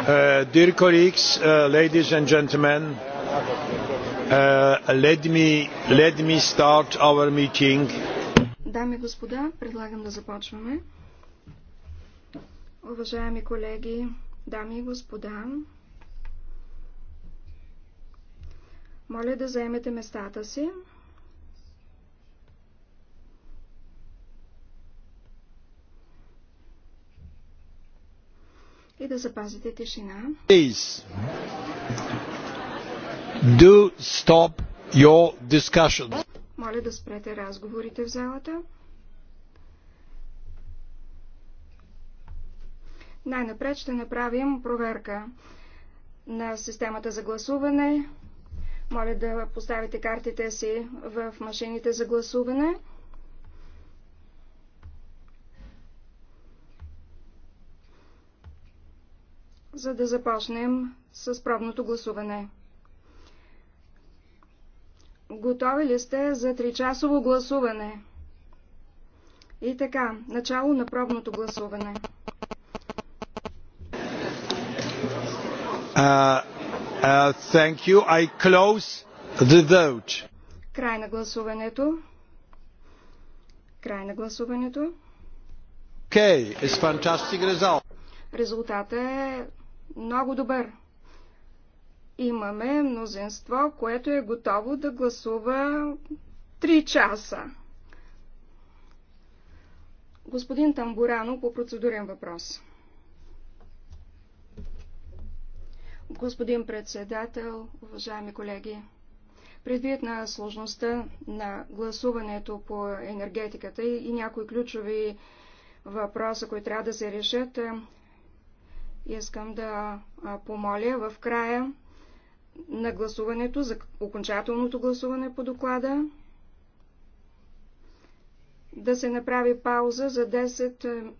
Uh, dear colleagues, uh, ladies and gentlemen, uh, let me let me start our meeting. Дами и господа, предлагам да започваме. Уважаеми колеги, дами и господа, моля да заемете местата си. и да запазите тишина. Please do stop your discussion. Моля да спрете разговорите в залата. Най-напред ще направим проверка на системата за гласуване. Моля да поставите картите си в машините за гласуване. за да започнем с пробното гласуване. Готови ли сте за тричасово гласуване? И така, начало на пробното гласуване. Uh, uh, thank you. I close the vote. Край на гласуването. Край на гласуването. Okay, it's fantastic result. Резултатът е много добър. Имаме мнозинство, което е готово да гласува 3 часа. Господин Тамбурано по процедурен въпрос. Господин председател, уважаеми колеги, предвид на сложността на гласуването по енергетиката и някои ключови въпроса, които трябва да се решат, Искам да помоля в края на гласуването, за окончателното гласуване по доклада, да се направи пауза за 5-10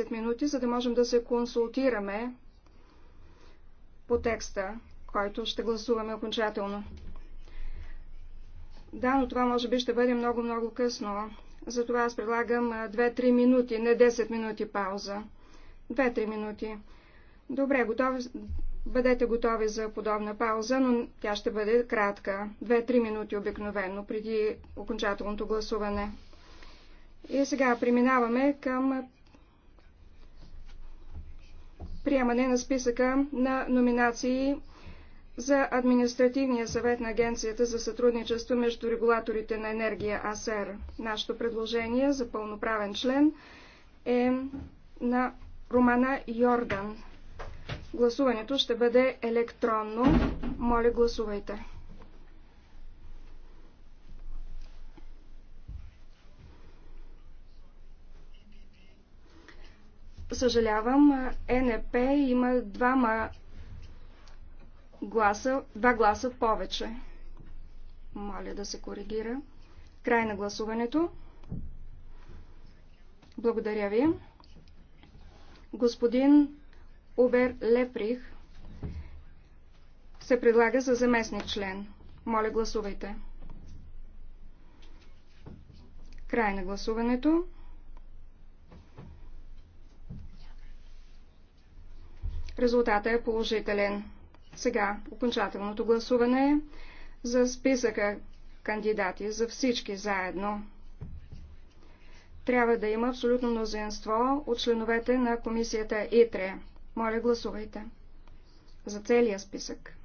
е, минути, за да можем да се консултираме по текста, който ще гласуваме окончателно. Да, но това може би ще бъде много-много късно. Затова аз предлагам 2-3 е, минути, не 10 минути пауза. 2-3 минути. Добре, готов... бъдете готови за подобна пауза, но тя ще бъде кратка. Две-три минути обикновено преди окончателното гласуване. И сега преминаваме към приемане на списъка на номинации за Административния съвет на Агенцията за сътрудничество между регулаторите на енергия АСЕР. Нашето предложение за пълноправен член е на Романа Йордан. Гласуването ще бъде електронно. Моля, гласувайте. Съжалявам, е НП има двама гласа, два гласа повече. Моля да се коригира. Край на гласуването. Благодаря ви. Господин Убер Леприх се предлага за заместник член. Моля, гласувайте. Край на гласуването. Резултатът е положителен. Сега окончателното гласуване е за списъка кандидати, за всички заедно. Трябва да има абсолютно мнозинство от членовете на комисията ИТРЕ. Моля, гласувайте. За целия списък.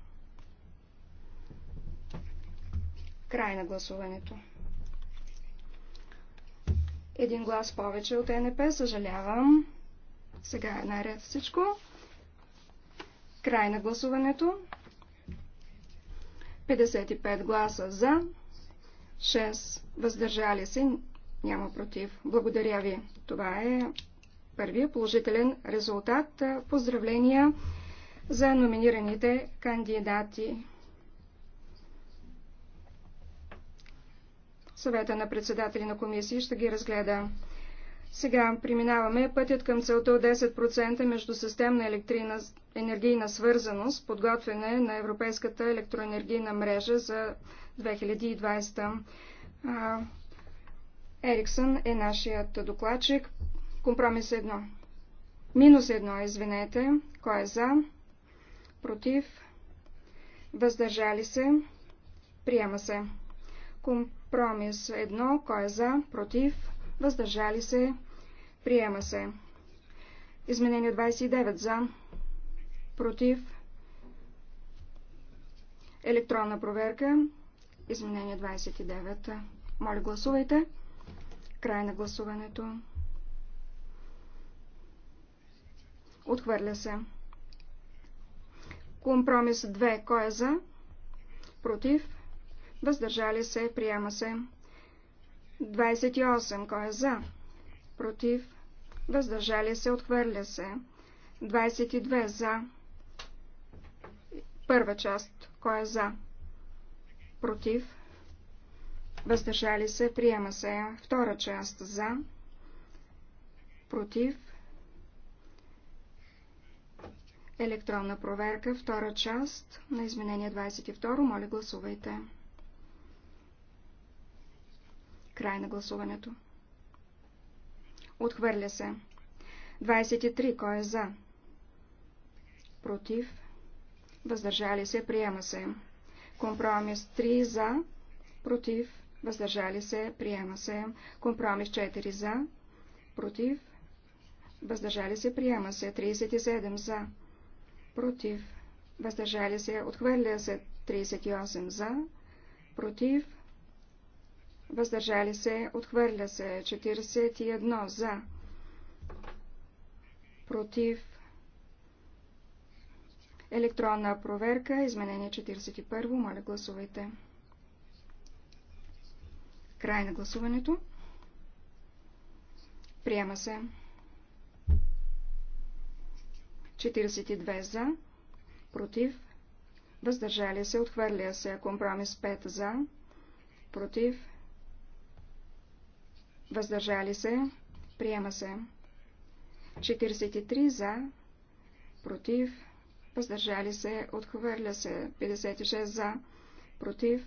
Край на гласуването. Един глас повече от НП, съжалявам. Сега е наред всичко. Край на гласуването. 55 гласа за, 6 въздържали се, няма против. Благодаря ви. Това е първия положителен резултат. Поздравления за номинираните кандидати. Съвета на председатели на комисии ще ги разгледа. Сега преминаваме пътят към целта от 10% между системна електрина, енергийна свързаност, подготвяне на Европейската електроенергийна мрежа за 2020. Ериксън е нашият докладчик. Компромис 1. Минус 1, извинете. Кой е за? Против? Въздържали се? Приема се. Компромис 1. Кой е за? Против? Въздържали се? Приема се. Изменение 29 за. Против. Електронна проверка. Изменение 29. Моля гласувайте. Край на гласуването. Отхвърля се. Компромис 2. Кой е за? Против. Въздържали се. Приема се. 28. Кой е за? Против. Въздържали се. Отхвърля се. 22. За. Първа част. Кой е за? Против. Въздържали се. Приема се. Втора част. За. Против Електронна проверка, втора част на изменение 22. Моля, гласувайте. Край на гласуването. Отхвърля се. 23. Кой е за? Против. Въздържали се. Приема се. Компромис 3 за. Против. Въздържали се. Приема се. Компромис 4 за. Против. Въздържали се. Приема се. 37 за против, въздържали се, отхвърля се 38 за, против, въздържали се, отхвърля се 41 за, против, електронна проверка, изменение 41, моля гласувайте. Край на гласуването. Приема се. 42 за, против, въздържали се, отхвърля се. Компромис 5 за, против, въздържали се, приема се. 43 за, против, въздържали се, отхвърля се. 56 за, против,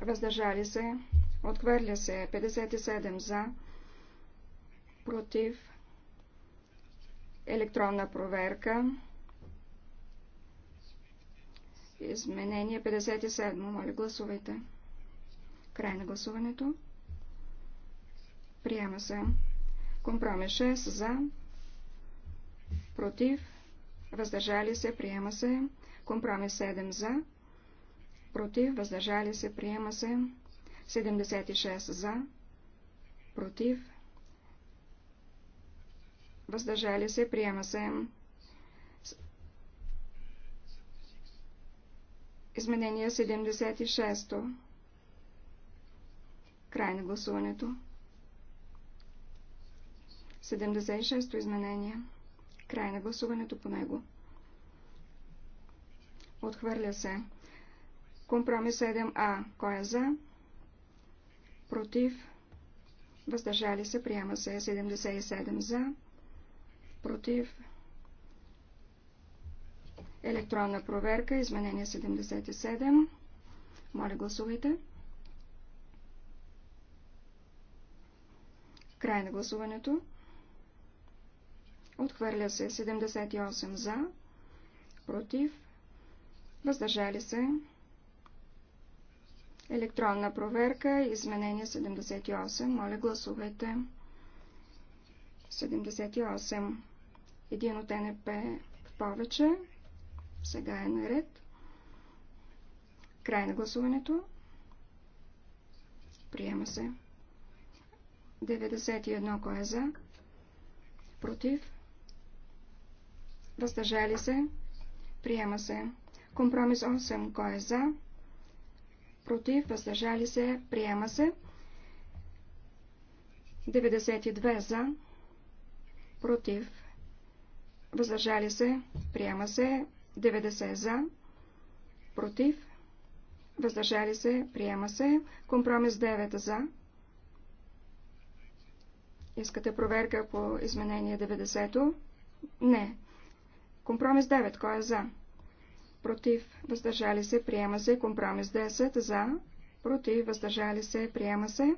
въздържали се, отхвърля се. 57 за, против, електронна проверка. Изменение 57. Моля, гласувайте. Край на гласуването. Приема се. Компромис 6 за. Против. Въздържали се. Приема се. Компромис 7 за. Против. Въздържали се. Приема се. 76 за. Против въздържали се, приема се. Изменение 76. Край на гласуването. 76-то изменение. Край на гласуването по него. Отхвърля се. Компромис 7А. Кой е за? Против. Въздържали се. Приема се 77 за против. Електронна проверка, изменение 77. Моля, гласувайте. Край на гласуването. Отхвърля се 78 за, против, въздържали се. Електронна проверка, изменение 78. Моля, гласувайте. 78. Един от НП повече. Сега е наред. Край на гласуването. Приема се. 91 кой е за? Против? Въздържали се? Приема се. Компромис 8 кой е за? Против? Въздържали се? Приема се. 92 за? Против? Въздържали се. Приема се. 90 за. Против. Въздържали се. Приема се. Компромис 9 за. Искате проверка по изменение 90-то? Не. Компромис 9. Кой е за? Против. Въздържали се. Приема се. Компромис 10 за. Против. Въздържали се. Приема се.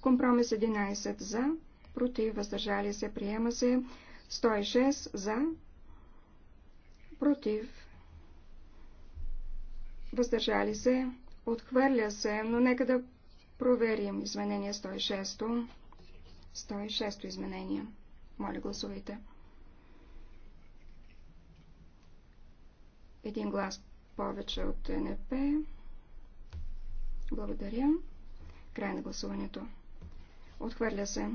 Компромис 11 за. Против. Въздържали се. Приема се. 106 за, против, въздържали се, отхвърля се, но нека да проверим изменение 106. 106 изменение. Моля, гласувайте. Един глас повече от НП. Благодаря. Край на гласуването. Отхвърля се.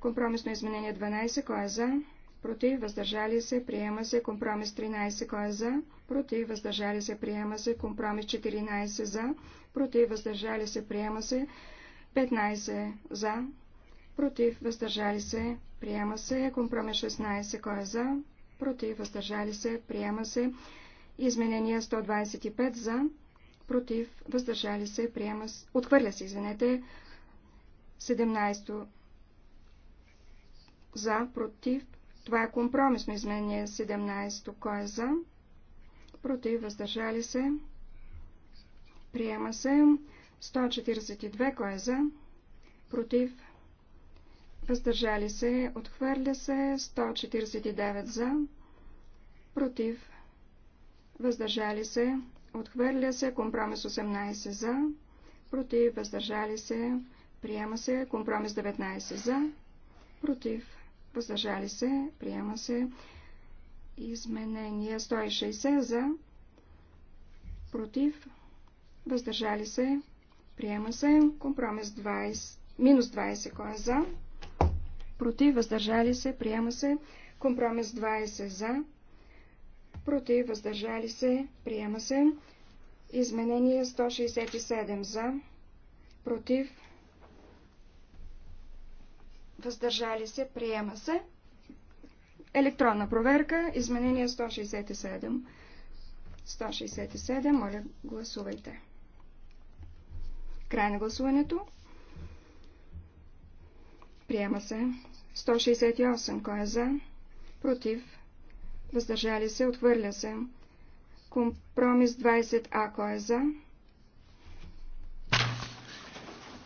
Компромисно изменение 12. Кой е за? против, въздържали се, приема се, компромис 13, кой е за, против, въздържали се, приема се, компромис 14 за, против, въздържали се, приема се, 15 за, против, въздържали се, приема се, компромис 16, кой е за, против, въздържали се, приема се, изменение 125 за, против, въздържали се, приема се, отхвърля се, извинете, 17 за, против, това е компромисно изменение 17. Кой е за? Против, въздържали се. Приема се 142. Кой е за? Против, въздържали се. Отхвърля се 149 за. Против, въздържали се. Отхвърля се компромис 18 за. Против, въздържали се. Приема се компромис 19 за. Против, въздържали се, приема се. Изменение 160 за, против, въздържали се, приема се. Компромис 20, минус 20, кой е за, против, въздържали се, приема се. Компромис 20 за, против, въздържали се, приема се. Изменение 167 за, против, въздържали се, приема се. Електронна проверка, изменение 167. 167, моля, гласувайте. Край на гласуването. Приема се. 168, кой е за? Против. Въздържали се, отвърля се. Компромис 20А, кой е за?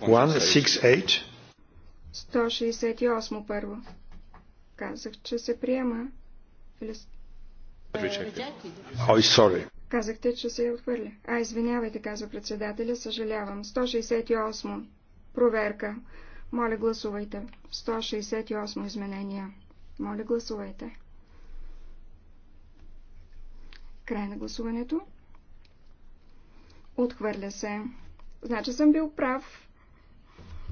168. 168 първо. Казах, че се приема. Ой, сори. Казахте, че се е отхвърля. А, извинявайте, казва председателя, съжалявам. 168. Проверка. Моля, гласувайте. 168 изменения. Моля, гласувайте. Край на гласуването. Отхвърля се. Значи съм бил прав.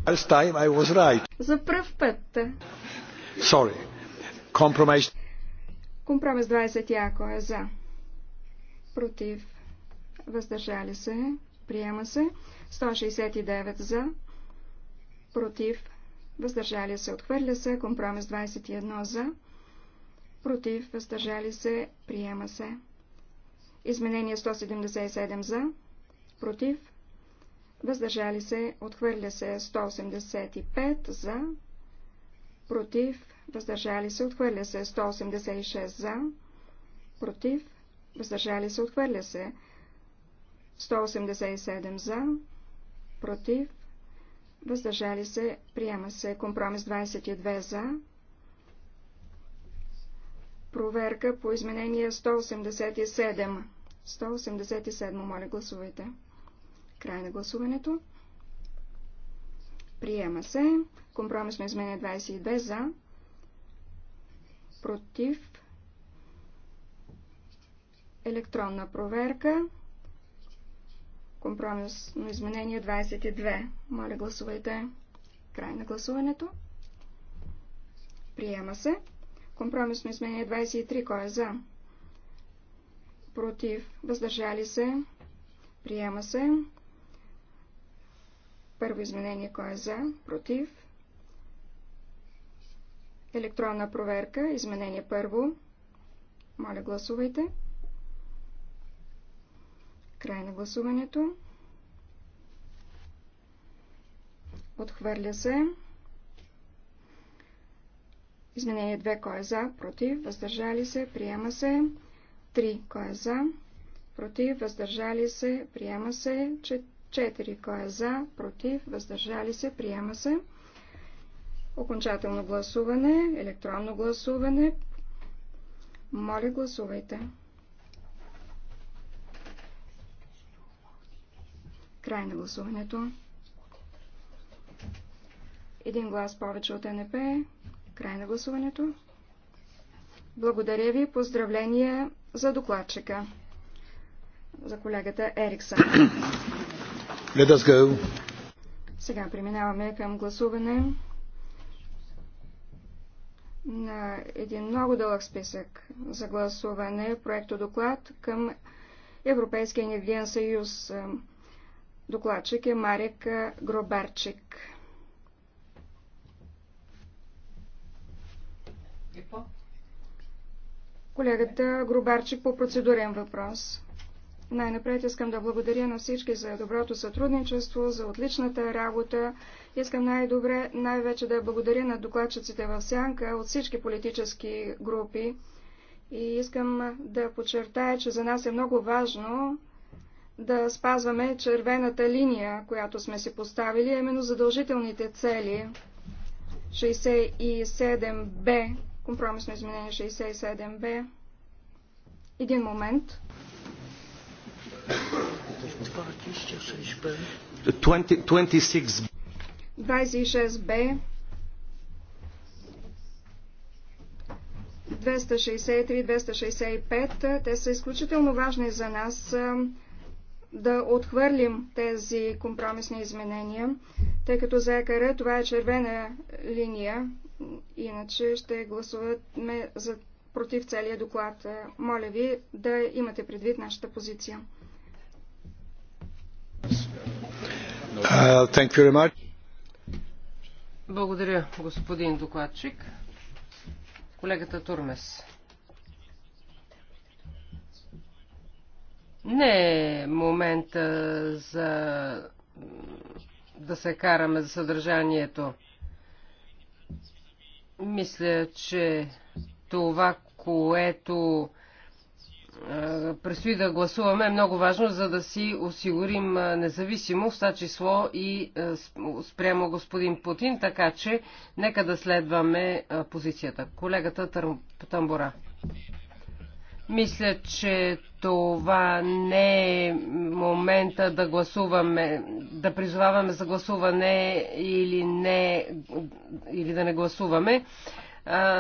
First time I was right. За пръв път. Sorry. Compromise. Компромис 20 яко е за. Против. Въздържали се. Приема се. 169 за. Против. Въздържали се. Отхвърля се. Компромис 21 за. Против. Въздържали се. Приема се. Изменение 177 за. Против въздържали се, отхвърля се 185 за, против, въздържали се, отхвърля се 186 за, против, въздържали се, отхвърля се 187 за, против, въздържали се, приема се компромис 22 за, проверка по изменение 187. 187, моля гласувайте. Край на гласуването. Приема се. Компромисно изменение 22 за. Против. Електронна проверка. Компромисно изменение 22. Моля гласувайте. Край на гласуването. Приема се. Компромисно изменение 23. Кой е за? Против. Въздържали се. Приема се. Първо изменение, кой е за, против. Електронна проверка, изменение първо. Моля, гласувайте. Край на гласуването. Отхвърля се. Изменение 2. Кой е за? Против. Въздържали се. Приема се. 3. Кой е за? Против. Въздържали се. Приема се. 4. 4. Кой е за? Против? Въздържали се? Приема се. Окончателно гласуване, електронно гласуване. Моля, гласувайте. Край на гласуването. Един глас повече от НП. Край на гласуването. Благодаря ви. Поздравления за докладчика. За колегата Ериксън. Let us go. Сега преминаваме към гласуване на един много дълъг списък за гласуване, проекто доклад към Европейския енергиен съюз. Докладчик е Марик Гробарчик. Колегата Гробарчик по процедурен въпрос. Най-напред искам да благодаря на всички за доброто сътрудничество, за отличната работа. Искам най-добре, най-вече да благодаря на докладчиците в Сянка от всички политически групи. И искам да подчертая, че за нас е много важно да спазваме червената линия, която сме си поставили, именно задължителните цели 67Б, компромисно изменение 67Б. Един момент. 26... Б. b 263-265, те са изключително важни за нас да отхвърлим тези компромисни изменения, тъй като за ЕКР това е червена линия, иначе ще гласуваме против целия доклад. Моля ви да имате предвид нашата позиция. Uh, Благодаря, господин докладчик. Колегата Турмес. Не е момента за да се караме за съдържанието. Мисля, че това, което е, предстои да гласуваме е много важно, за да си осигурим е, независимост, това число и е, спрямо господин Путин, така че нека да следваме позицията. Колегата Тамбора. Мисля, че това не е момента да гласуваме, да призоваваме за гласуване или, не, или да не гласуваме.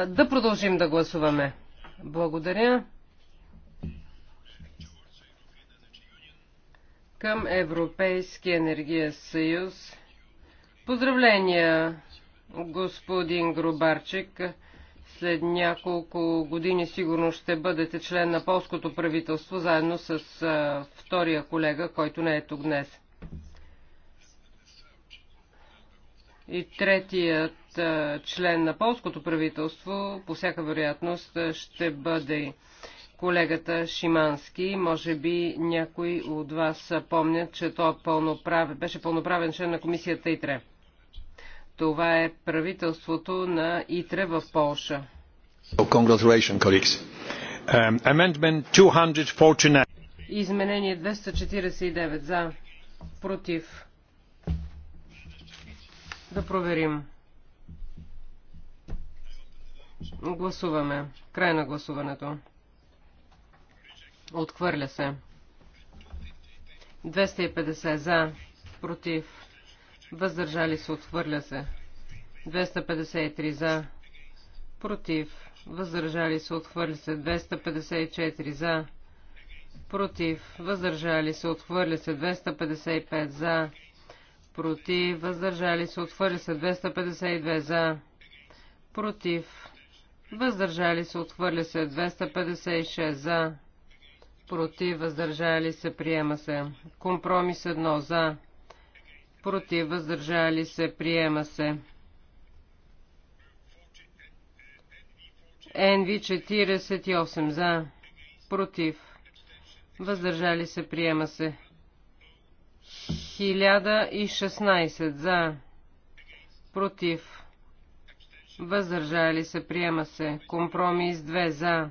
Да продължим да гласуваме. Благодаря. към Европейския енергия съюз. Поздравления, господин Гробарчик. След няколко години сигурно ще бъдете член на полското правителство, заедно с втория колега, който не е тук днес. И третият член на полското правителство, по всяка вероятност, ще бъде колегата Шимански. Може би някои от вас помнят, че той е пълноправ... беше пълноправен член на комисията ИТРЕ. Това е правителството на ИТРЕ в Полша. Um, Изменение 249 за. Против. Да проверим. Гласуваме. Край на гласуването. Отхвърля се. 250 за, против, въздържали се, отхвърля се. 253 за, против, въздържали се, отхвърля се. 254 за, против, въздържали се, отхвърля се. 255 за, против, въздържали се, отхвърля се. 252 за, против, въздържали се, отхвърля се. 256 за, против, въздържали се, приема се. Компромис 1 за, против, въздържали се, приема се. НВ 48 за, против, въздържали се, приема се. 1016 за, против, въздържали се, приема се. Компромис 2 за,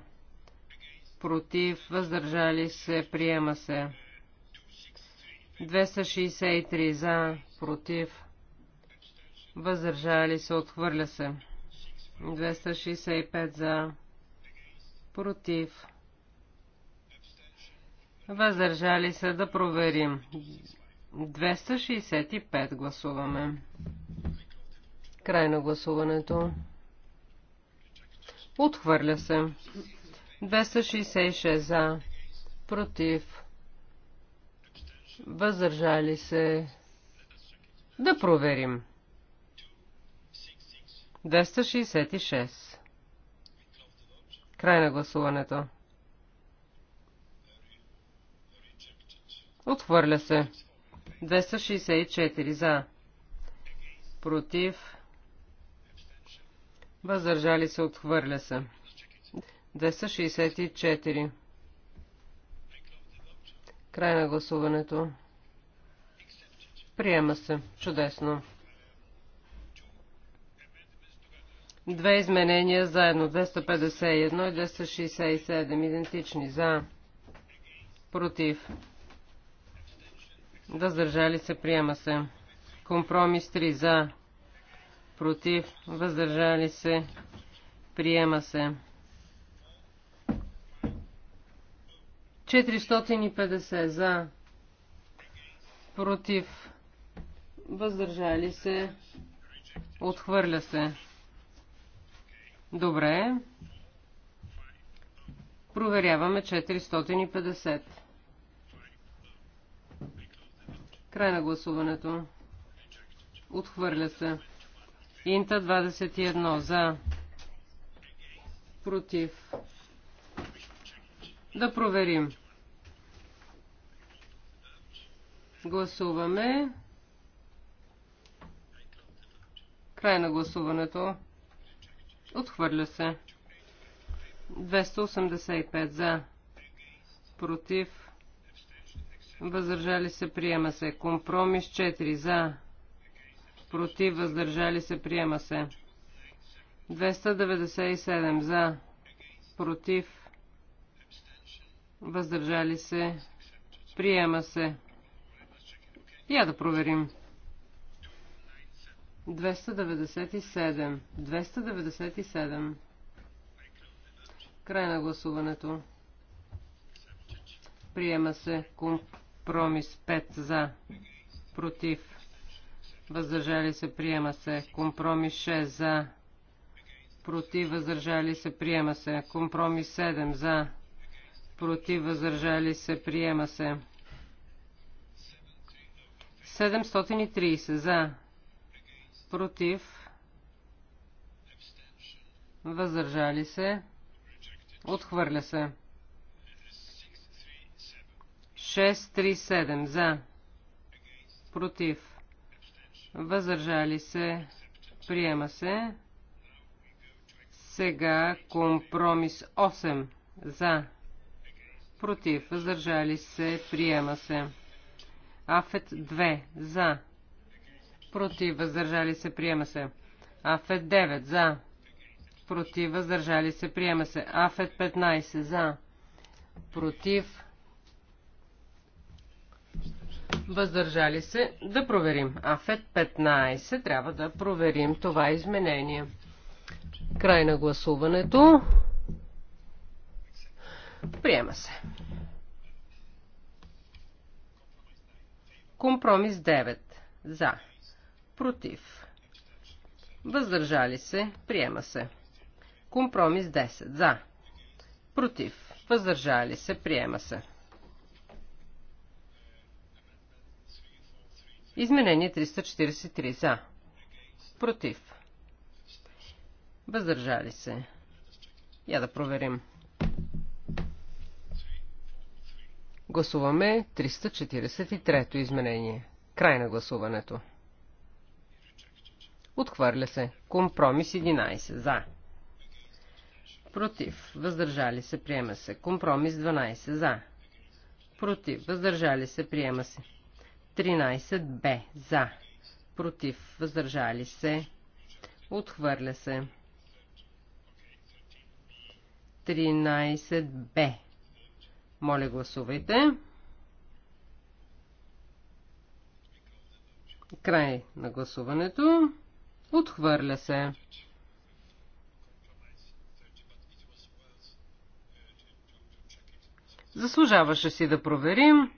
против, въздържали се, приема се. 263 за, против, въздържали се, отхвърля се. 265 за, против, въздържали се, да проверим. 265 гласуваме. Край на гласуването. Отхвърля се. 266 за. Против. Въздържали се. Да проверим. 266. Край на гласуването. Отхвърля се. 264 за. Против. Въздържали се. Отхвърля се. 264. Край на гласуването. Приема се. Чудесно. Две изменения заедно. 251 и 267. Идентични. За. Против. Въздържали се. Приема се. Компромис 3. За. Против. Въздържали се. Приема се. 450 за, против, въздържали се, отхвърля се. Добре. Проверяваме 450. Край на гласуването. Отхвърля се. Инта 21 за. Против. Да проверим. Гласуваме. Край на гласуването. Отхвърля се. 285 за. Против. Въздържали се. Приема се. Компромис 4 за. Против. Въздържали се. Приема се. 297 за. Против Въздържали се. Приема се. Я да проверим. 297. 297. Край на гласуването. Приема се компромис 5 за. Против. Въздържали се. Приема се. Компромис 6 за. Против. Въздържали се. Приема се. Компромис 7 за против, въздържали се, приема се. 730 за, против, въздържали се, отхвърля се. 637 за, против, въздържали се, приема се. Сега компромис 8 за Против. Въздържали се. Приема се. Афет 2. За. Против. Въздържали се. Приема се. Афет 9. За. Против. Въздържали се. Приема се. Афет 15. За. Против. Въздържали се. Да проверим. Афет 15. Трябва да проверим това изменение. Край на гласуването. Приема се. Компромис 9. За. Против. Въздържали се. Приема се. Компромис 10. За. Против. Въздържали се. Приема се. Изменение 343. За. Против. Въздържали се. Я да проверим. Гласуваме 343-то изменение. Край на гласуването. Отхвърля се. Компромис 11. За. Против. Въздържали се. Приема се. Компромис 12. За. Против. Въздържали се. Приема се. 13. Б. За. Против. Въздържали се. Отхвърля се. 13. Б. Моля, гласувайте. Край на гласуването. Отхвърля се. Заслужаваше си да проверим.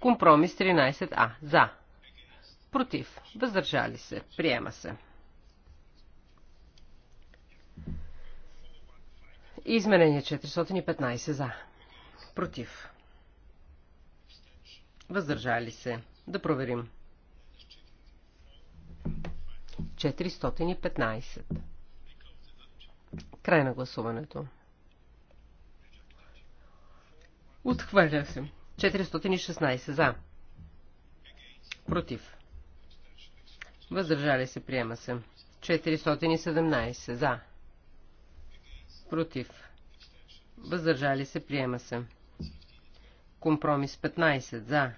Компромис 13А. За. Против. Въздържали се. Приема се. Изменение 415 за. Против. Въздържали се. Да проверим. 415. Край на гласуването. Отхвърля се. 416 за. Против. Въздържали се. Приема се. 417 за. Против. Въздържали се. Приема се. Компромис 15 за.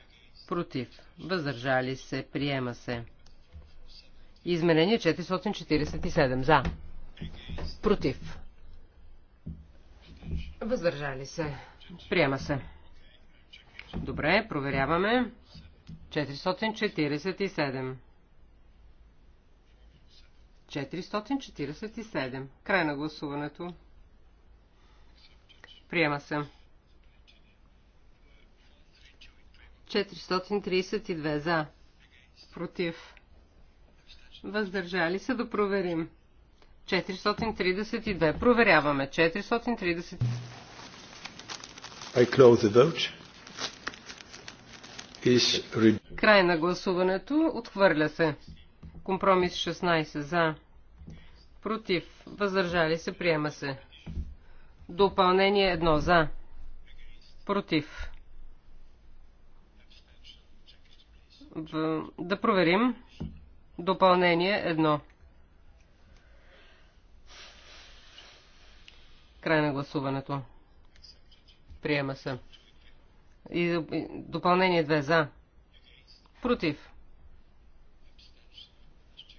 Против. Въздържали се. Приема се. Изменение 447 за. Против. Въздържали се. Приема се. Добре, проверяваме. 447. 447. Край на гласуването. Приема се. 432 за. Против. Въздържали се да проверим. 432. Проверяваме. 430. I close the vote. Is... Край на гласуването. Отхвърля се. Компромис 16 за. Против. Въздържали се. Приема се. Допълнение 1 за. Против. да проверим допълнение 1. Край на гласуването. Приема се. И допълнение 2 за. Против.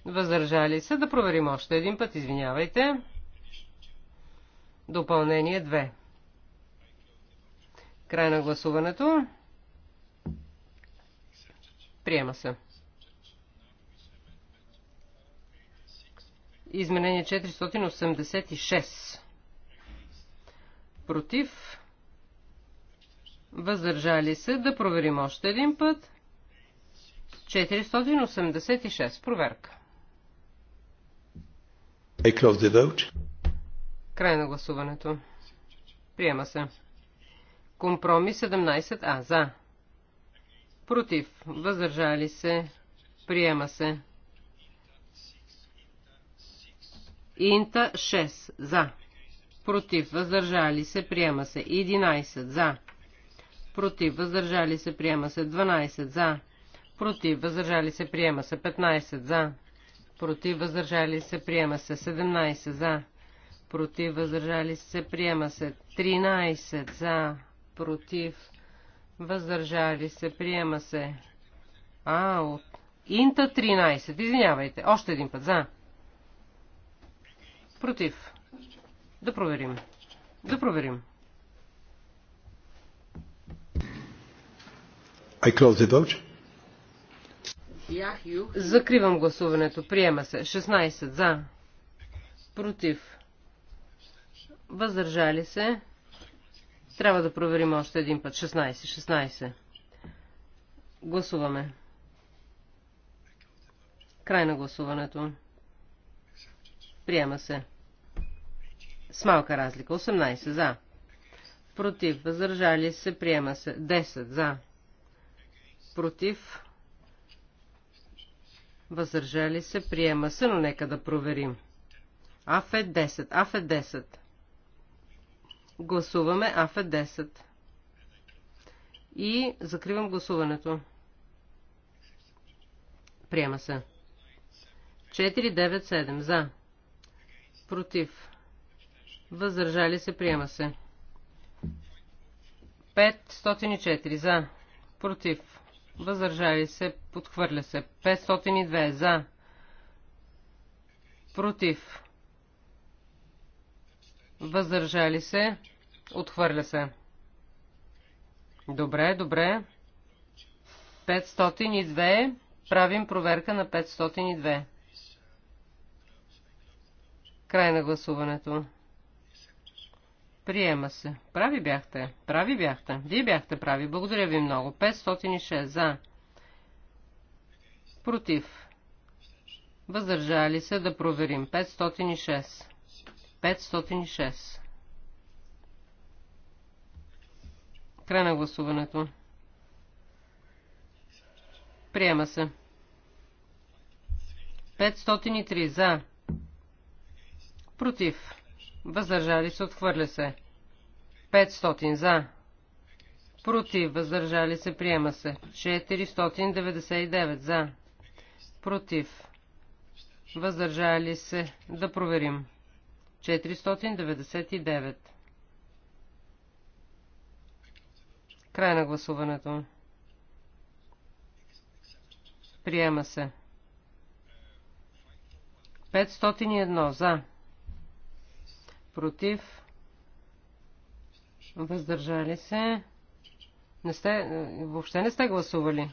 Въздържали се да проверим още един път, извинявайте. Допълнение 2. Край на гласуването. Приема се. Изменение 486. Против. Въздържали се. Да проверим още един път. 486. Проверка. Край на гласуването. Приема се. Компромис 17А. За. Против. Въздържали се. Приема се. Инта 6. За. Против. Въздържали се. Приема се. 11. За. Против. Въздържали се. Приема се. 12. За. Против. Въздържали се. Приема се. 15. За. Против. Въздържали се. Приема се. 17. За. Против. Въздържали се. Приема се. 13. За. Против въздържали се, приема се. А, от Инта 13, извинявайте, още един път, за. Против. Да проверим. Да проверим. I close the vote. Закривам гласуването. Приема се. 16 за. Против. Въздържали се. Трябва да проверим още един път. 16. 16. Гласуваме. Край на гласуването. Приема се. С малка разлика. 18 за. Против. Въздържали се. Приема се. 10 за. Против. Въздържали се. Приема се, но нека да проверим. Аф е 10. Аф е 10. Гласуваме аф 10. И закривам гласуването. Приема се. 497 за. Против. Въздържали се. Приема се. 504 за. Против. Въздържали се. Подхвърля се. 502 за. Против. Въздържали се. Отхвърля се. Добре, добре. 502. Правим проверка на 502. Край на гласуването. Приема се. Прави бяхте. Прави бяхте. Вие бяхте прави. Благодаря ви много. 506 за. Против. Въздържали се да проверим. 506. 506. Край на гласуването. Приема се. 503 за. Против. Въздържали се. Отхвърля се. 500 за. Против. Въздържали се. Приема се. 499 за. Против. Въздържали се. Да проверим. 499. Край на гласуването. Приема се. 501 за. Против. Въздържали се. Не сте, въобще не сте гласували.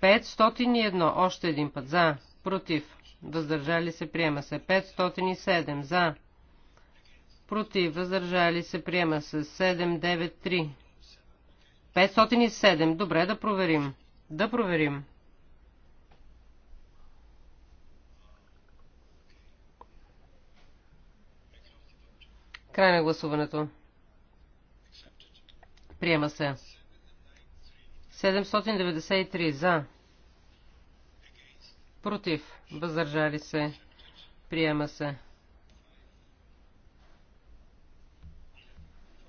501. Още един път. За. Против въздържали се, приема се. 507 за, против, въздържали се, приема се. 793. 507. Добре, да проверим. Да проверим. Край на гласуването. Приема се. 793 за. Против. Въздържали се. Приема се.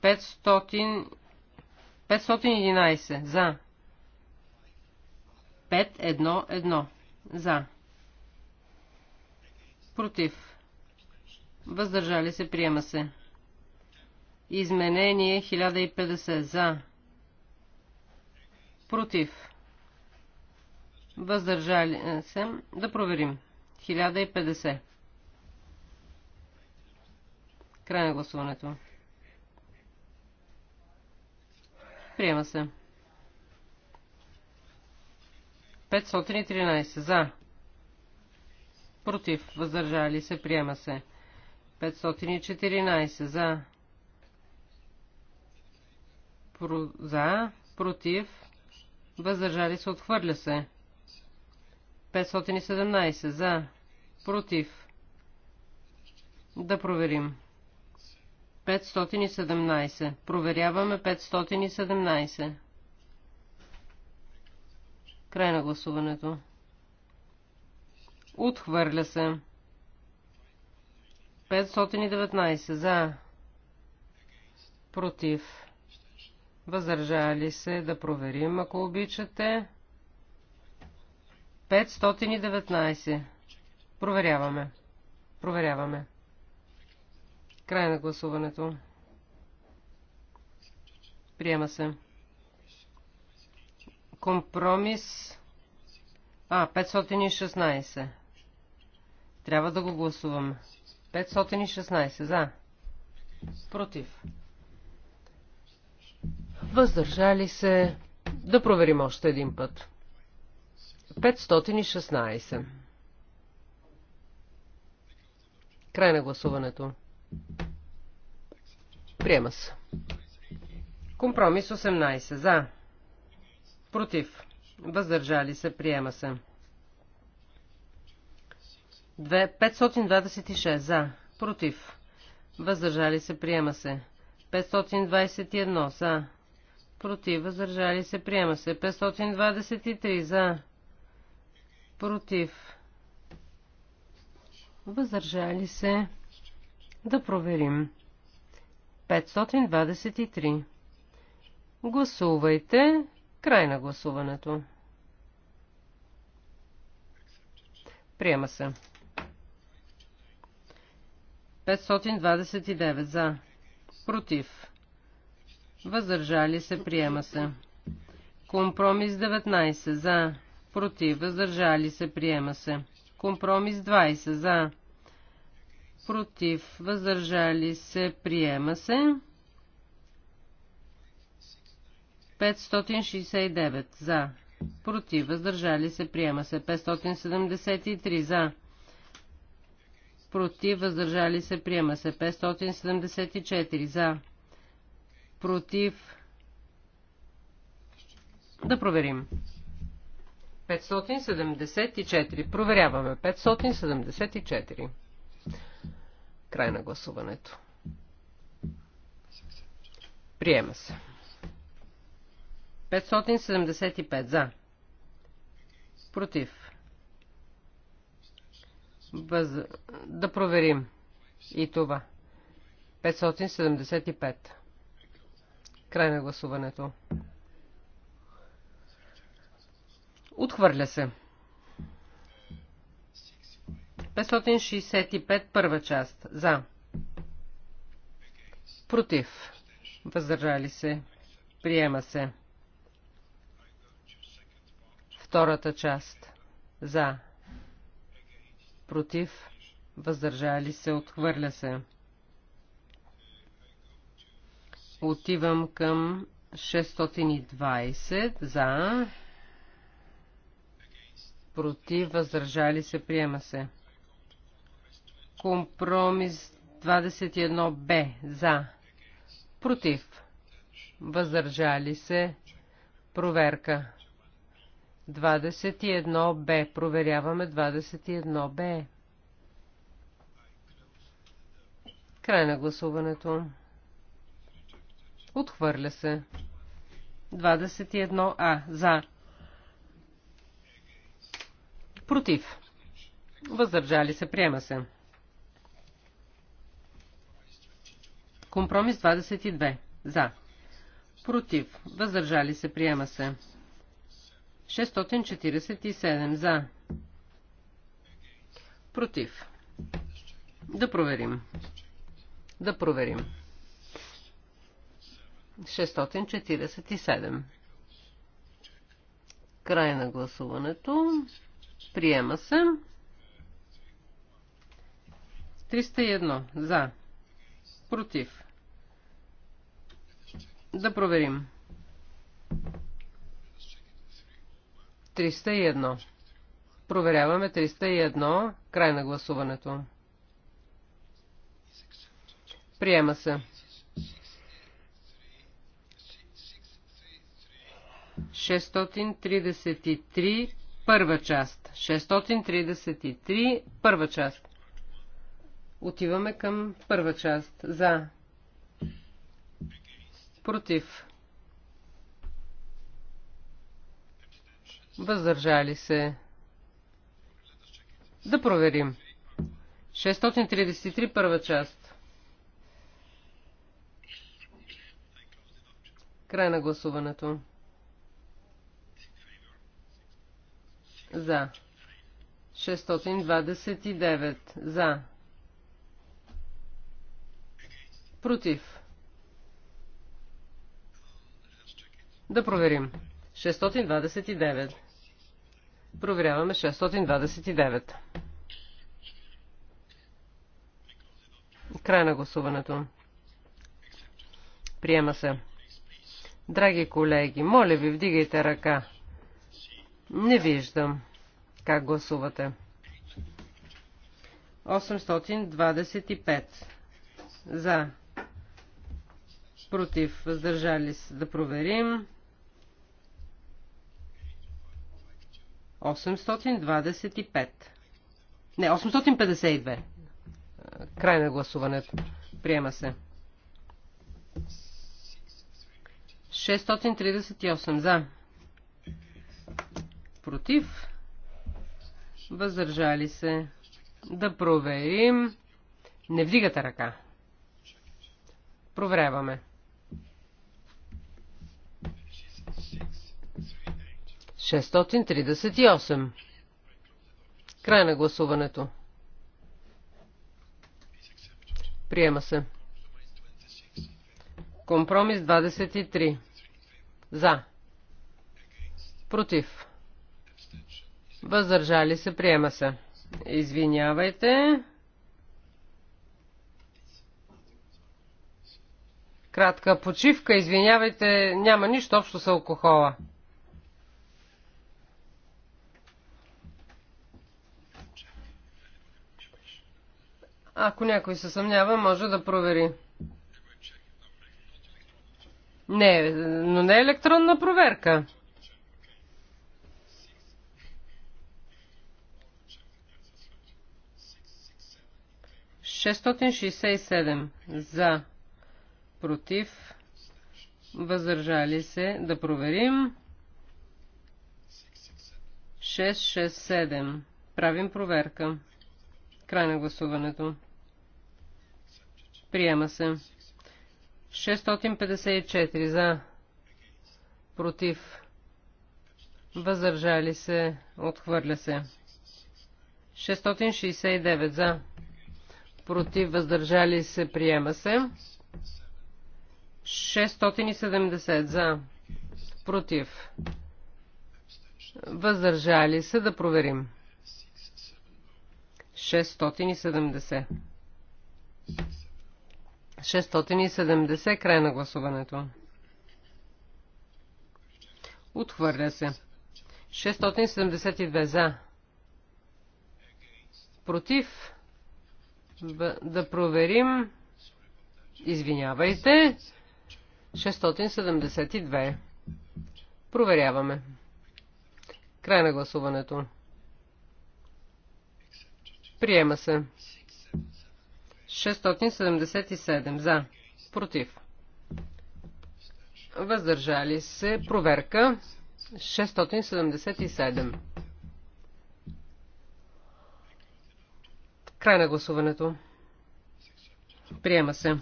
511. За. 511. За. Против. Въздържали се. Приема се. Изменение 1050. За. Против въздържали се, да проверим. 1050. Край на гласуването. Приема се. 513 за. Против. Въздържали се. Приема се. 514 за. Про... За. Против. Въздържали се. Отхвърля се. 517 за. Против. Да проверим. 517. Проверяваме 517. Край на гласуването. Отхвърля се. 519 за. Против. Въздържали се да проверим, ако обичате. 519. Проверяваме. Проверяваме. Край на гласуването. Приема се. Компромис. А, 516. Трябва да го гласуваме. 516. За. Против. Въздържали се. Да проверим още един път. 516. Край на гласуването. Приема се. Компромис 18. За. Против. Въздържали се. Приема се. 526. За. Против. Въздържали се. Приема се. 521. За. Против. Въздържали се. Приема се. 523. За против, въздържали се, да проверим. 523. Гласувайте. Край на гласуването. Приема се. 529 за. Против. Въздържали се. Приема се. Компромис 19 за против, въздържали се, приема се. Компромис 20 за, против, въздържали се, приема се. 569 за, против, въздържали се, приема се. 573 за, против, въздържали се, приема се. 574 за, против, да проверим. 574. Проверяваме. 574. Край на гласуването. Приема се. 575 за. Против. Въз... Да проверим и това. 575. Край на гласуването. Отхвърля се. 565 първа част. За. Против. Въздържали се. Приема се. Втората част. За. Против. Въздържали се. Отхвърля се. Отивам към 620. За против, въздържали се, приема се. Компромис 21Б за, против, въздържали се, проверка. 21Б, проверяваме 21Б. Край на гласуването. Отхвърля се. 21А. За. Против. Въздържали се. Приема се. Компромис 22. За. Против. Въздържали се. Приема се. 647. За. Против. Да проверим. Да проверим. 647. Край на гласуването. Приема се. 301. За. Против. Да проверим. 301. Проверяваме 301. Край на гласуването. Приема се. 633 Първа част. 633. Първа част. Отиваме към първа част. За. Против. Въздържали се. Да проверим. 633 първа част. Край на гласуването. за 629 за против Да проверим. 629. Проверяваме 629. Край на гласуването. Приема се. Драги колеги, моля ви, вдигайте ръка. Не виждам. Как гласувате? 825. За. Против. Въздържали се. Да проверим. 825. Не, 852. Край на гласуването. Приема се. 638 за. Против. Въздържали се. Да проверим. Не вдигате ръка. Проверяваме. 638. Край на гласуването. Приема се. Компромис 23. За. Против. Въздържали се, приема се. Извинявайте. Кратка почивка, извинявайте, няма нищо общо с алкохола. Ако някой се съмнява, може да провери. Не, но не е електронна проверка. 667 за, против, въздържали се. Да проверим. 667. Правим проверка. Край на гласуването. Приема се. 654 за. Против. Въздържали се. Отхвърля се. 669 за против, въздържали се, приема се. 670 за, против, въздържали се, да проверим. 670. 670, край на гласуването. Отхвърля се. 672 за. Против да проверим. Извинявайте. 672. Проверяваме. Край на гласуването. Приема се. 677 за. Против. Въздържали се. Проверка. 677. Край на гласуването. Приема се.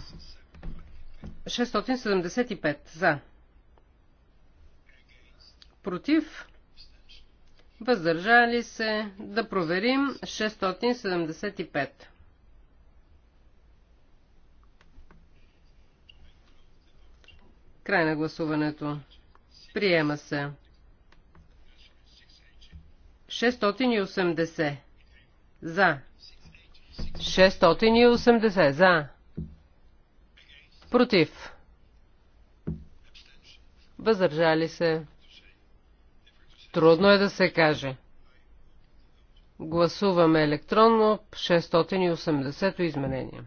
675 за. Против. Въздържали се. Да проверим. 675. Край на гласуването. Приема се. 680. За. 680 за. Против. Въздържали се. Трудно е да се каже. Гласуваме електронно 680 изменение.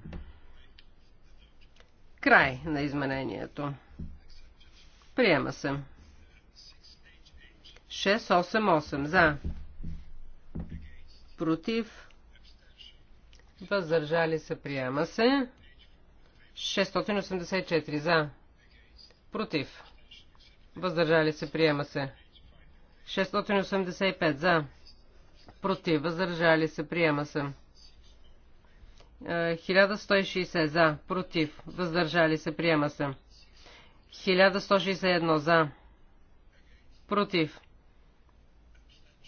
Край на изменението. Приема се. 688 за. Против. Въздържали се. Приема се. 684 за. Против. Въздържали се. Приема се. 685 за. Против. Въздържали се. Приема се. 1160 е, за. Против. Въздържали се. Приема се. 1161 за. Против.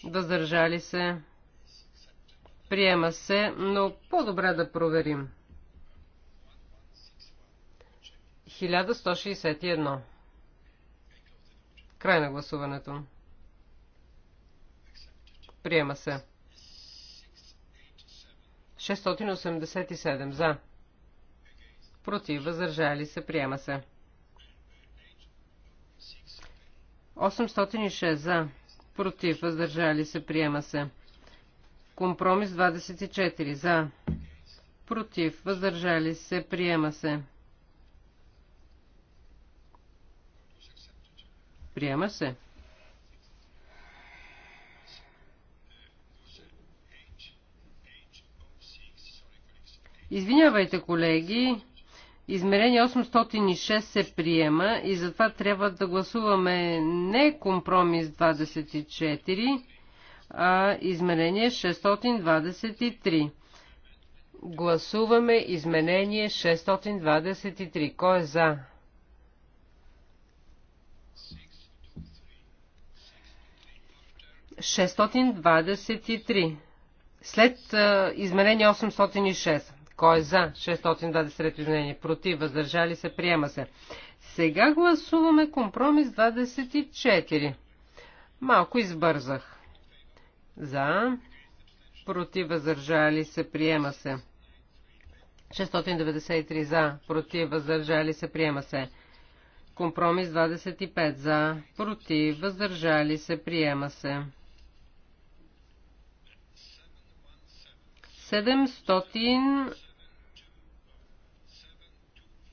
Въздържали се. Приема се, но по-добре да проверим. 1161. Край на гласуването. Приема се. 687 за. Против, въздържали се, приема се. 806 за. Против, въздържали се, приема се. Компромис 24. За. Против. Въздържали се. Приема се. Приема се. Извинявайте, колеги. Измерение 806 се приема и затова трябва да гласуваме не компромис 24, а изменение 623. Гласуваме изменение 623. Кой е за? Шестотин След а, изменение 806. Кой е за? 623 изменение. Против, въздържали се, приема се. Сега гласуваме компромис 24. Малко избързах. За. Против. Въздържали се. Приема се. 693 за. Против. Въздържали се. Приема се. Компромис 25 за. Против. Въздържали се. Приема се. 700...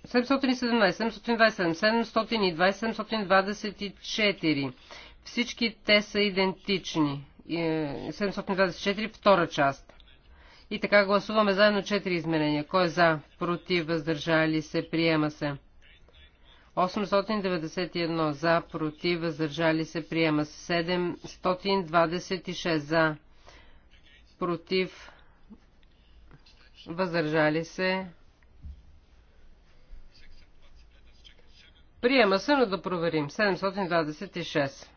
717, 720, 724. Всички те са идентични. 724, е, втора част. И така гласуваме заедно 4 изменения. Кой е за? Против? Въздържали се? Приема се. 891 за, против, въздържали се, приема се. 726 за, против, въздържали се. Приема се, но да проверим. 726.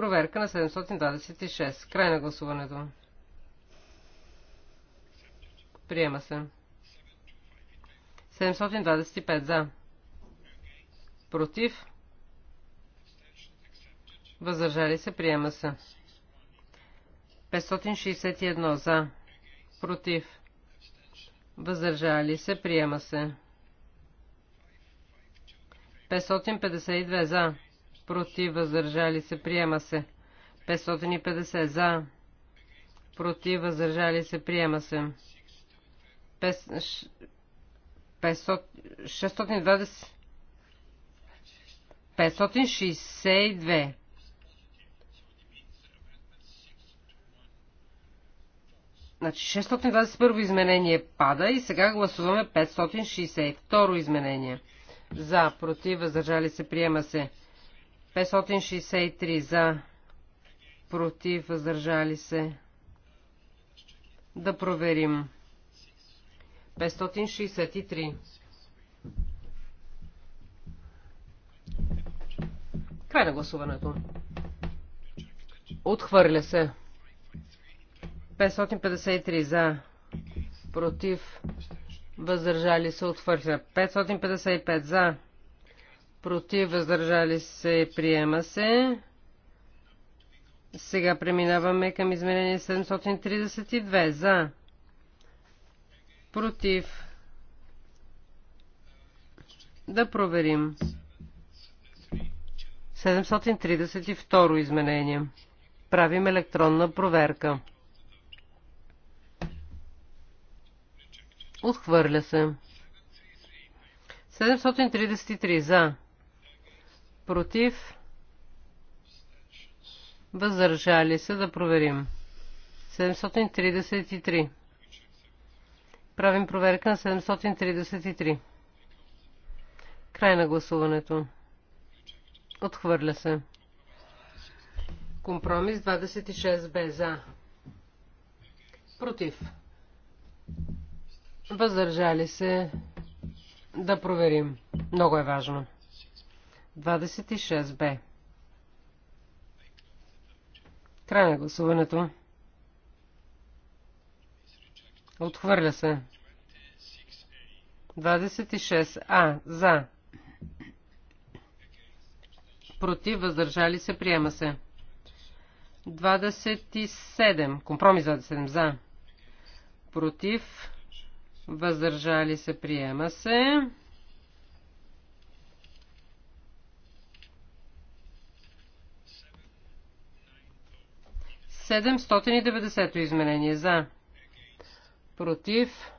Проверка на 726. Край на гласуването. Приема се. 725 за. Против. Въздържали се. Приема се. 561 за. Против. Въздържали се. Приема се. 552 за против, въздържали се, приема се. 550 за, против, въздържали се, приема се. 500, 620, 562. Значи 621 изменение пада и сега гласуваме 562 изменение. За, против, въздържали се, приема се. 563 за, против, въздържали се. Да проверим. 563. Край на гласуването. Отхвърля се. 553 за, против, въздържали се, отхвърля. 555 за, против, въздържали се, приема се. Сега преминаваме към изменение 732. За. Против. Да проверим. 732 изменение. Правим електронна проверка. Отхвърля се. 733 за против, въздържали се да проверим. 733. Правим проверка на 733. Край на гласуването. Отхвърля се. Компромис 26 бе за. Против. Въздържали се да проверим. Много е важно. 26б. Край на гласуването. Отхвърля се. 26а. За. Против. Въздържали се. Приема се. 27. Компромис 27. За. Против. Въздържали се. Приема се. 790 изменение за. Против.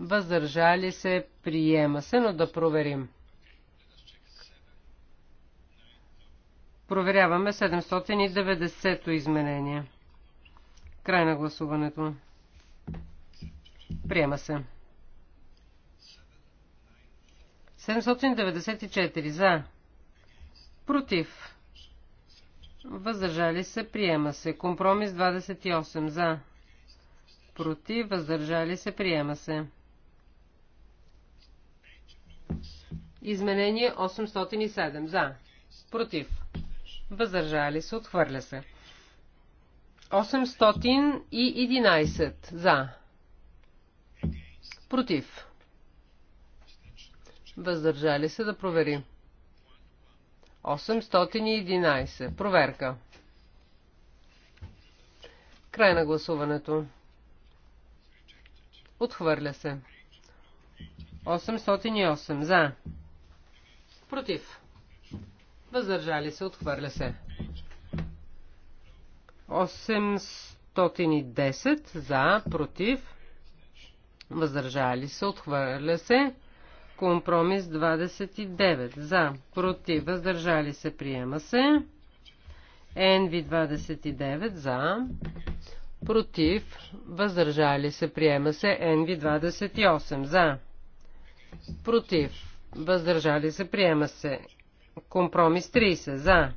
Въздържали се. Приема се, но да проверим. Проверяваме 790 то изменение. Край на гласуването. Приема се. 794 за. Против. Въздържали се. Приема се. Компромис 28. За. Против. Въздържали се. Приема се. Изменение 807. За. Против. Въздържали се. Отхвърля се. 811. За. Против. Въздържали се да проверим. 811. Проверка. Край на гласуването. Отхвърля се. 808. За. Против. Въздържали се. Отхвърля се. 810. За. Против. Въздържали се. Отхвърля се. Компромис 29. За. Против. Въздържали се. Приема се. НВ 29. За. Против. Въздържали се. Приема се. НВ 28. За. Против. Въздържали се. Приема се. Компромис 30. За.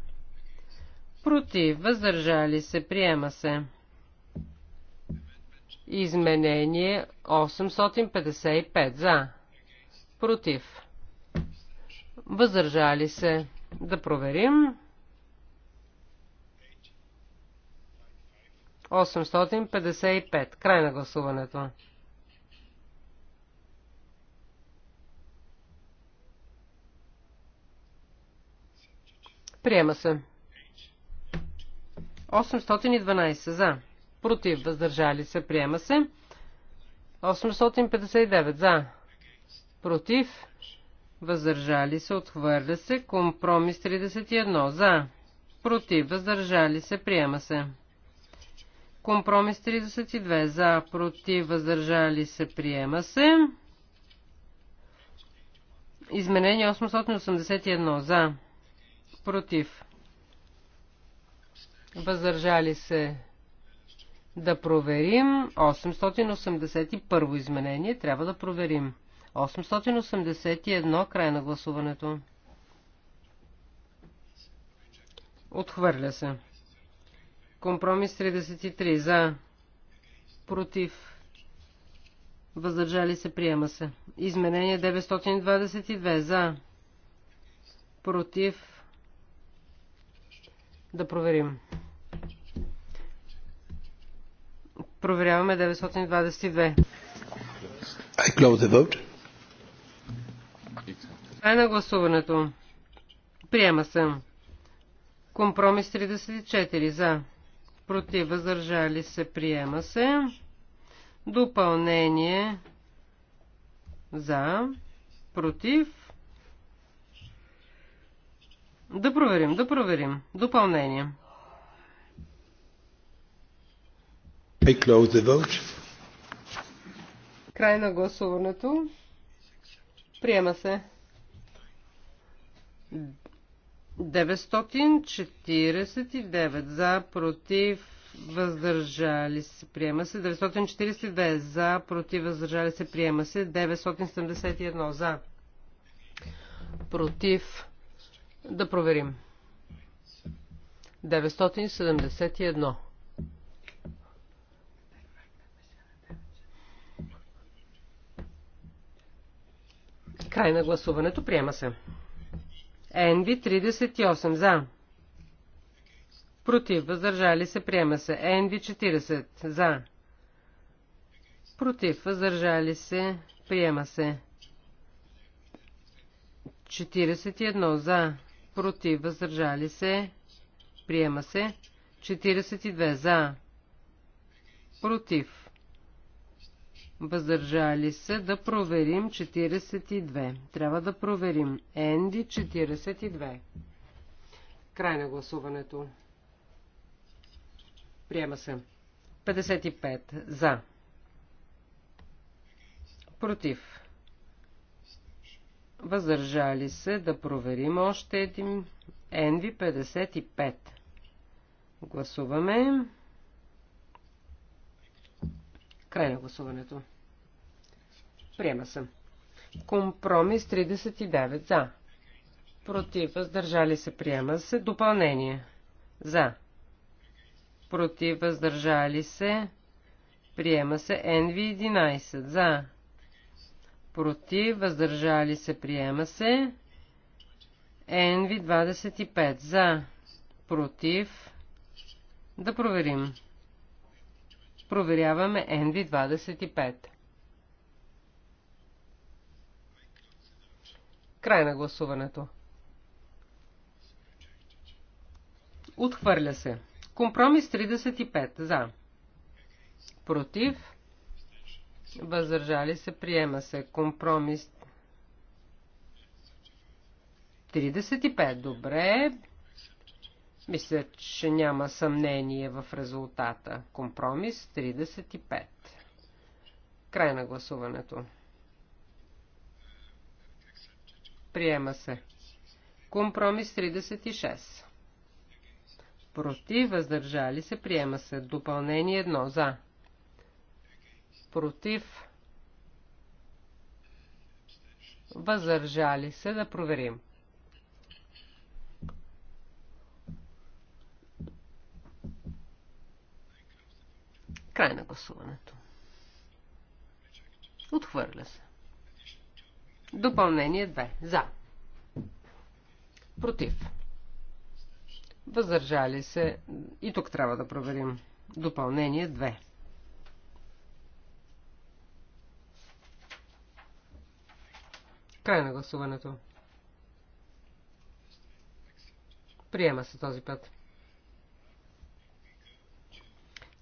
Против. Въздържали се. Приема се. Изменение 855. За. Против. Въздържали се. Да проверим. 855. Край на гласуването. Приема се. 812 за. Против. Въздържали се. Приема се. 859 за против, въздържали се, отхвърля се, компромис 31, за, против, въздържали се, приема се. Компромис 32, за, против, въздържали се, приема се. Изменение 881, за, против, въздържали се, да проверим 881 изменение. Трябва да проверим. 881. Край на гласуването. Отхвърля се. Компромис 33. За. Против. Въздържали се. Приема се. Изменение 922. За. Против. Да проверим. Проверяваме 922. I close the vote. Край на гласуването. Приема се. Компромис 34 за. Против въздържали се. Приема се. Допълнение за. Против. Да проверим, да проверим. Допълнение. I close the vote. Край на гласуването. Приема се. 949 за, против, въздържали се, приема се. 942 за, против, въздържали се, приема се. 971 за, против, да проверим. 971. Край на гласуването приема се. Енви 38 за. Против. Въздържали се. Приема се. Енви 40 за. Против. Въздържали се. Приема се. 41 за. Против. Въздържали се. Приема се. 42 за. Против въздържали се да проверим 42. Трябва да проверим. Енди 42. Край на гласуването. Приема се. 55. За. Против. Въздържали се да проверим още един. Енди 55. Гласуваме. Край на гласуването. Приема се. Компромис 39 за. Против. Въздържали се. Приема се. Допълнение. За. Против. Въздържали се. Приема се. NV11. За. Против. Въздържали се. Приема се. NV25. За. Против. Да проверим. Проверяваме NV25. Край на гласуването. Отхвърля се. Компромис 35. За. Против. Въздържали се. Приема се. Компромис 35. Добре. Мисля, че няма съмнение в резултата. Компромис 35. Край на гласуването. Приема се. Компромис 36. Против, въздържали се, приема се. Допълнение 1. За. Против. Въздържали се, да проверим. Край на гласуването. Отхвърля се. Допълнение 2. За. Против. Въздържали се. И тук трябва да проверим. Допълнение 2. Край на гласуването. Приема се този път.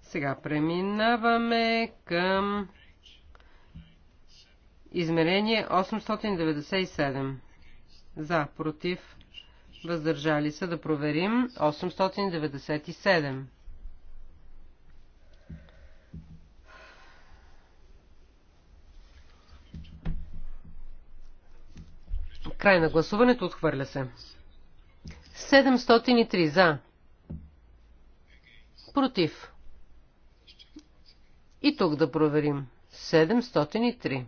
Сега преминаваме към Измерение 897. За, против, въздържали се да проверим 897. Край на гласуването отхвърля се. 703 за. Против. И тук да проверим. 703.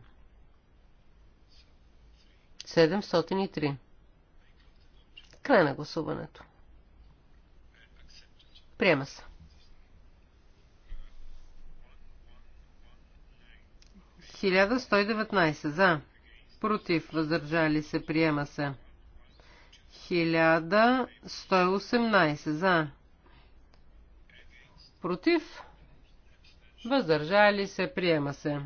703. Край на гласуването. Приема се. 1119 за. Против. Въздържали се. Приема се. 1118 за. Против. Въздържали се. Приема се.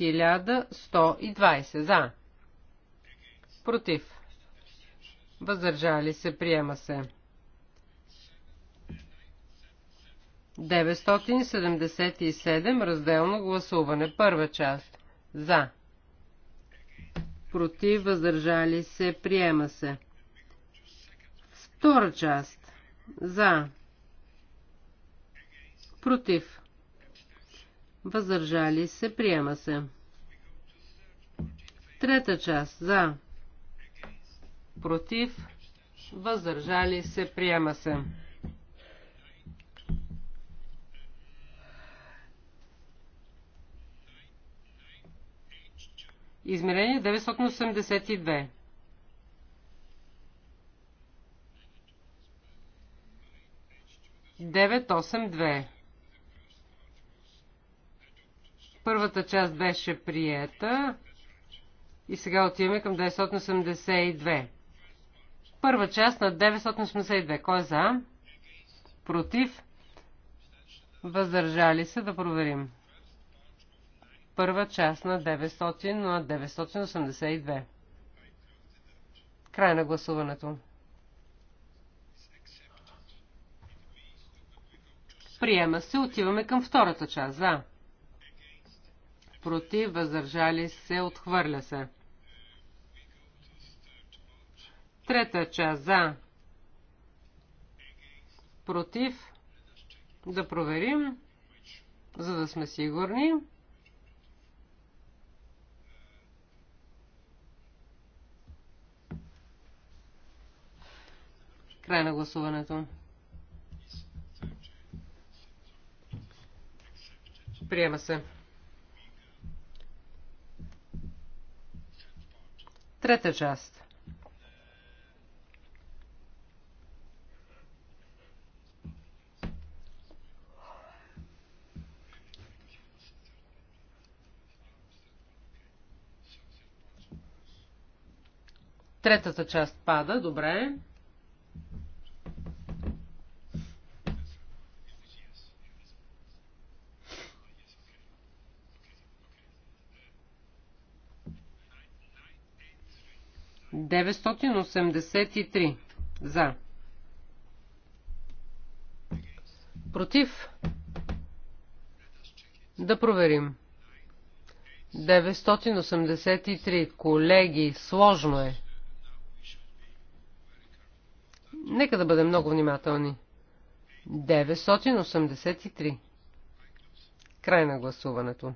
1120 за. Против. Въздържали се. Приема се. 977. Разделно гласуване. Първа част. За. Против. Въздържали се. Приема се. Втора част. За. Против. Въздържали се. Приема се. Трета част. За против, въздържали се, приема се. Измерение 982. Девет осем две. Първата част беше приета и сега отиваме към 982. Първа част на 982. Кой е за? Против? Въздържали се да проверим. Първа част на 900 на 982. Край на гласуването. Приема се. Отиваме към втората част. За. Против, въздържали се, отхвърля се. Трета част за. Против. Да проверим, за да сме сигурни. Край на гласуването. Приема се. Трета част. Третата част пада, добре. Деветстотин осемдесет и три. За. Против. Да проверим. 983. Колеги, сложно е. Нека да бъдем много внимателни. 983. Край на гласуването.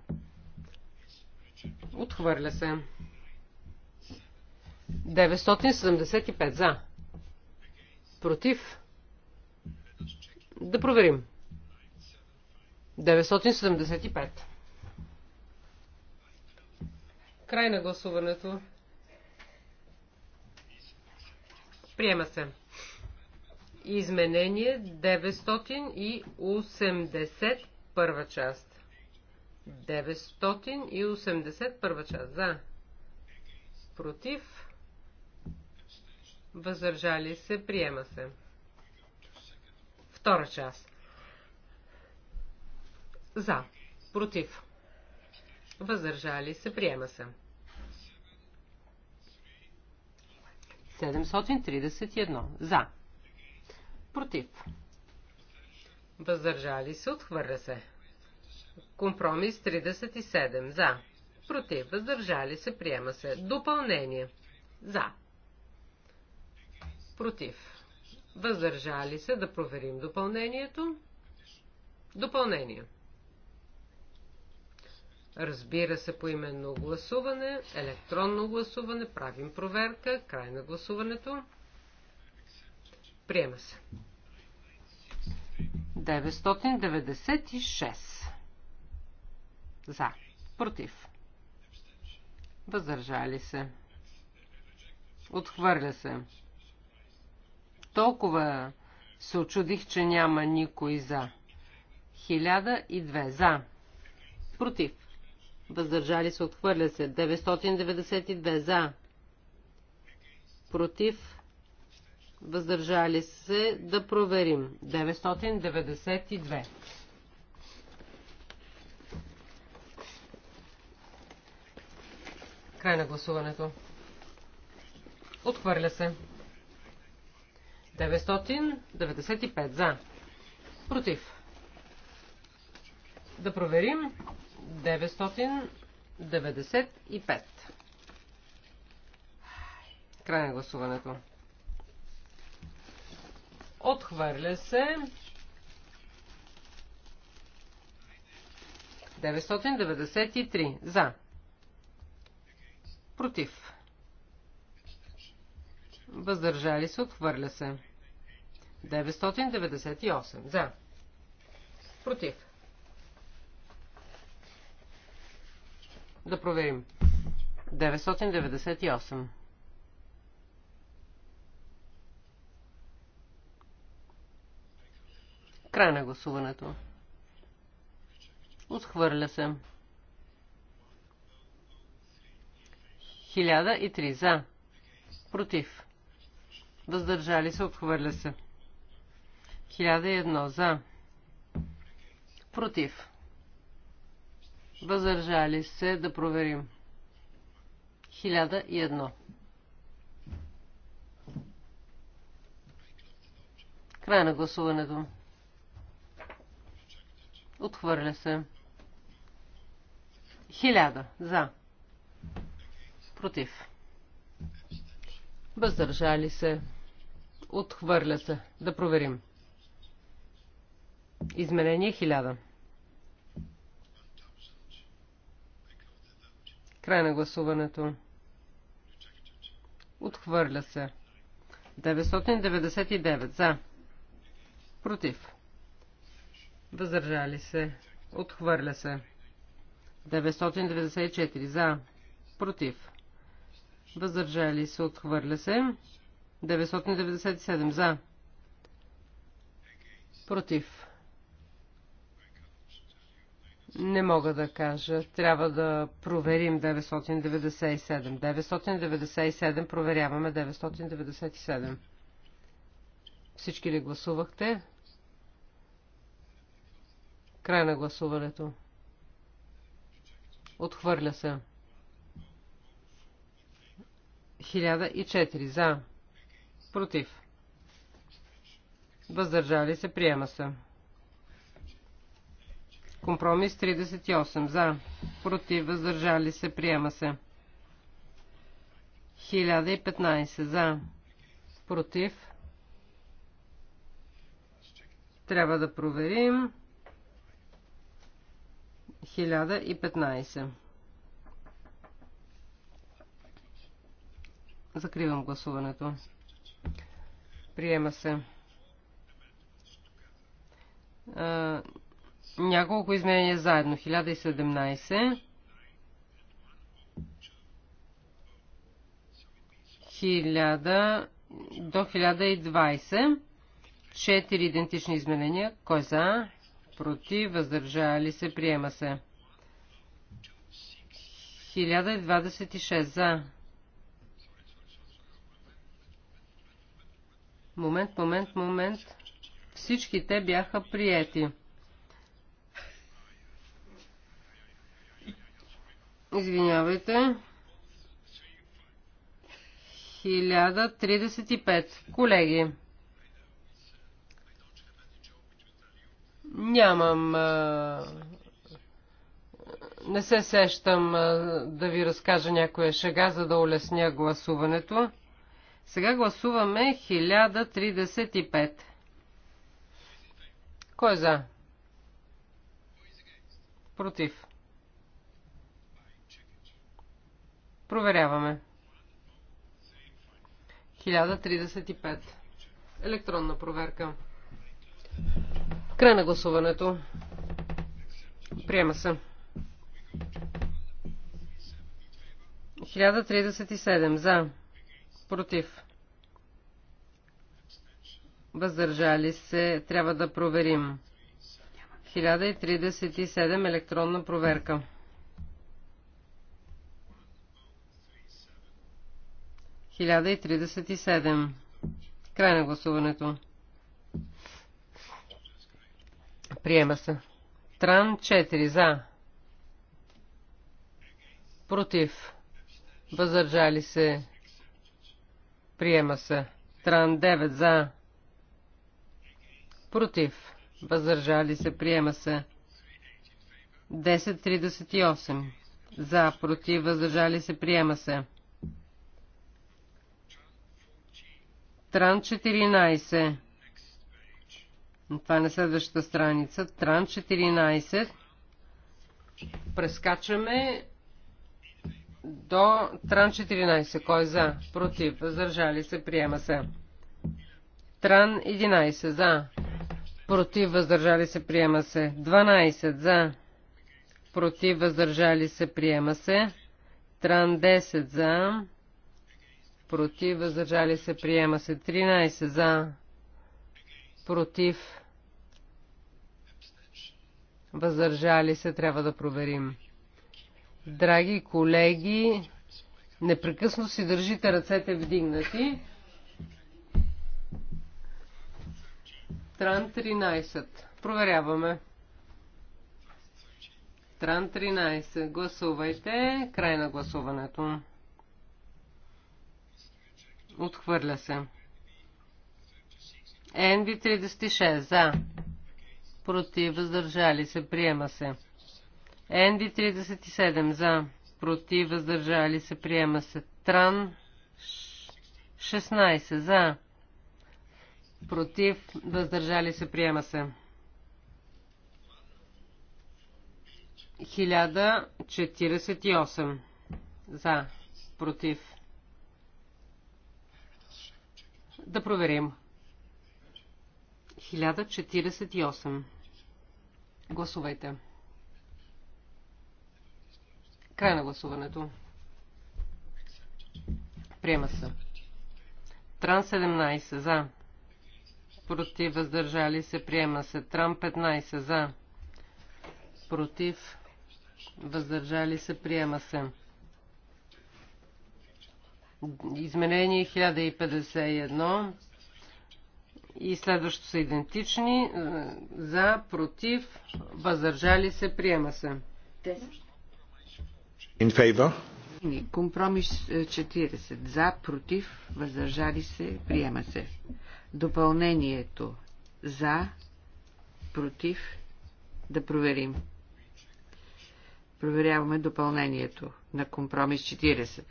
Отхвърля се. 975 за. Против. Да проверим. 975. Край на гласуването. Приема се. Изменение 980 първа част. 980 първа част. За. Против. Въздържали се. Приема се. Втора част. За. Против. Въздържали се. Приема се. 731. За. Против. Въздържали се. Отхвърля се. Компромис 37. За. Против. Въздържали се. Приема се. Допълнение. За. Против. Въздържали се. Да проверим допълнението. Допълнение. Разбира се, по именно гласуване, електронно гласуване, правим проверка, край на гласуването. Приема се. 996. За. Против. Въздържали се. Отхвърля се. Толкова се очудих, че няма никой за. 1002 за. Против. Въздържали се. Отхвърля се. 992 за. Против въздържали се да проверим. 992. Край на гласуването. Отхвърля се. 995 за. Против. Да проверим. 995. Край на гласуването. Отхвърля се. 993. За. Против. Въздържали се. Отхвърля се. 998. За. Против. Да проверим. 998. Край на гласуването. Отхвърля се. 1003 за. Против. Въздържали се. Отхвърля се. 1001 за. Против. Въздържали се. Да проверим. 1001. Край на гласуването. Отхвърля се. Хиляда. За. Против. Въздържали се. Отхвърля се. Да проверим. Изменение Хиляда. Край на гласуването. Отхвърля се. 999 за. Против. Въздържали се. Отхвърля се. 994 за. Против. Въздържали се. Отхвърля се. 997 за. Против. Не мога да кажа. Трябва да проверим 997. 997 проверяваме 997. Всички ли гласувахте? Край на гласуването. Отхвърля се. 1004 за. Против. Въздържали се. Приема се. Компромис 38 за. Против. Въздържали се. Приема се. 1015 за. Против. Трябва да проверим. 1015. Закривам гласуването. Приема се. А, няколко изменения заедно. 1017. 1000 до 1020. Четири идентични изменения. Кой за? против, въздържали се, приема се. 1026 за. Момент, момент, момент. Всички те бяха приети. Извинявайте. 1035. Колеги. Нямам. Не се сещам да ви разкажа някоя шега, за да улесня гласуването. Сега гласуваме 1035. Кой е за? Против. Проверяваме. 1035. Електронна проверка. Край на гласуването. Приема се. 1037 за. Против. Въздържали се. Трябва да проверим. 1037 електронна проверка. Хиляда и тридесет и седем. Край на гласуването. Приема се. Тран 4 за. Против. Въздържали се. Приема се. Тран 9 за. Против. Въздържали се. Приема се. 10.38. За. Против. Въздържали се. Приема се. Тран 14. Това е на следващата страница. Тран 14. Прескачаме до Тран 14. Кой е за? Против. Въздържали се. Приема се. Тран 11. За. Против. Въздържали се. Приема се. 12. За. Против. Въздържали се. Приема се. Тран 10. За. Против. Въздържали се. Приема се. 13. За против, въздържали се, трябва да проверим. Драги колеги, непрекъсно си държите ръцете вдигнати. Тран 13. Проверяваме. Тран 13. Гласувайте. Край на гласуването. Отхвърля се. Енви 36 за. Против. Въздържали се. Приема се. Енви 37 за. Против. Въздържали се. Приема се. Тран 16 за. Против. Въздържали се. Приема се. 1048 за. Против. Да проверим. 1048. Гласувайте. Край на гласуването. Приема се. Тран 17 за. Против въздържали се. Приема се. Тран 15 за. Против въздържали се. Приема се. Изменение 1051 и следващо са идентични. Е, за, против, въздържали се, приема се. In favor? Компромис 40. Е, за, против, въздържали се, приема се. Допълнението. За, против, да проверим. Проверяваме допълнението на компромис 40.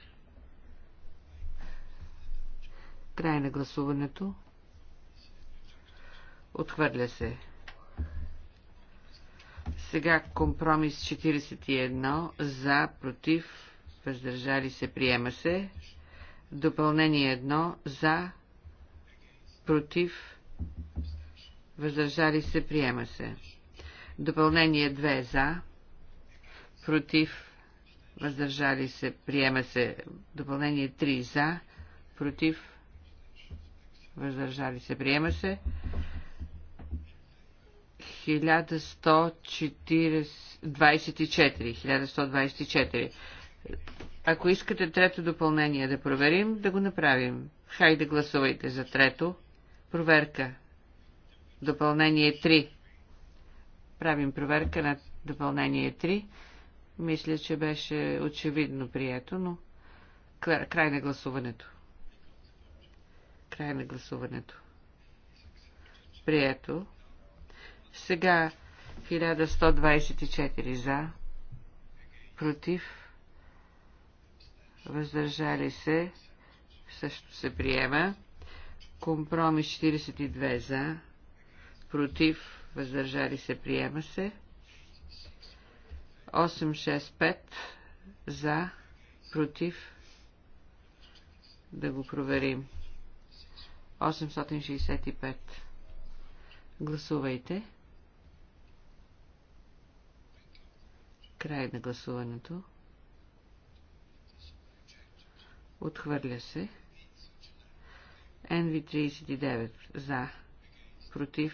Край на гласуването. Отхвърля се. Сега компромис 41 за, против, въздържали се, приема се. Допълнение 1 за, против, въздържали се, приема се. Допълнение 2 за, против, въздържали се, приема се. Допълнение 3 за, против, въздържали се, приема се. 1124. Ако искате трето допълнение да проверим, да го направим. Хайде гласувайте за трето. Проверка. Допълнение 3. Правим проверка на допълнение 3. Мисля, че беше очевидно прието, но край на гласуването. Край на гласуването. Прието. Сега 1124 за, против, въздържали се, също се приема. Компромис 42 за, против, въздържали се, приема се. 865 за, против, да го проверим. 865. Гласувайте. Край на гласуването. Отхвърля се. NV39 за. Против.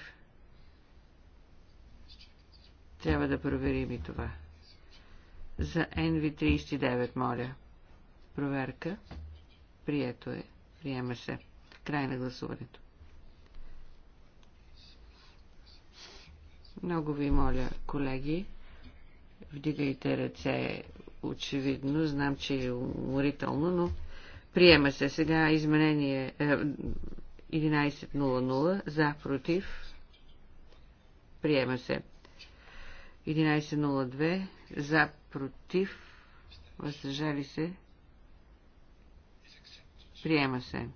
Трябва да проверим и това. За NV39, моля. Проверка. Прието е. Приема се. Край на гласуването. Много ви моля, колеги, Вдигайте ръце, очевидно. Знам, че е уморително, но приема се сега изменение 11.00 е, за против. Приема се. 11.02 за против. Въздържали се. Приема се.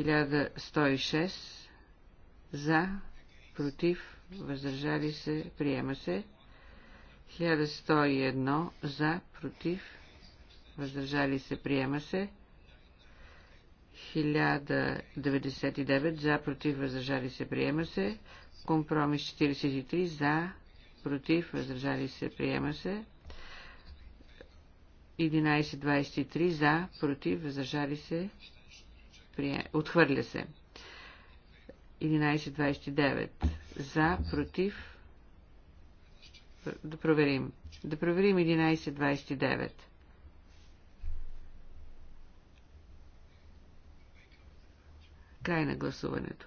1106 за, против, въздържали се, приема се. 1101 за, против, въздържали се, приема се. 1099 за, против, въздържали се, приема се. Компромис 43 за, против, въздържали се, приема се. 1123 за, против, въздържали се, прие... отхвърля се. 1129 за, против. Да проверим. Да проверим 11.29. Край на гласуването.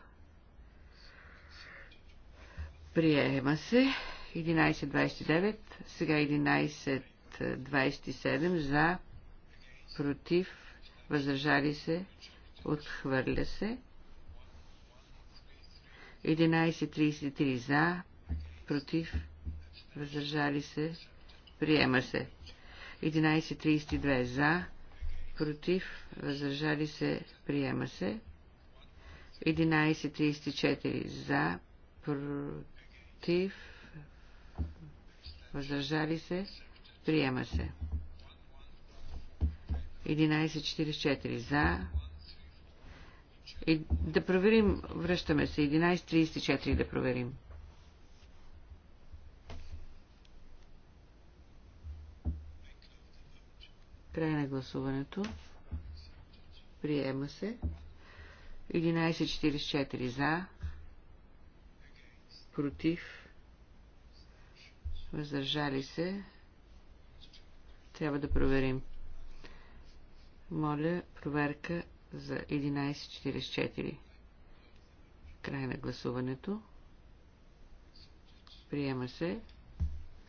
Приема се. 11.29. Сега 11.27. За, против, въздържали се, отхвърля се. 11.33 за, против, въздържали се, приема се. 11.32 за, против, въздържали се, приема се. 11.34 за, против, въздържали се, приема се. 11.44 за, и е, да проверим, връщаме се, 11.34 да проверим. Край на гласуването. Приема се. 11.44 за. Против. Въздържали се. Трябва да проверим. Моля, проверка за 11.44. Край на гласуването. Приема се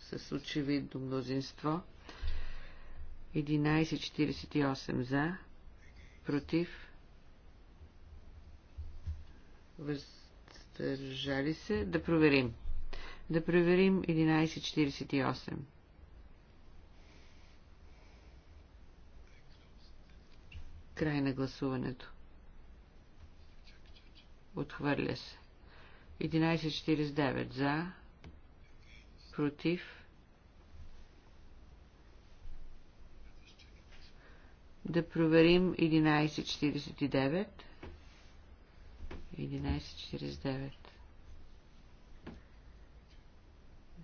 с очевидно мнозинство. 11.48 за, против, въздържали се. Да проверим. Да проверим 11.48. Край на гласуването. Отхвърля се. 11.49 за. Против. Да проверим 11.49. 11.49.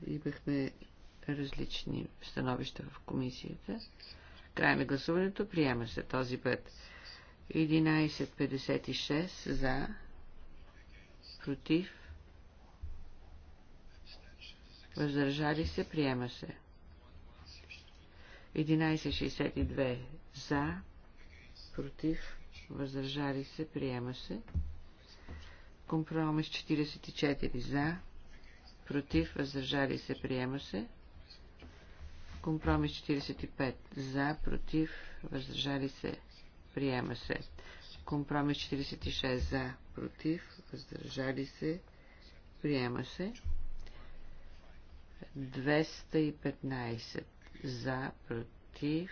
Имахме различни становища в комисията края на гласуването. Приема се този път. 11.56 за. Против. Въздържали се. Приема се. 11.62 за. Против. Въздържали се. Приема се. Компромис 44 за. Против. Въздържали се. Приема се. Компромис 45. За, против, въздържали се. Приема се. Компромис 46. За, против, въздържали се. Приема се. 215. За, против,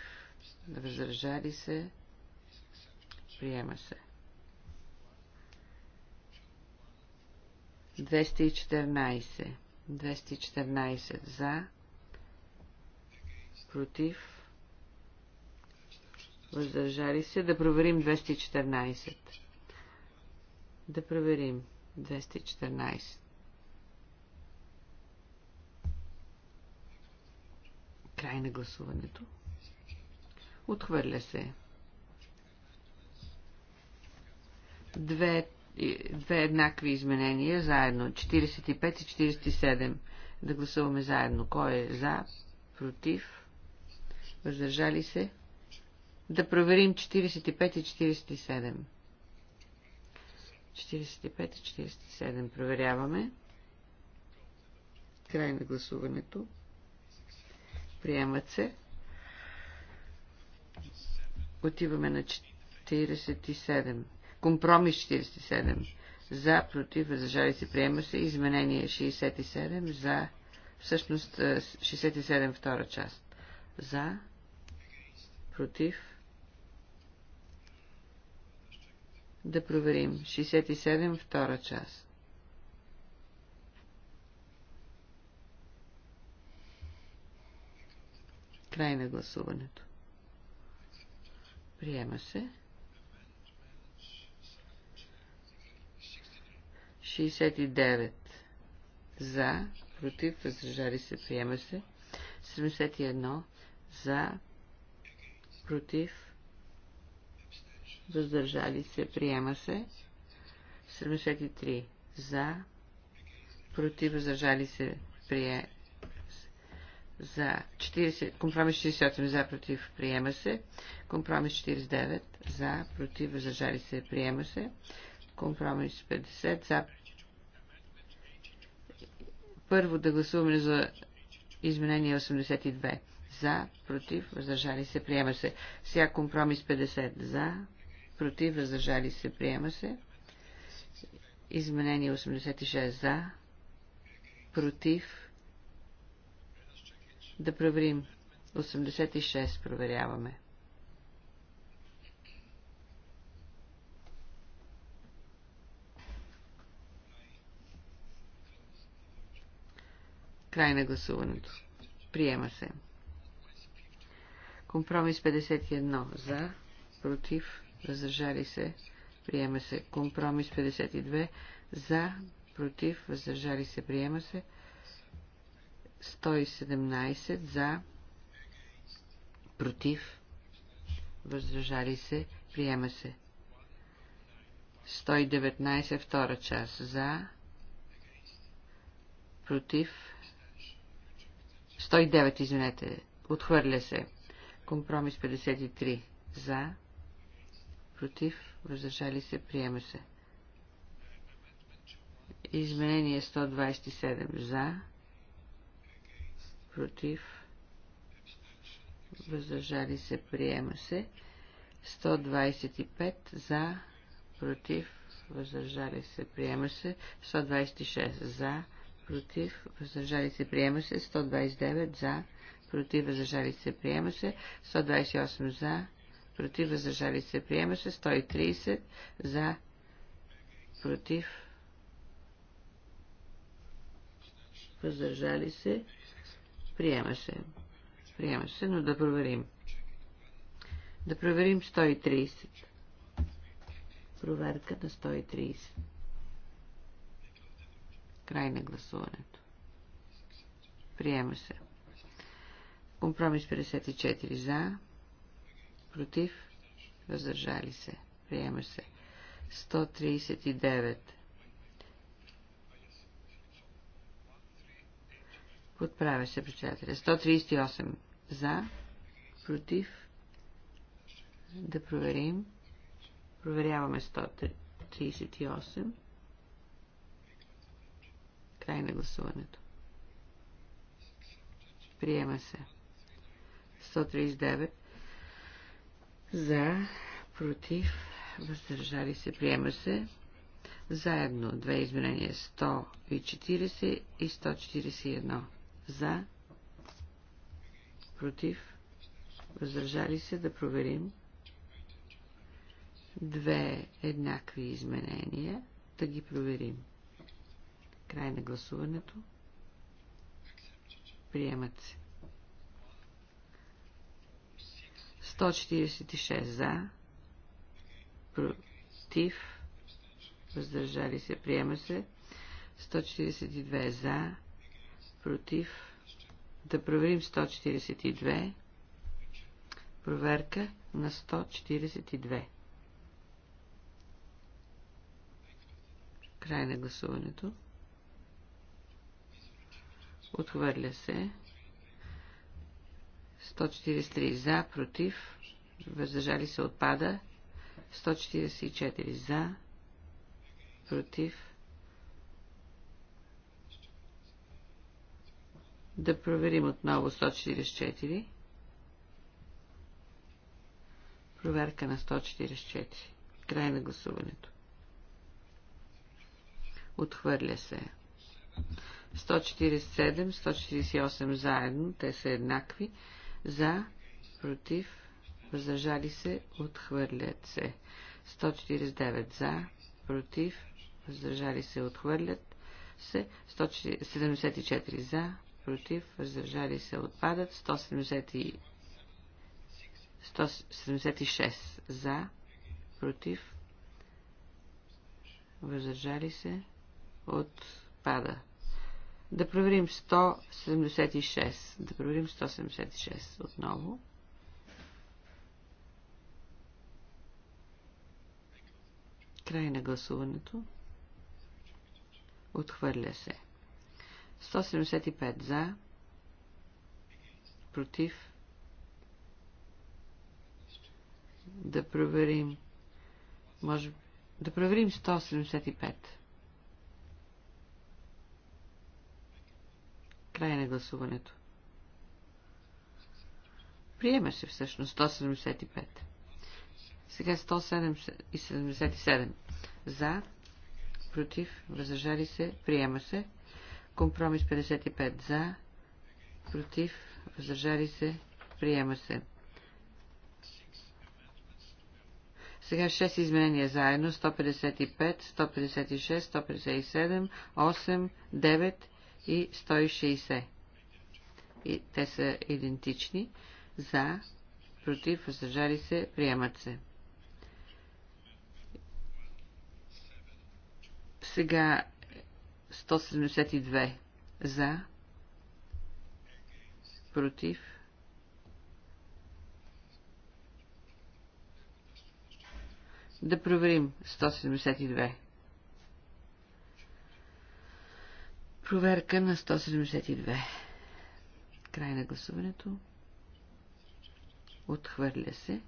въздържали се. Приема се. 214. 214 за, против, въздържали се. Да проверим 214. Да проверим 214. Край на гласуването. Отхвърля се. 2 две еднакви изменения заедно, 45 и 47. Да гласуваме заедно. Кой е за, против, въздържали се. Да проверим 45 и 47. 45 и 47 проверяваме. Край на гласуването. Приемат се. Отиваме на 47. Компромис 47. За, против, въздържали се, приема се. Изменение 67. За, всъщност 67 втора част. За, против. Да проверим. 67, втора част. Край на гласуването. Приема се. 69 за, против, въздържали се, приема се. 71 за, против, въздържали се, приема се. 73 за, против, въздържали се, прие... за 40, компромис 68 за, против, приема се. Компромис 49 за, против, въздържали се, приема се. Компромис 50 за. Първо да гласуваме за изменение 82 за, против, въздържали се, приема се. Сега компромис 50 за, против, въздържали се, приема се. Изменение 86 за, против. Да проверим. 86 проверяваме. Край на гласуването. Приема се. Компромис 51 за, против, въздържали се, приема се. Компромис 52 за, против, въздържали се, приема се. 117 за, против, въздържали се, приема се. 119 втора част за, против, 109, извинете, отхвърля се. Компромис 53. За. Против. Въздържали се. Приема се. Изменение 127. За. Против. Въздържали се. Приема се. 125. За. Против. Въздържали се. Приема се. 126. За. Против. Въздържали се. Приема се. 129. За против въздържали се, приема се, 128 за, против въздържали се, приема се, 130 за, против въздържали се, приема се, приема се, но да проверим. Да проверим 130. Проверка на 130. Край на гласуването. Приема се. Компромис 54 за, против, въздържали се, приема се. 139. Подправя се председателя. 138 за, против, да проверим. Проверяваме 138. Край на гласуването. Приема се. 139 за, против, въздържали се, приема се. Заедно две изменения 140 и 141 за, против, въздържали се, да проверим. Две еднакви изменения, да ги проверим. Край на гласуването. Приемат се. 146 за, против, въздържали се, приема се. 142 за, против. Да проверим 142. Проверка на 142. Край на гласуването. Отхвърля се. 143 за, против, въздържали се отпада. 144 за, против. Да проверим отново 144. Проверка на 144. Край на гласуването. Отхвърля се. 147, 148 заедно, те са еднакви за, против, въздържали се, отхвърлят се. 149 за, против, въздържали се, отхвърлят се. 174 за, против, въздържали се, отпадат. 170... 176 за, против, въздържали се, отпада. Да проверим 176. Да проверим 176 отново. Край на гласуването. Отхвърля се. 175 за. Против. Да проверим. Може да проверим 175. Край на гласуването. Приема се всъщност 175. Сега 177. За, против, въздържали се, приема се. Компромис 55. За, против, въздържали се, приема се. Сега 6 изменения заедно. 155, 156, 157, 8, 9 и 160. И те са идентични. За, против, въздържали се, приемат се. Сега 172 за, против, да проверим 172. Проверка на 172. Край на гласуването. Отхвърля се.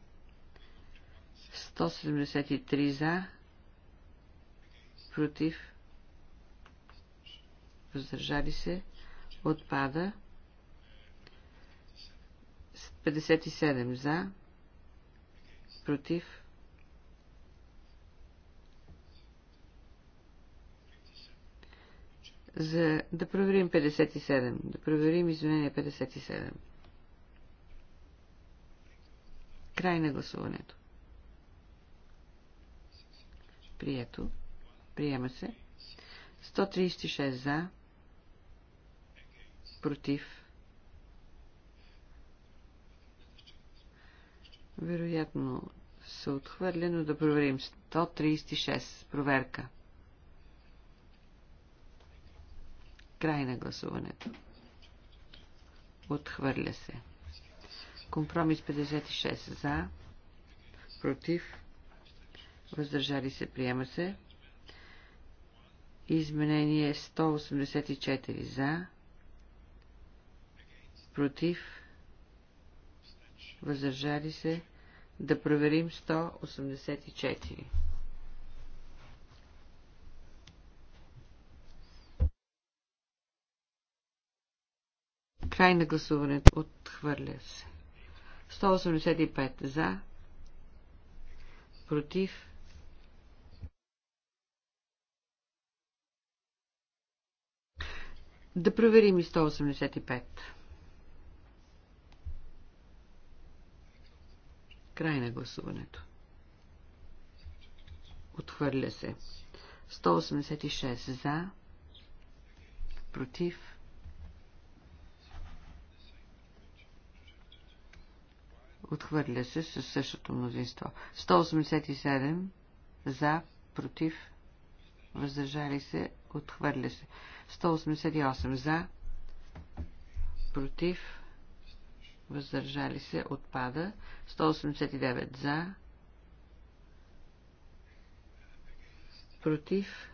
173 за. Против. Въздържали се. Отпада. 57 за. Против. за да проверим 57. Да проверим извинение 57. Край на гласуването. Прието. Приема се. 136 за. Против. Вероятно се отхвърля, но да проверим. 136. Проверка. 136. Край на гласуването. Отхвърля се. Компромис 56 за, против, въздържали се, приема се. Изменение 184 за, против, въздържали се. Да проверим 184. Край на гласуването. Отхвърля се. 185 за. Против. Да проверим и 185. Край на гласуването. Отхвърля се. 186 за. Против. Отхвърля се със същото мнозинство. 187 за, против, въздържали се, отхвърля се. 188 за, против, въздържали се, отпада. 189 за, против,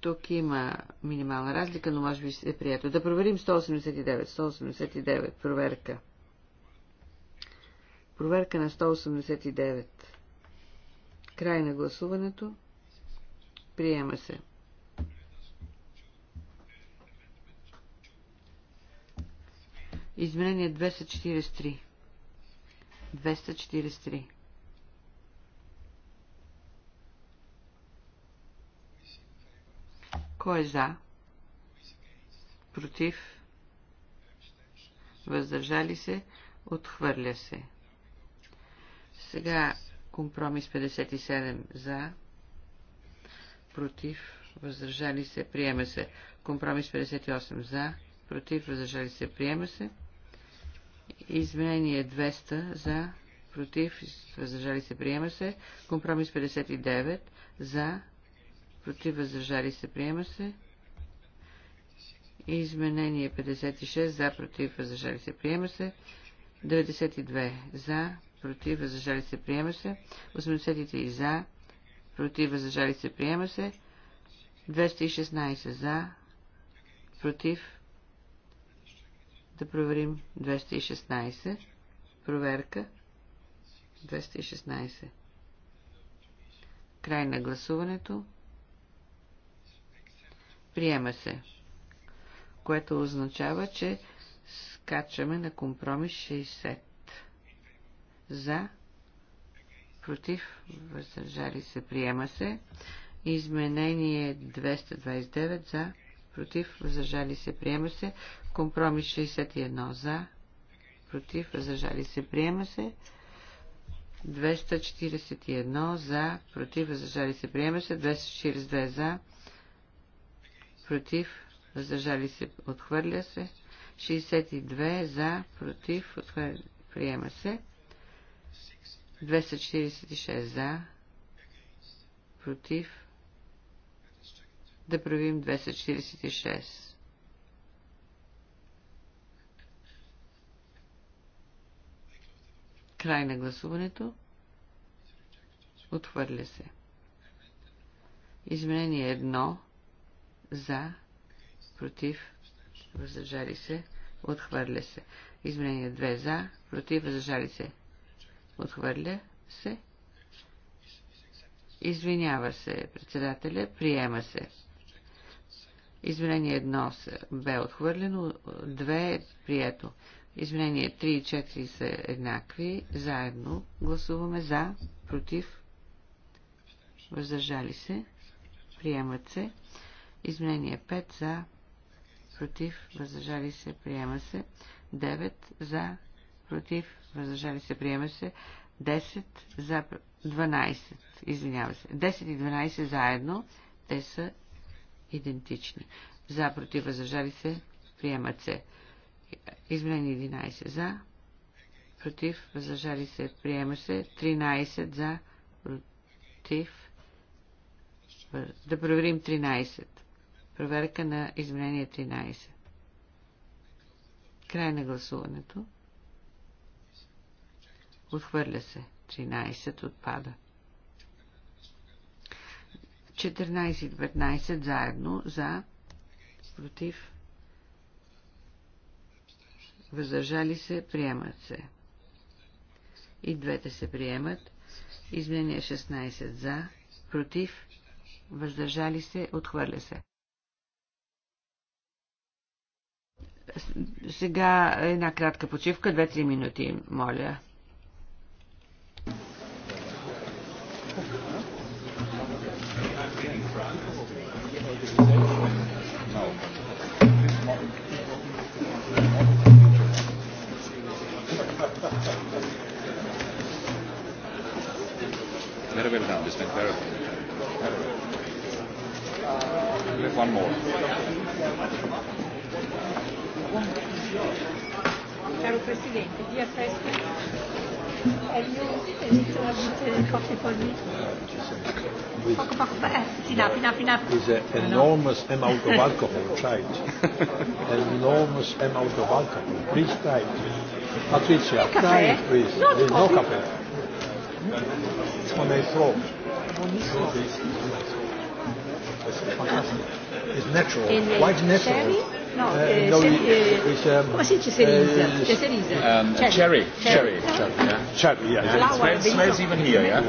тук има минимална разлика, но може би ще е прието. Да проверим 189. 189. Проверка. Проверка на 189. Край на гласуването. Приема се. Изменение 243. 243. Кой е за? Против? Въздържали се? Отхвърля се. Сега компромис 57 за. Против? Въздържали се? Приема се. Компромис 58 за. Против? Въздържали се? Приема се. Изменение 200 за. Против? Въздържали се? Приема се. Компромис 59 за против, въздържали се, приема се. Изменение 56 за, против, въздържали се, приема се. 92 за, против, въздържали се, приема се. 83 за, против, въздържали се, приема се. 216 за, против. Да проверим 216. Проверка. 216. Край на гласуването. Приема се. Което означава, че скачаме на компромис 60. За. Против. Въздържали се. Приема се. Изменение 229 за. Против. Въздържали се. Приема се. Компромис 61 за. Против. Въздържали се. Приема се. 241 за. Против. Въздържали се. Приема се. 242 за против, въздържали се, отхвърля се. 62 за, против, отхвърля, приема се. 246 за, против. Да правим 246. Край на гласуването. Отхвърля се. Изменение 1 за, против, въздържали се, отхвърля се. Изменение 2 за, против, въздържали се, отхвърля се. Извинява се председателя, приема се. Изменение 1 бе отхвърлено, 2 е прието. Изменение 3 и 4 са еднакви. Заедно гласуваме за, против, въздържали се, приемат се. Изменение 5 за, против, въздържали се, приема се. 9 за, против, въздържали се, приема се. 10 за, 12, извинява се. 10 и 12 заедно, те са идентични. За, против, въздържали се, приемат се. Изменение 11 за, против, въздържали се, приема се. 13 за, против, да проверим 13. Проверка на изменение 13. Край на гласуването. Отхвърля се. 13 отпада. 14 и 15 заедно за, против, въздържали се, приемат се. И двете се приемат. Изменение 16 за, против, въздържали се, отхвърля се. Сега една кратка почивка, 2-3 минути, моля. Very well done, this went very well. Very well. One more. Caro Presidente, dia festa Poco poco fino a fino a an enormous amount of alcohol, tried. an enormous amount of alcohol. Please try it. Patricia, try it, please. No, no caffè. Come è pronto? It's fantastic. It's natural. Quite natural. No, eh, no eh, it's, um, come si dice cerise? Uh, cerise? Um, cherry. Cherry. Cherry, cherry, yeah. Cherry, yeah. It smells, smells even here, yeah?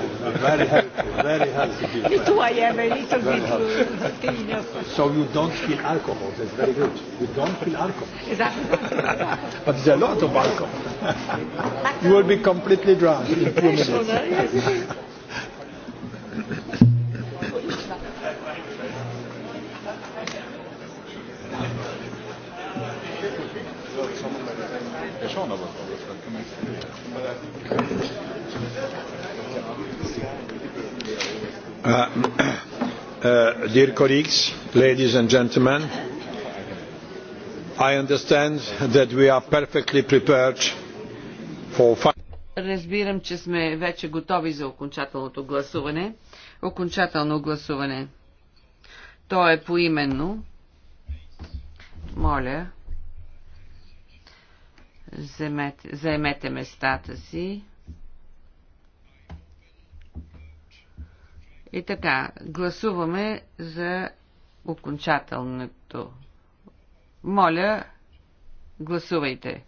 Very healthy. Very healthy. Me too, I am a little bit So you don't feel alcohol. That's very good. You don't feel alcohol. Exactly. but there's a lot of alcohol. you will be completely drunk in two minutes. Dear colleagues, ladies and gentlemen, I understand that we are perfectly prepared for Разбирам, че сме вече готови за окончателното гласуване. Окончателно гласуване. То е поименно. Моля, заемете местата си. И така, гласуваме за окончателното. Моля, гласувайте.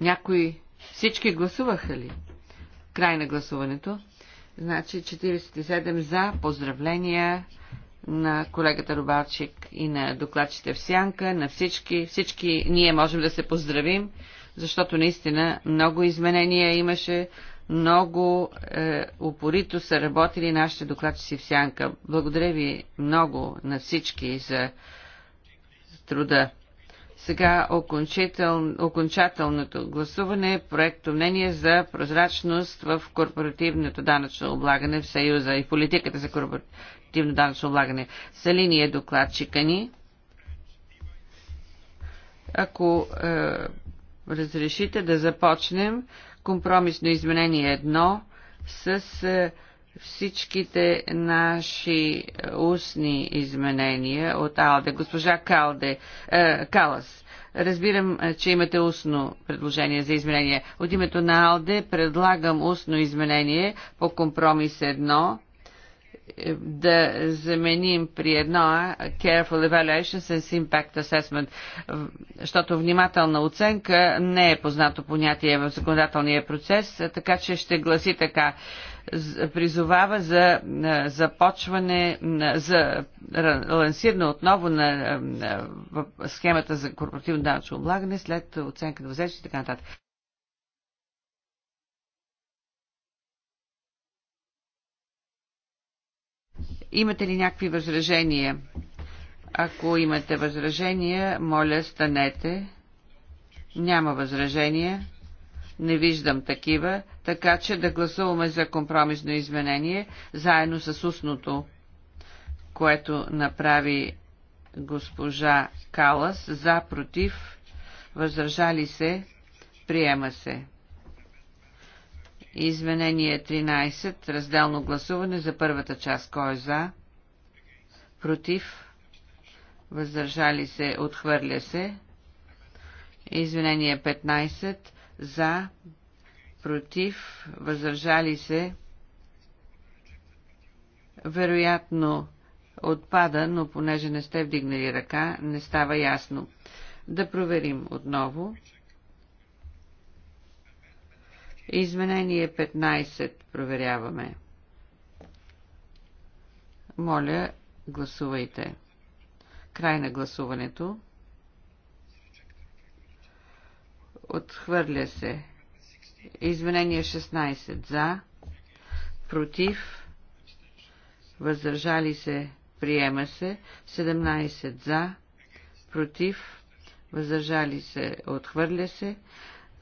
Някои, всички гласуваха ли? Край на гласуването. Значи 47 за, поздравления на колегата Рубалчик и на докладчите в Сянка, на всички. Всички ние можем да се поздравим, защото наистина много изменения имаше, много е, упорито са работили нашите докладчици в Сянка. Благодаря ви много на всички за труда. Сега окончател, окончателното гласуване, проекто мнение за прозрачност в корпоративното данъчно облагане в Съюза и политиката за корпоративното ефективно данъчно облагане. Салини е докладчика ни. Ако е, разрешите да започнем компромисно изменение 1 с е, всичките наши е, устни изменения от Алде. Госпожа Калде, е, Калас, разбирам, е, че имате устно предложение за изменение. От името на Алде предлагам устно изменение по компромис е, да заменим при едно Careful Evaluation с Impact Assessment, защото внимателна оценка не е познато понятие в законодателния процес, така че ще гласи така призовава за започване, за лансиране отново на схемата за корпоративно данъчно облагане след оценка на възречи и така нататък. Имате ли някакви възражения? Ако имате възражения, моля, станете. Няма възражения. Не виждам такива, така че да гласуваме за компромисно изменение, заедно с устното, което направи госпожа Калас, за, против, възражали се, приема се. Изменение 13, разделно гласуване за първата част. Кой е за? Против? Въздържали се, отхвърля се. Извинение 15, за? Против? Въздържали се? Вероятно отпада, но понеже не сте вдигнали ръка, не става ясно. Да проверим отново. Изменение 15 проверяваме. Моля, гласувайте. Край на гласуването. Отхвърля се. Изменение 16 за, против, въздържали се, приема се, 17 за, против, въздържали се, отхвърля се,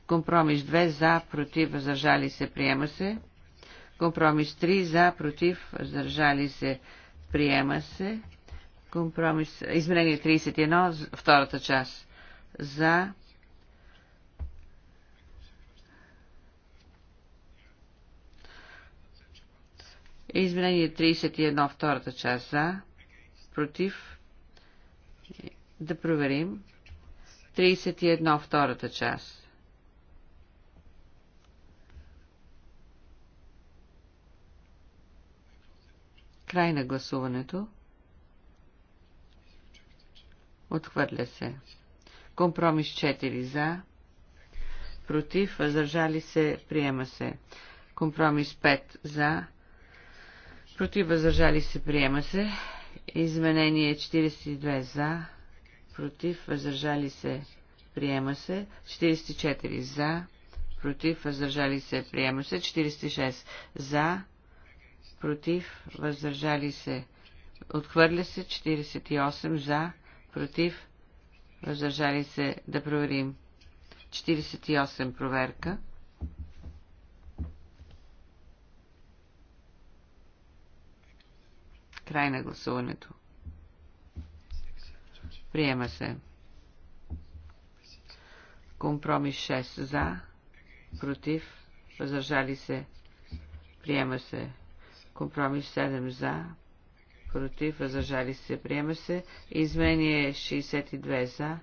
Компромис 2 за, против, въздържали се, приема се. Компромис 3 за, против, въздържали се, приема се. Компромис, изменение 31, втората част. За, Изменение 31, втората част за, против, да проверим. 31, втората част. Край на гласуването. Отхвърля се. Компромис 4 за. Против. Въздържали се. Приема се. Компромис 5 за. Против. Въздържали се. Приема се. Изменение 42 за. Против. Въздържали се. Приема се. 44 за. Против. Въздържали се. Приема се. 46 за против, въздържали се. Отхвърля се 48 за, против, въздържали се. Да проверим. 48 проверка. Край на гласуването. Приема се. Компромис 6 за, против, въздържали се. Приема се. Компромис 7 за, против, въздържали се, приема се. Изменение 62 за,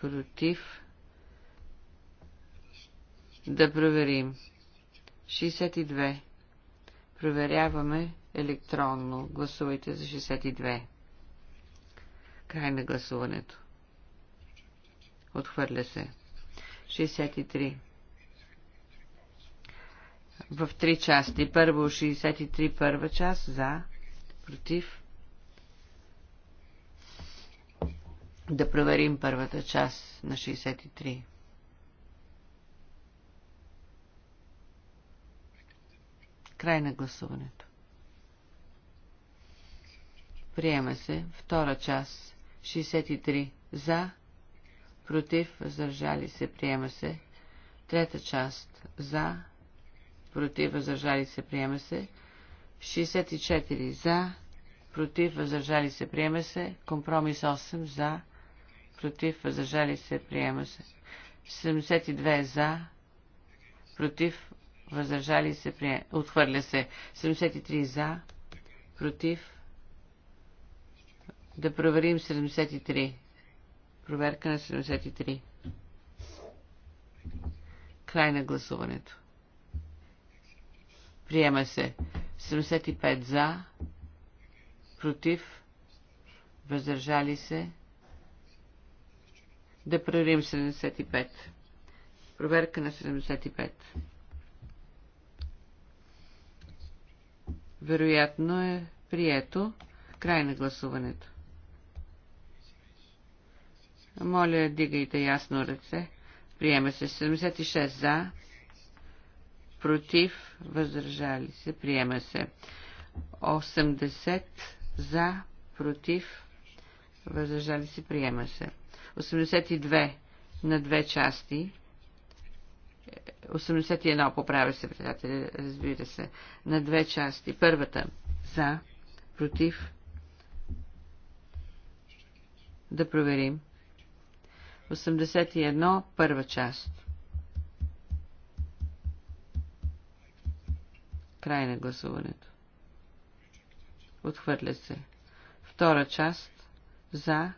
против. Да проверим. 62. Проверяваме електронно. Гласувайте за 62. Край на гласуването. Отхвърля се. 63 в три части. Първо 63 първа част за, против. Да проверим първата част на 63. Край на гласуването. Приема се втора част. 63 за, против, въздържали се, приема се. Трета част за, против, въздържали се, приема се. 64 за, против, въздържали се, приема се. Компромис 8 за, против, въздържали се, приема се. 72 за, против, въздържали се, приема, отхвърля се. 73 за, против. Да проверим 73. Проверка на 73. Край на гласуването. Приема се. 75 за. Против. Въздържали се. Да проверим 75. Проверка на 75. Вероятно е прието. Край на гласуването. Моля, дигайте ясно ръце. Приема се 76 за, против, въздържали се, приема се. 80 за, против, въздържали се, приема се. 82 на две части. 81 поправя се, приятели, разбира се, на две части. Първата за, против, да проверим. 81 първа част. Край на гласуването. Отхвърля се. Втора част. За.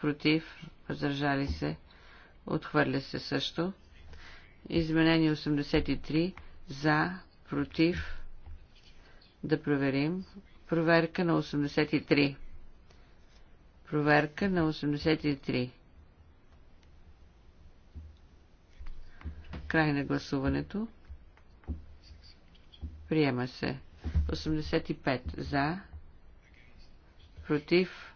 Против. Въздържали се. Отхвърля се също. Изменение 83. За. Против. Да проверим. Проверка на 83. Проверка на 83. Край на гласуването. Приема се. 85 за. Против.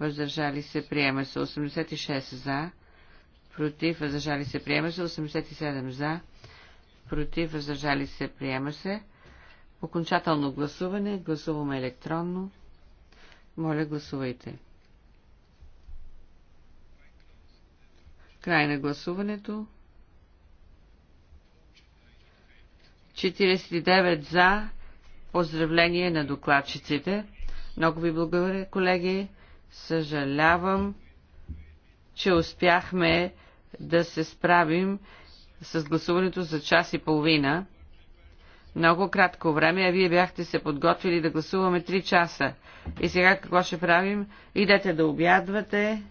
Въздържали се. Приема се. 86 за. Против. Въздържали се. Приема се. 87 за. Против. Въздържали се. Приема се. Окончателно гласуване. Гласуваме електронно. Моля, гласувайте. Край на гласуването. 49 за. Поздравление на докладчиците. Много ви благодаря, колеги. Съжалявам, че успяхме да се справим с гласуването за час и половина. Много кратко време, а вие бяхте се подготвили да гласуваме 3 часа. И сега какво ще правим? Идете да обядвате.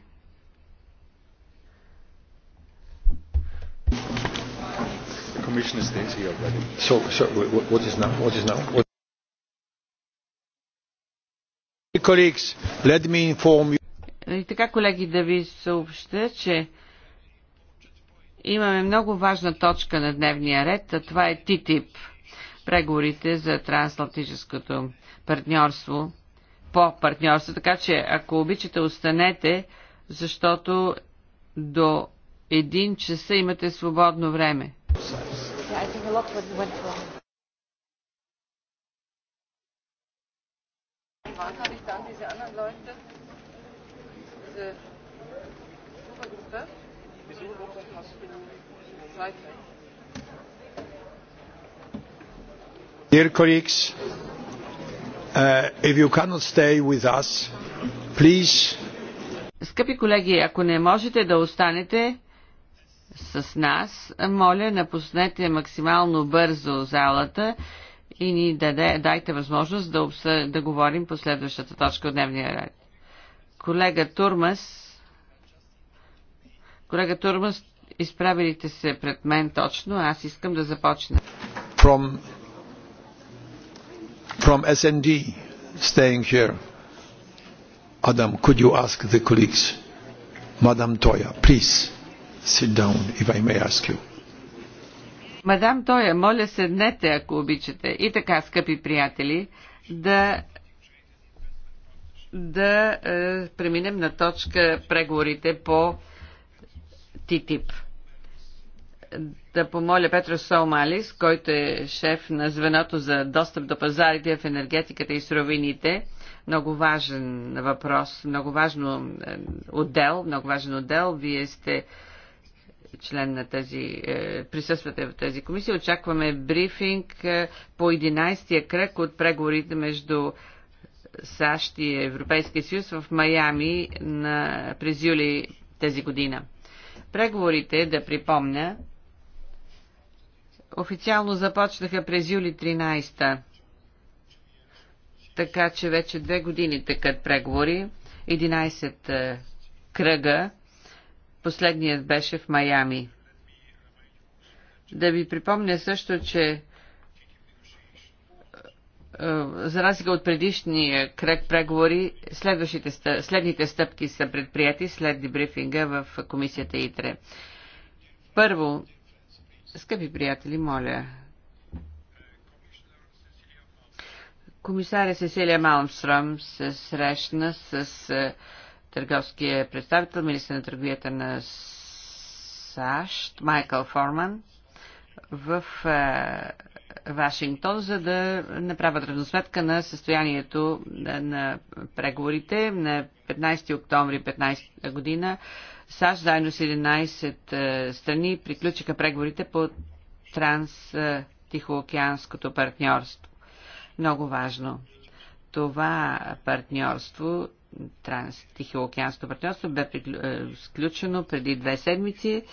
Commissioner is here already. So, so what is now? What is now? What Colleagues, let me inform you. И нали така, колеги, да ви съобща, че имаме много важна точка на дневния ред, а това е ТИТИП. Преговорите за трансатлантическото партньорство по партньорство. Така че, ако обичате, останете, защото до един часа имате свободно време think a lot went wrong. Wann habe Dear colleagues, uh, if you cannot stay with us, please. Скъпи колеги, ако не можете да останете, с нас. Моля, напуснете максимално бързо залата и ни даде, дайте възможност да, обсъ... да говорим по следващата точка от дневния ред. Колега Турмас, колега Турмас, изправилите се пред мен точно, аз искам да започна. From, from SND, staying here. Adam, could you ask the colleagues? Madam Toya, please. Sit down, if I may ask you. Мадам Тоя, моля седнете, ако обичате. И така, скъпи приятели, да да е, преминем на точка преговорите по ТИТИП. Да помоля Петро Солмалис, който е шеф на звеното за достъп до пазарите в енергетиката и суровините. Много важен въпрос, много важно е, отдел, много важен отдел. Вие сте член на тази, е, присъствате в тази комисия. Очакваме брифинг е, по 11-я кръг от преговорите между САЩ и Европейския съюз в Майами на, през юли тази година. Преговорите, да припомня, официално започнаха през юли 13-та. Така че вече две години тъкат преговори, 11 е, кръга Последният беше в Майами. Да ви припомня също, че е, за разлика от предишния кръг преговори, следните стъпки са предприяти след дебрифинга в комисията ИТРЕ. Първо, скъпи приятели, моля, комисаря Сесилия Малмстром се срещна с е, търговския представител, министър на търговията на САЩ, Майкъл Форман, в е, Вашингтон, за да направят разносметка на състоянието на преговорите на 15 октомври 15 година. САЩ заедно с 11 е, страни приключиха преговорите по транс-тихоокеанското партньорство. Много важно. Това партньорство транс партньорство бе е, сключено преди две седмици.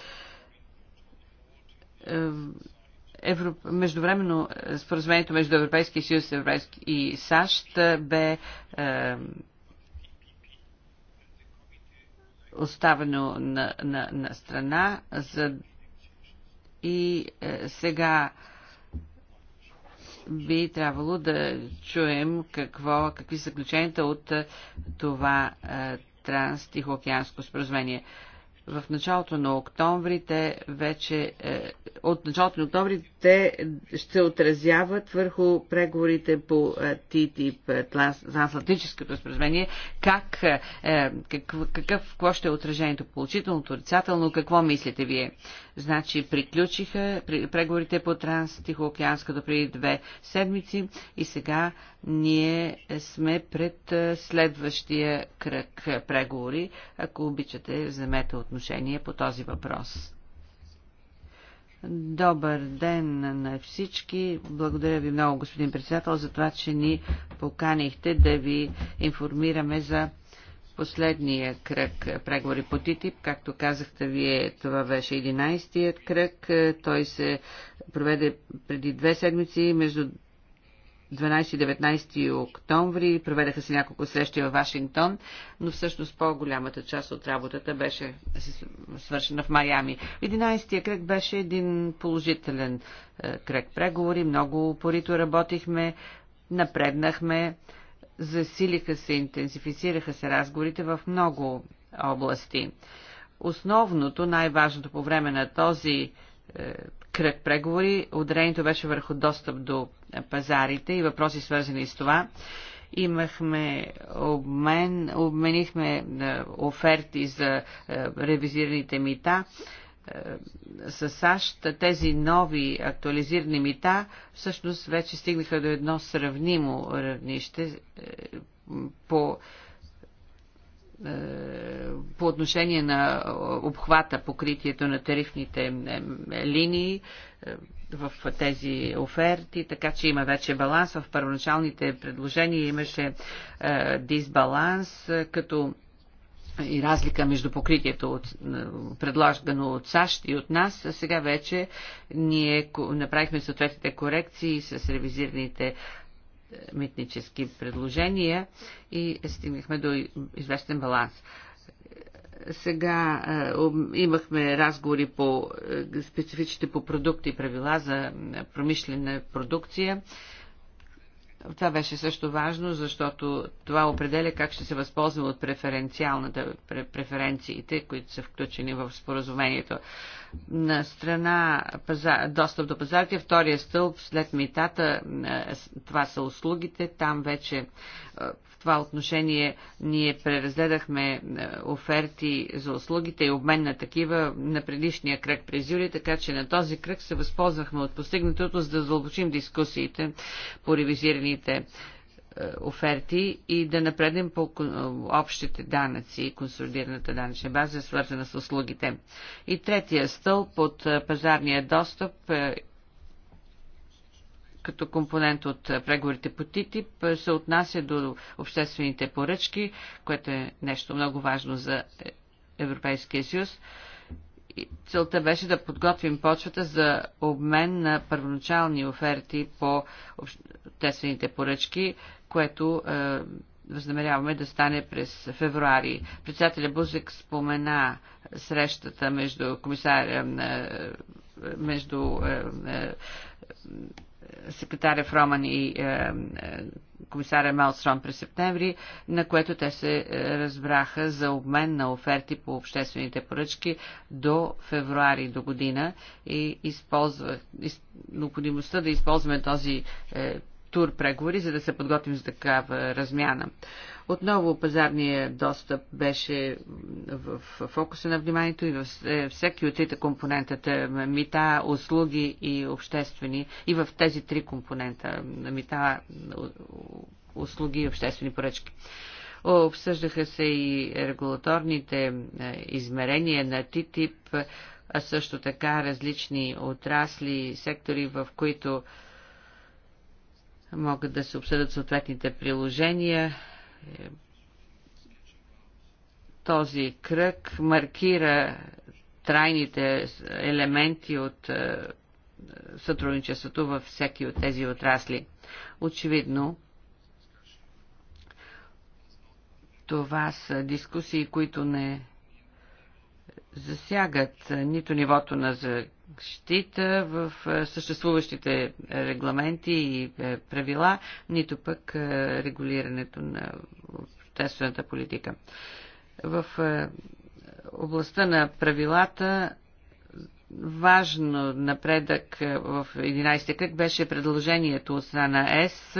Е, Евро... Междувременно е, споразумението между Европейския съюз Европейски... и САЩ бе е... оставено на, на, на страна за... и е, сега е, би трябвало да чуем какво, какви са заключенията от това е, транс-тихоокеанско споразумение в началото на октомври те вече, е, от началото на октомври те ще отразяват върху преговорите по е, ТТИП, е, трансатлантическото споразумение, как, какъв, какво ще е отражението, положителното, отрицателно, какво мислите вие? Значи приключиха преговорите по Транс-Тихоокеанското преди две седмици и сега ние сме пред следващия кръг преговори. Ако обичате, вземете отношение отношение по този въпрос. Добър ден на всички. Благодаря ви много, господин председател, за това, че ни поканихте да ви информираме за последния кръг преговори по ТИТИП. Както казахте вие, това беше 11-тият кръг. Той се проведе преди две седмици между 12-19 октомври. Проведаха се няколко срещи в Вашингтон, но всъщност по-голямата част от работата беше свършена в Майами. 11-я кръг беше един положителен е, кръг преговори. Много упорито работихме, напреднахме, засилиха се, интенсифицираха се разговорите в много области. Основното, най-важното по време на този е, кръг преговори. Ударението беше върху достъп до пазарите и въпроси свързани с това. Имахме обмен, обменихме е, оферти за е, ревизираните мита е, с САЩ. Тези нови актуализирани мита всъщност вече стигнаха до едно сравнимо равнище по е, по отношение на обхвата, покритието на тарифните линии е, в тези оферти, така че има вече баланс. В първоначалните предложения имаше е, дисбаланс, като и разлика между покритието от, предлагано от САЩ и от нас. А сега вече ние направихме съответните корекции с ревизираните митнически предложения и стигнахме до известен баланс. Сега е, имахме разговори по е, специфичните по продукти правила за е, промишлена продукция. Това беше също важно, защото това определя как ще се възползва от преференциалната преференциите, които са включени в споразумението. На страна паза, достъп до пазарите, втория стълб след митата, е, това са услугите, там вече е, това отношение ние преразгледахме е, оферти за услугите и обмен на такива на предишния кръг през юли, така че на този кръг се възползвахме от постигнатото, за да задълбочим дискусиите по ревизираните е, оферти и да напреднем по е, общите данъци и консолидираната данъчна база, свързана с услугите. И третия стълб от пазарния достъп като компонент от преговорите по ТИТИП се отнася до обществените поръчки, което е нещо много важно за Европейския съюз. Целта беше да подготвим почвата за обмен на първоначални оферти по обществените поръчки, което е, възнамеряваме да стане през февруари. Председателя Бузик спомена срещата между комисаря е, е, между е, е, секретаря Фроман и е, е, комисаря Малстром през септември, на което те се е, разбраха за обмен на оферти по обществените поръчки до февруари до година и използва, из, необходимостта да използваме този е, тур преговори, за да се подготвим за такава размяна. Отново пазарния достъп беше в фокуса на вниманието и в е, всеки от трите компонента мита, услуги и обществени. И в тези три компонента мита, услуги и обществени поръчки. Обсъждаха се и регулаторните измерения на ТИТИП, а също така различни отрасли, сектори, в които могат да се обсъдят съответните приложения този кръг маркира трайните елементи от е, сътрудничеството във всеки от тези отрасли. Очевидно, това са дискусии, които не засягат нито нивото на защита в е, съществуващите регламенти и е, правила, нито пък е, регулирането на обществената политика. В областта на правилата важно напредък в 11 кръг беше предложението от страна ЕС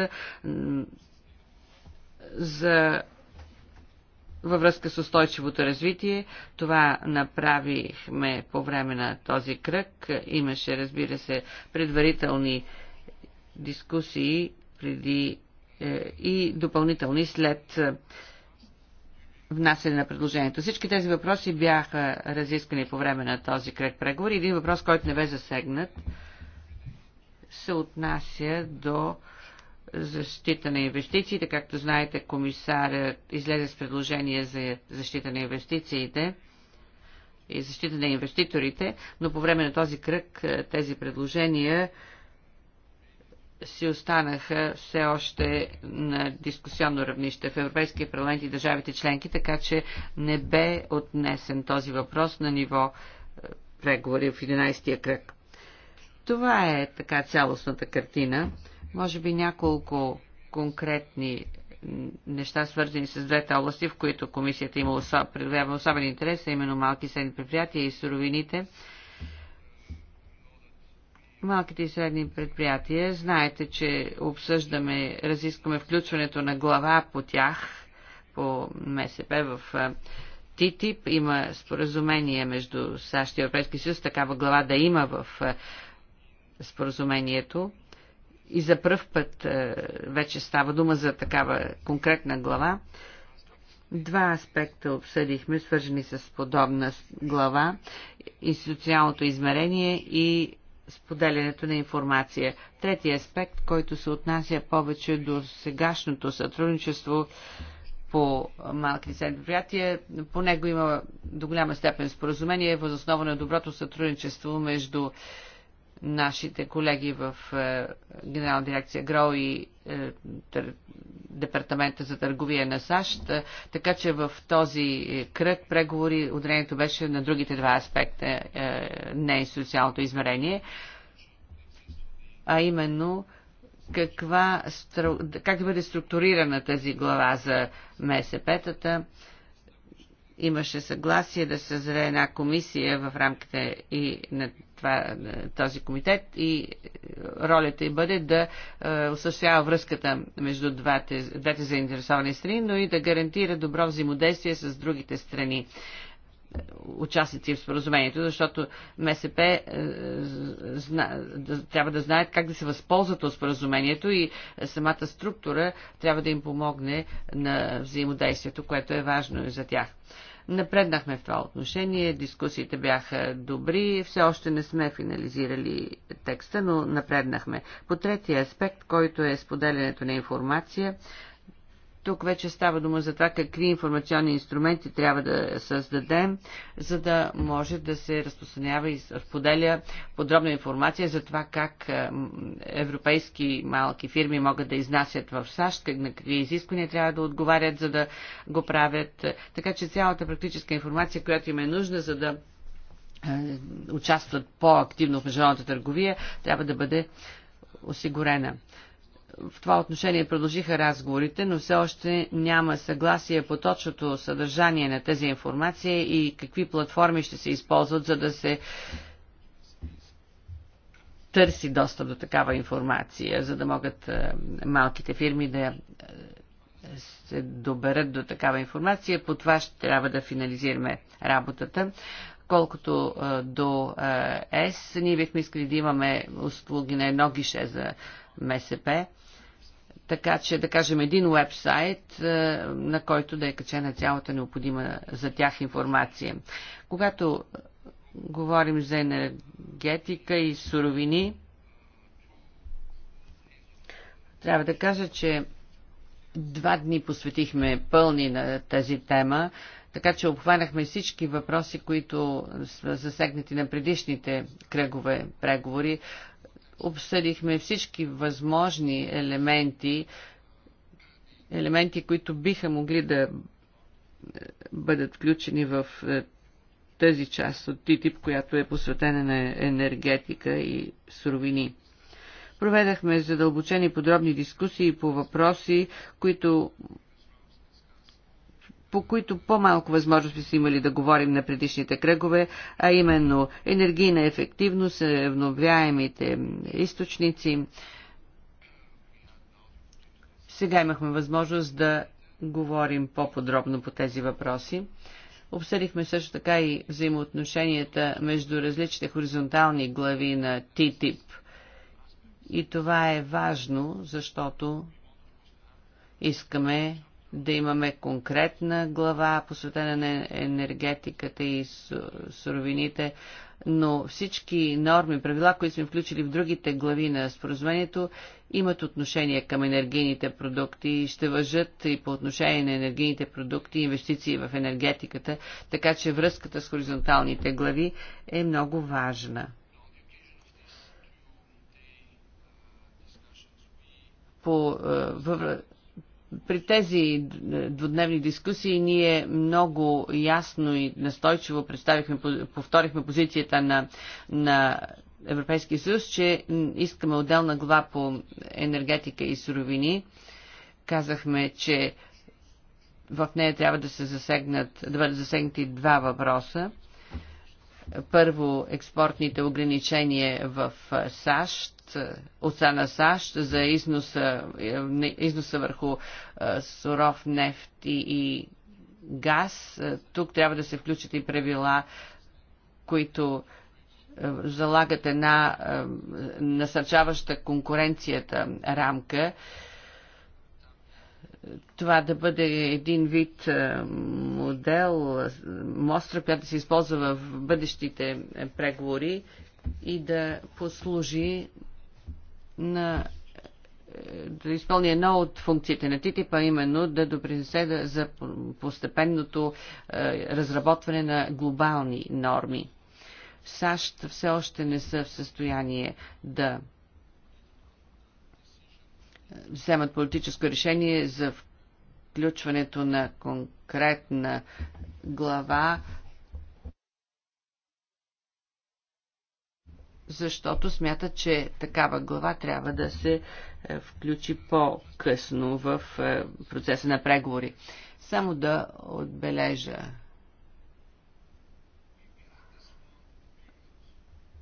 за във връзка с устойчивото развитие. Това направихме по време на този кръг. Имаше, разбира се, предварителни дискусии преди е, и допълнителни след е, внасяне на предложението. Всички тези въпроси бяха разискани по време на този кръг преговори. Един въпрос, който не бе засегнат, се отнася до е, защита на инвестициите. Както знаете, комисарят излезе с предложение за защита на инвестициите и защита на инвеститорите, но по време на този кръг е, тези предложения си останаха все още на дискусионно равнище в Европейския парламент и държавите членки, така че не бе отнесен този въпрос на ниво е, преговори в 11 тия кръг. Това е така цялостната картина. Може би няколко конкретни неща, свързани с двете области, в които комисията има особ... особен интерес, а именно малки и средни предприятия и суровините. Малките и средни предприятия, знаете, че обсъждаме, разискваме включването на глава по тях, по МСП в ТИТИП. Има споразумение между САЩ и Европейски съюз, такава глава да има в споразумението и за пръв път е, вече става дума за такава конкретна глава. Два аспекта обсъдихме, свържени с подобна глава институционалното измерение и споделянето на информация. Третия аспект, който се отнася повече до сегашното сътрудничество по малки и средни предприятия, по него има до голяма степен споразумение, възоснова на доброто сътрудничество между нашите колеги в е, Генерална дирекция ГРО и е, Департамента за търговия на САЩ. Е, така че в този кръг преговори ударението беше на другите два аспекта, не и социалното измерение, а именно каква, как да бъде структурирана тази глава за МСП-тата, имаше съгласие да създаде една комисия в рамките и на това, този комитет и е, ролята й бъде да е, осъществява връзката между двете, двете заинтересовани страни, но и да гарантира добро взаимодействие с другите страни е, участници в споразумението, защото МСП е, зна, да, трябва да знаят как да се възползват от споразумението и самата структура трябва да им помогне на взаимодействието, което е важно и за тях. Напреднахме в това отношение, дискусиите бяха добри, все още не сме финализирали текста, но напреднахме. По третия аспект, който е споделянето на информация, тук вече става дума за това какви информационни инструменти трябва да създадем, за да може да се разпространява и споделя подробна информация за това как европейски малки фирми могат да изнасят в САЩ, на какви изисквания трябва да отговарят, за да го правят. Така че цялата практическа информация, която им е нужна, за да участват по-активно в международната търговия, трябва да бъде осигурена в това отношение продължиха разговорите, но все още няма съгласие по точното съдържание на тази информация и какви платформи ще се използват, за да се търси достъп до такава информация, за да могат е, малките фирми да е, се доберат до такава информация. По това ще трябва да финализираме работата. Колкото е, до ЕС, ние бихме искали да имаме услуги на едно гише за МСП така че да кажем един уебсайт, е, на който да е качена цялата необходима за тях информация. Когато говорим за енергетика и суровини, трябва да кажа, че два дни посветихме пълни на тази тема, така че обхванахме всички въпроси, които са засегнати на предишните кръгове преговори. Обсъдихме всички възможни елементи, елементи, които биха могли да е, бъдат включени в е, тази част от ТИТИП, която е посветена на енергетика и суровини. Проведахме задълбочени подробни дискусии по въпроси, които по които по-малко възможности са имали да говорим на предишните кръгове, а именно енергийна ефективност, вновяемите източници. Сега имахме възможност да говорим по-подробно по тези въпроси. Обсъдихме също така и взаимоотношенията между различните хоризонтални глави на ТИТИП. И това е важно, защото искаме да имаме конкретна глава, посветена на енергетиката и суровините, но всички норми, правила, които сме включили в другите глави на споразумението, имат отношение към енергийните продукти и ще въжат и по отношение на енергийните продукти и инвестиции в енергетиката, така че връзката с хоризонталните глави е много важна. По, е, във, при тези е, двудневни дискусии ние много ясно и настойчиво представихме, повторихме позицията на, на Европейския съюз, че искаме отделна глава по енергетика и суровини. Казахме, че в нея трябва да се засегнат, да бъдат засегнати два въпроса. Първо, експортните ограничения в е, САЩ е, от страна на САЩ за износа, е, износа върху е, суров нефт и, и газ. Тук трябва да се включат и правила, които залагат една насърчаваща конкуренцията рамка това да бъде един вид модел, мостра, която да се използва в бъдещите преговори и да послужи на е, да изпълни едно от функциите на ТТИП, а именно да допринесе за постепенното е, разработване на глобални норми. САЩ все още не са в състояние да е, вземат политическо решение за включването на конкретна глава защото смятат, че такава глава трябва да се е, включи по-късно в е, процеса на преговори. Само да отбележа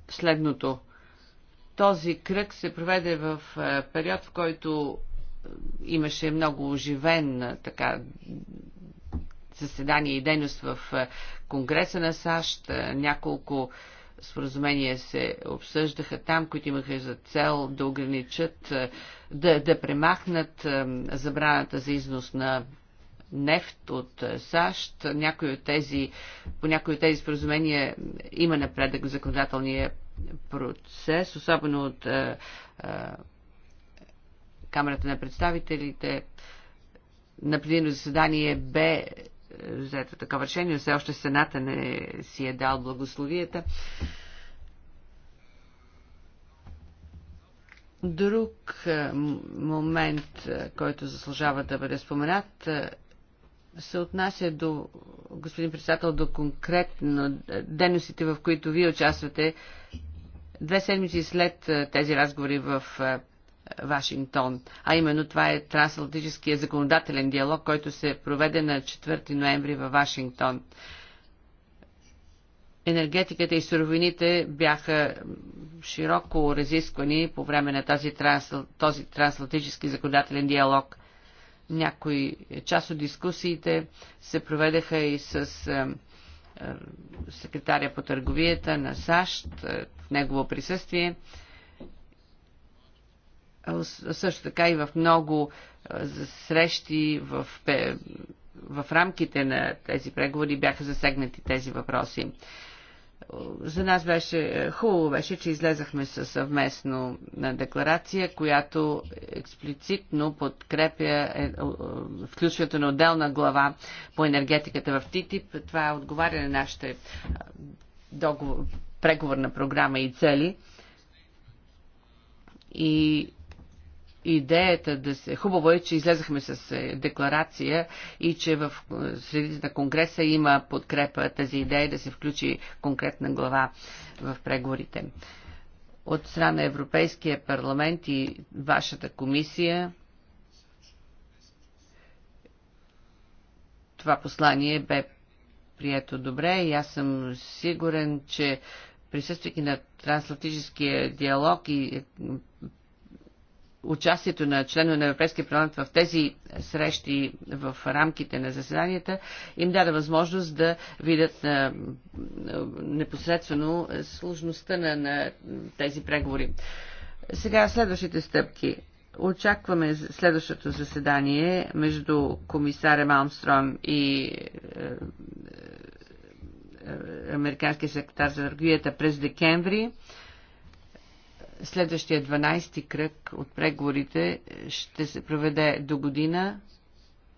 следното. Този кръг се проведе в е, период, в който имаше много оживен така заседание и дейност в Конгреса на САЩ, няколко споразумения се обсъждаха там, които имаха за цел да ограничат, е, да, да премахнат е, забраната за износ на нефт от е, САЩ. Някои от тези, по някои от тези споразумения има напредък в законодателния процес, особено от Камерата на представителите. На предино заседание бе взето такова решение. Все още Сената не си е дал благословията. Друг е, момент, е, който заслужава да бъде споменат, е, се отнася до, господин председател, до конкретно дейностите, в които вие участвате. Две седмици след тези разговори в Вашингтон. А именно това е трансатлантическия законодателен диалог, който се проведе на 4 ноември във Вашингтон. Енергетиката и суровините бяха широко разисквани по време на тази, този трансатлантически законодателен диалог. Някои част от дискусиите се проведеха и с е, е, секретаря по търговията на САЩ е, в негово присъствие също така и в много срещи в, в рамките на тези преговори бяха засегнати тези въпроси. За нас беше хубаво, беше, че излезахме със съвместно декларация, която експлицитно подкрепя е, включването на отделна глава по енергетиката в ТИТИП. Това е отговаря на нашите договор, преговорна програма и цели. И идеята да се... Хубаво е, че излезахме с е, декларация и че в е, средите на Конгреса има подкрепа тази идея да се включи конкретна глава в преговорите. От страна на Европейския парламент и вашата комисия това послание бе прието добре и аз съм сигурен, че присъствайки на трансатлантическия диалог и участието на члена на Европейския парламент в тези срещи в рамките на заседанията им даде възможност да видят непосредствено сложността на, на тези преговори. Сега следващите стъпки. Очакваме следващото заседание между комисаря Малмстром и е, е, е, американския секретар за търговията през декември. Следващия 12-ти кръг от преговорите ще се проведе до година,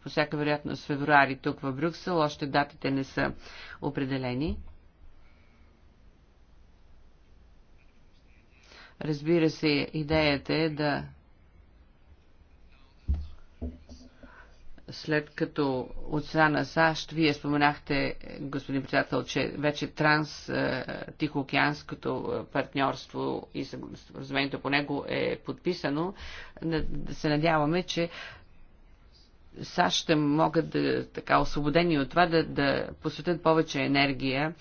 по всяка вероятност февруари тук в Брюксел. Още датите не са определени. Разбира се, идеята е да след като от страна на САЩ, вие споменахте, господин председател, че вече транс е, тихоокеанското е, партньорство и споразумението по него е подписано, да се надяваме, че САЩ ще могат да, така освободени от това, да, да посветят повече енергия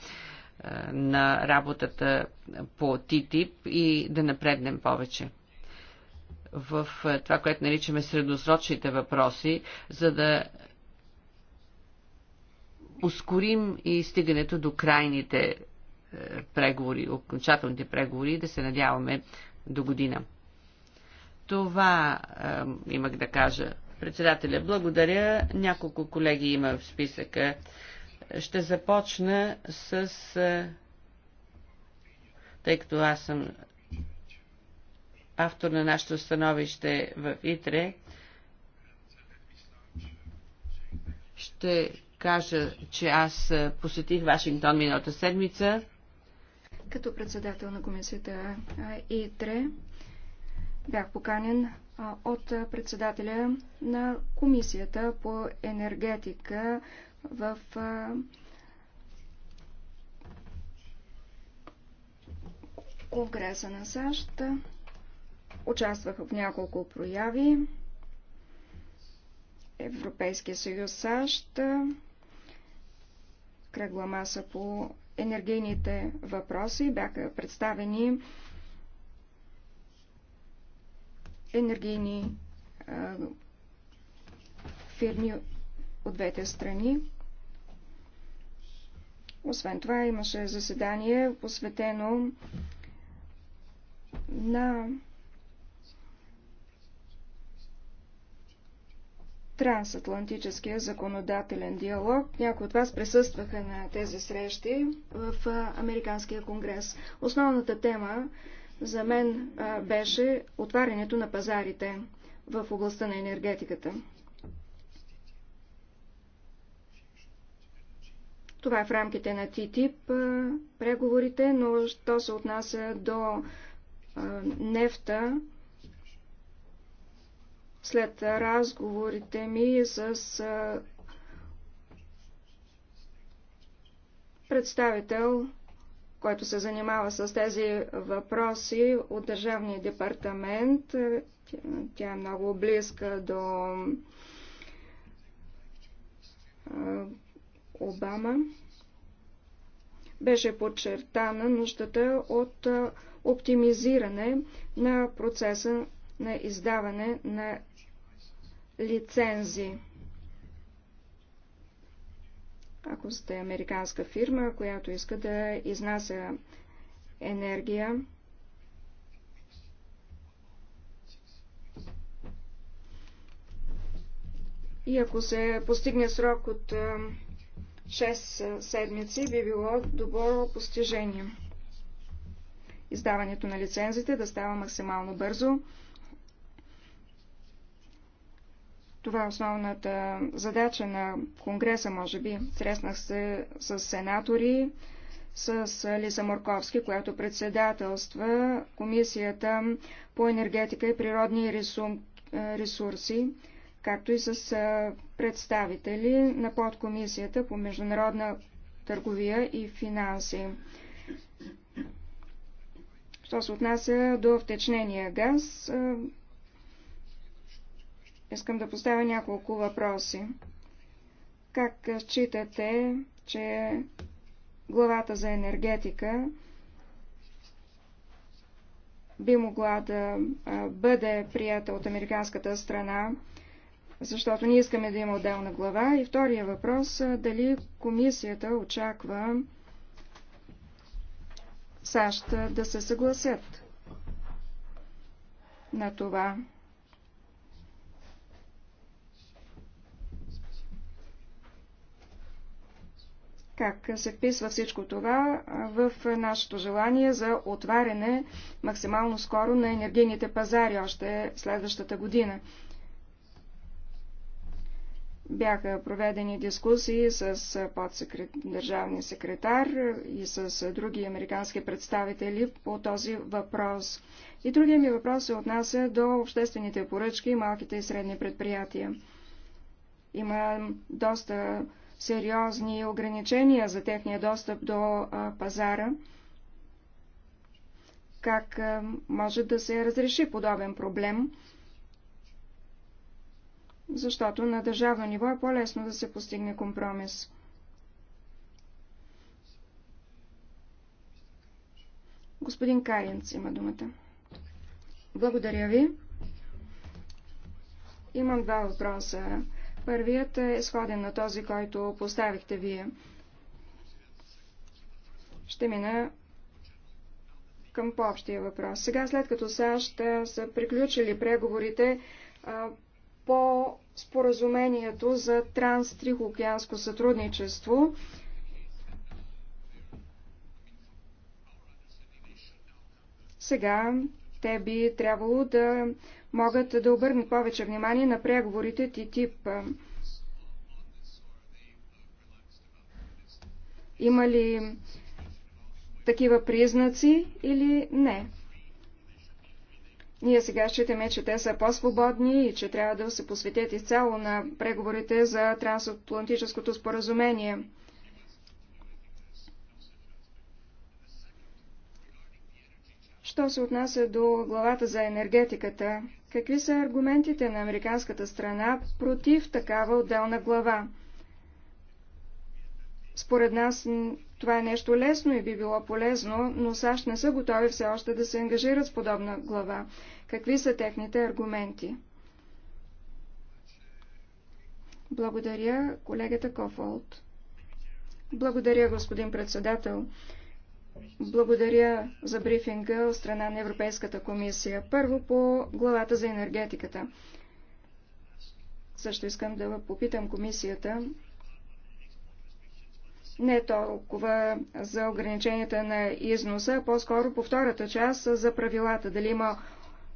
е, на работата по ТИТИП и да напреднем повече в е, това, което наричаме средносрочните въпроси, за да ускорим и стигането до крайните е, преговори, окончателните преговори, да се надяваме до година. Това е, имах да кажа. Председателя, благодаря. Няколко колеги има в списъка. Ще започна с. Е, тъй като аз съм автор на нашето становище в ИТРЕ, ще кажа, че аз посетих Вашингтон миналата седмица. Като председател на комисията ИТРЕ бях поканен от председателя на комисията по енергетика в Конгреса на САЩ Участвах в няколко прояви. Европейския съюз САЩ, кръгла маса по енергийните въпроси, бяха представени енергийни а, фирми от двете страни. Освен това имаше заседание посветено на трансатлантическия законодателен диалог. Някои от вас присъстваха на тези срещи в Американския конгрес. Основната тема за мен беше отварянето на пазарите в областта на енергетиката. Това е в рамките на ТТИП преговорите, но що се отнася до нефта, след разговорите ми с представител, който се занимава с тези въпроси от Държавния департамент. Тя е много близка до Обама. Беше подчертана нуждата от оптимизиране на процеса на издаване на лицензи. Ако сте американска фирма, която иска да изнася енергия, и ако се постигне срок от 6 седмици, би било добро постижение. Издаването на лицензите да става максимално бързо. Това е основната задача на Конгреса, може би. Среснах се с сенатори, с Лиса Морковски, която председателства Комисията по енергетика и природни ресурси ресурси, както и с представители на подкомисията по международна търговия и финанси. Що се отнася до втечнения газ, Искам да поставя няколко въпроси. Как считате, че главата за енергетика би могла да бъде прията от американската страна, защото ние искаме да има отделна глава. И втория въпрос – дали комисията очаква САЩ да се съгласят на това. Как се вписва всичко това в нашето желание за отваряне максимално скоро на енергийните пазари още следващата година? Бяха проведени дискусии с подсекрет... държавния секретар и с други американски представители по този въпрос. И другия ми въпрос се отнася до обществените поръчки и малките и средни предприятия. Има доста сериозни ограничения за техния достъп до пазара. Как може да се разреши подобен проблем? Защото на държавно ниво е по-лесно да се постигне компромис. Господин Каринц има думата. Благодаря ви. Имам два въпроса. Първият е сходен на този, който поставихте вие. Ще мина към по-общия въпрос. Сега, след като САЩ са приключили преговорите а, по споразумението за транс-трихоокеанско сътрудничество, сега те би трябвало да могат да обърнат повече внимание на преговорите тип. Има ли такива признаци или не? Ние сега считаме, че те са по-свободни и че трябва да се посветят изцяло на преговорите за трансатлантическото споразумение. Що се отнася до главата за енергетиката, какви са аргументите на американската страна против такава отделна глава? Според нас това е нещо лесно и би било полезно, но САЩ не са готови все още да се ангажират с подобна глава. Какви са техните аргументи? Благодаря, колегата Кофолт. Благодаря, господин председател. Благодаря за брифинга от страна на Европейската комисия. Първо по главата за енергетиката. Също искам да попитам комисията не толкова за ограниченията на износа, а по-скоро по втората част за правилата. Дали има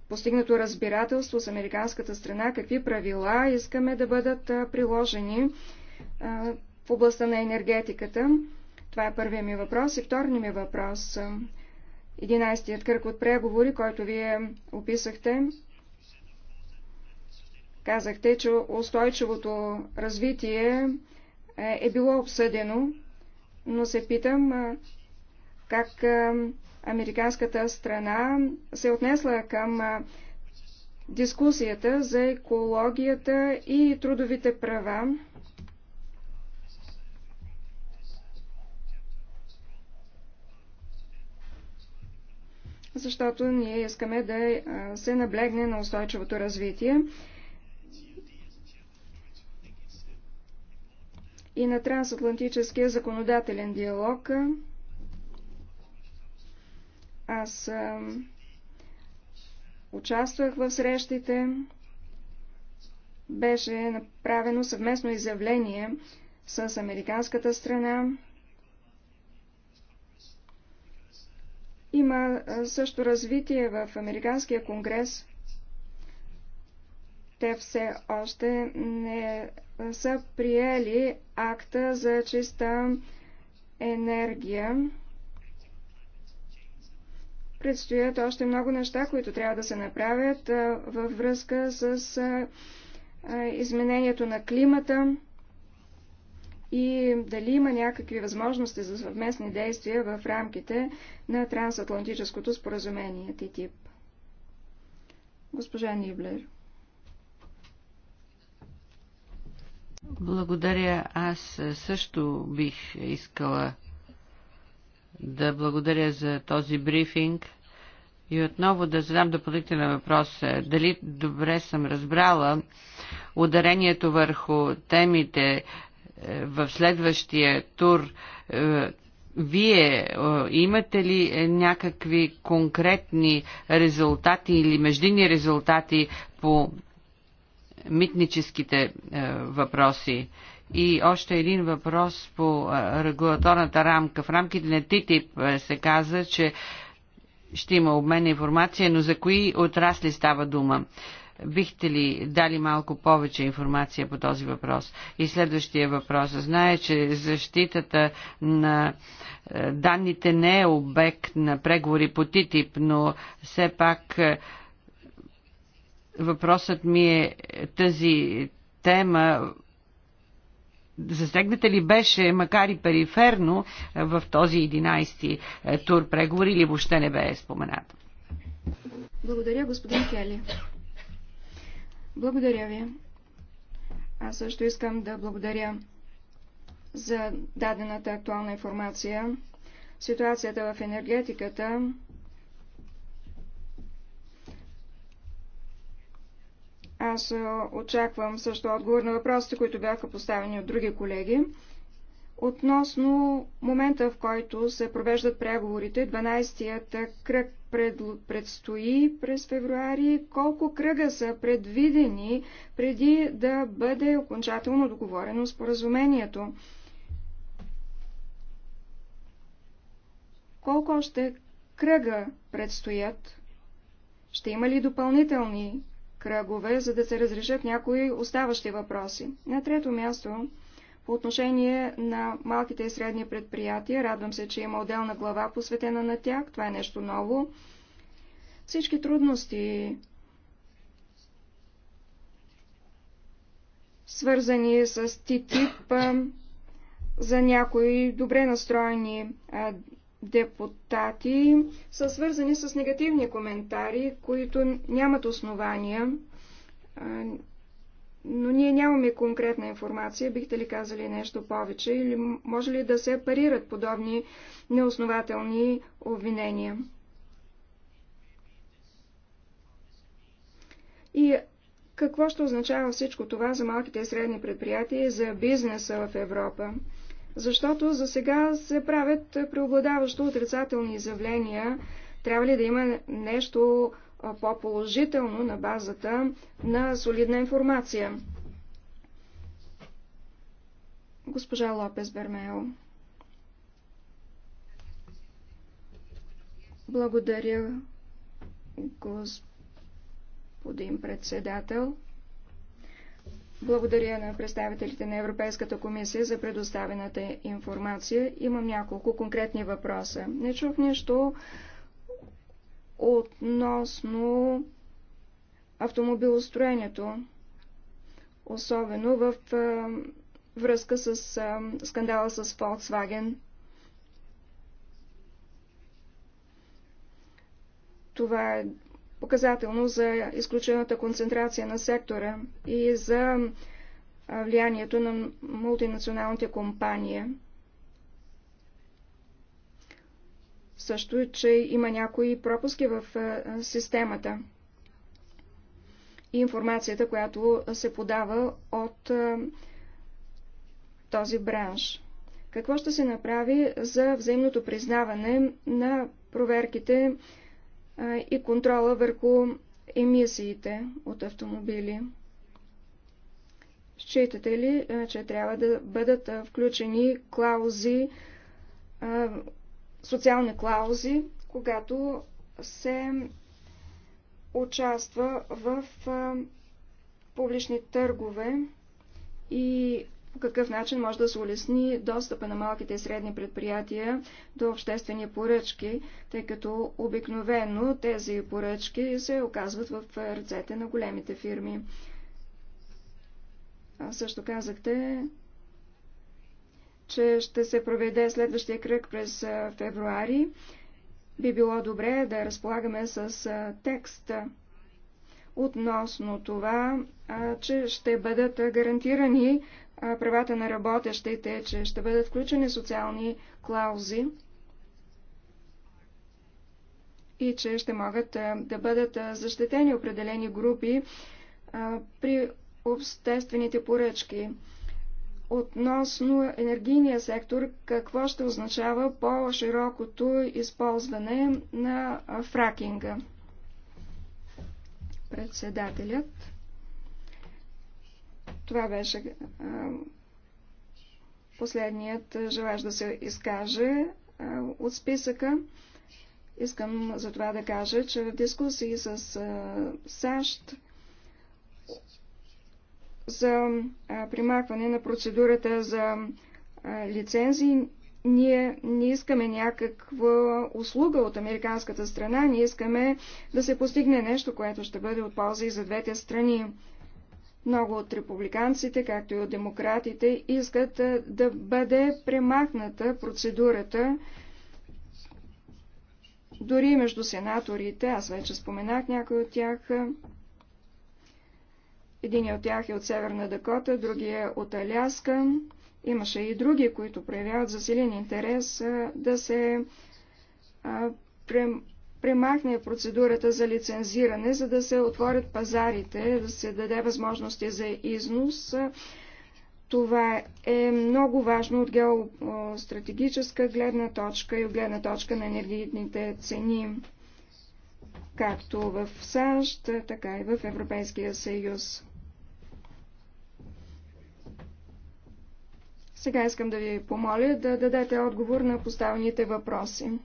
постигнато разбирателство с американската страна, какви правила искаме да бъдат приложени в областта на енергетиката. Това е първият ми въпрос. И вторият ми въпрос. 11-тият кръг от преговори, който вие описахте, казахте, че устойчивото развитие е, е било обсъдено, но се питам как американската страна се е отнесла към дискусията за екологията и трудовите права. защото ние искаме да се наблегне на устойчивото развитие. и на трансатлантическия законодателен диалог. Аз участвах в срещите. Беше направено съвместно изявление с американската страна. Има също развитие в Американския конгрес. Те все още не са приели акта за чиста енергия. Предстоят още много неща, които трябва да се направят във връзка с изменението на климата и дали има някакви възможности за съвместни действия в рамките на трансатлантическото споразумение ТТИП. Госпожа Ниблер. Благодаря. Аз също бих искала да благодаря за този брифинг и отново да задам допълнителен въпрос. Дали добре съм разбрала ударението върху темите в следващия тур е, вие е, имате ли е, някакви конкретни резултати или междинни резултати по митническите въпроси? И още един въпрос по регулаторната рамка. В рамките на ТИТИП се каза, че ще има обмен информация, но за кои отрасли става дума? Бихте ли дали малко повече информация по този въпрос? И следващия въпрос. Знае, че защитата на е, данните не е обект на преговори по ТИТИП, но все пак е, въпросът ми е тази тема Засегната ли беше, макар и периферно, е, в този 11-ти тур преговори или въобще не бе е спомената? Благодаря, господин Кели. Благодаря ви. Аз също искам да благодаря за дадената актуална информация. Ситуацията в енергетиката Аз очаквам също отговор на въпросите, които бяха поставени от други колеги. Относно момента, в който се провеждат преговорите, 12-тият кръг пред, предстои през февруари, колко кръга са предвидени преди да бъде окончателно договорено споразумението. Колко още кръга предстоят? Ще има ли допълнителни кръгове, за да се разрешат някои оставащи въпроси? На трето място по отношение на малките и средни предприятия, радвам се, че има отделна глава посветена на тях. Това е нещо ново. Всички трудности, свързани с ТИТИП, за някои добре настроени депутати, са свързани с негативни коментари, които нямат основания но ние нямаме конкретна информация. Бихте ли казали нещо повече или може ли да се парират подобни неоснователни обвинения? И какво ще означава всичко това за малките и средни предприятия и за бизнеса в Европа? Защото за сега се правят преобладаващо отрицателни изявления. Трябва ли да има нещо по-положително на базата на солидна информация. Госпожа Лопес Бермео. Благодаря, господин председател. Благодаря на представителите на Европейската комисия за предоставената информация. Имам няколко конкретни въпроса. Не чух нищо относно автомобилостроението, особено в връзка с скандала с Volkswagen. Това е показателно за изключената концентрация на сектора и за влиянието на мултинационалните компании. също, е, че има някои пропуски в е, системата и информацията, която се подава от е, този бранш. Какво ще се направи за взаимното признаване на проверките и контрола върху емисиите от автомобили? Считате ли, че трябва да бъдат включени клаузи социални клаузи, когато се участва в публични търгове и по какъв начин може да се улесни достъпа на малките и средни предприятия до обществени поръчки, тъй като обикновено тези поръчки се оказват в ръцете на големите фирми. А също казахте, че ще се проведе следващия кръг през февруари. Би било добре да разполагаме с текст относно това, че ще бъдат гарантирани правата на работещите, че ще бъдат включени социални клаузи и че ще могат да бъдат защитени определени групи при обществените поръчки относно енергийния сектор, какво ще означава по-широкото използване на фракинга. Председателят. Това беше а, последният желаж да се изкаже а, от списъка. Искам за това да кажа, че в дискусии с а, САЩ за примахване на процедурата за лицензии. Ние не искаме някаква услуга от американската страна, ние искаме да се постигне нещо, което ще бъде от полза и за двете страни. Много от републиканците, както и от демократите, искат да бъде премахната процедурата дори между сенаторите, аз вече споменах някой от тях, един от тях е от Северна Дакота, другия е от Аляска. Имаше и други, които проявяват засилен интерес да се премахне процедурата за лицензиране, за да се отворят пазарите, да се даде възможности за износ. Това е много важно от геостратегическа гледна точка и от гледна точка на енергийните цени, както в САЩ, така и в Европейския съюз. Сега искам да ви помоля да дадете отговор на поставените въпроси.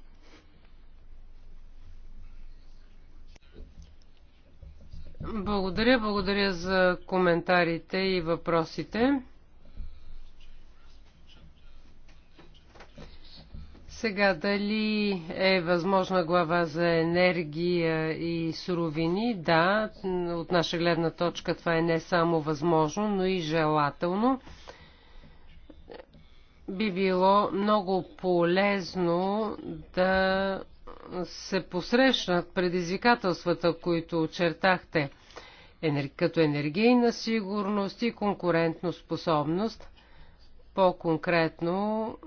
Благодаря, благодаря за коментарите и въпросите. Сега дали е възможна глава за енергия и суровини? Да, от наша гледна точка това е не само възможно, но и желателно би било много полезно да се посрещнат предизвикателствата, които очертахте, като енергийна сигурност и конкурентно способност, по-конкретно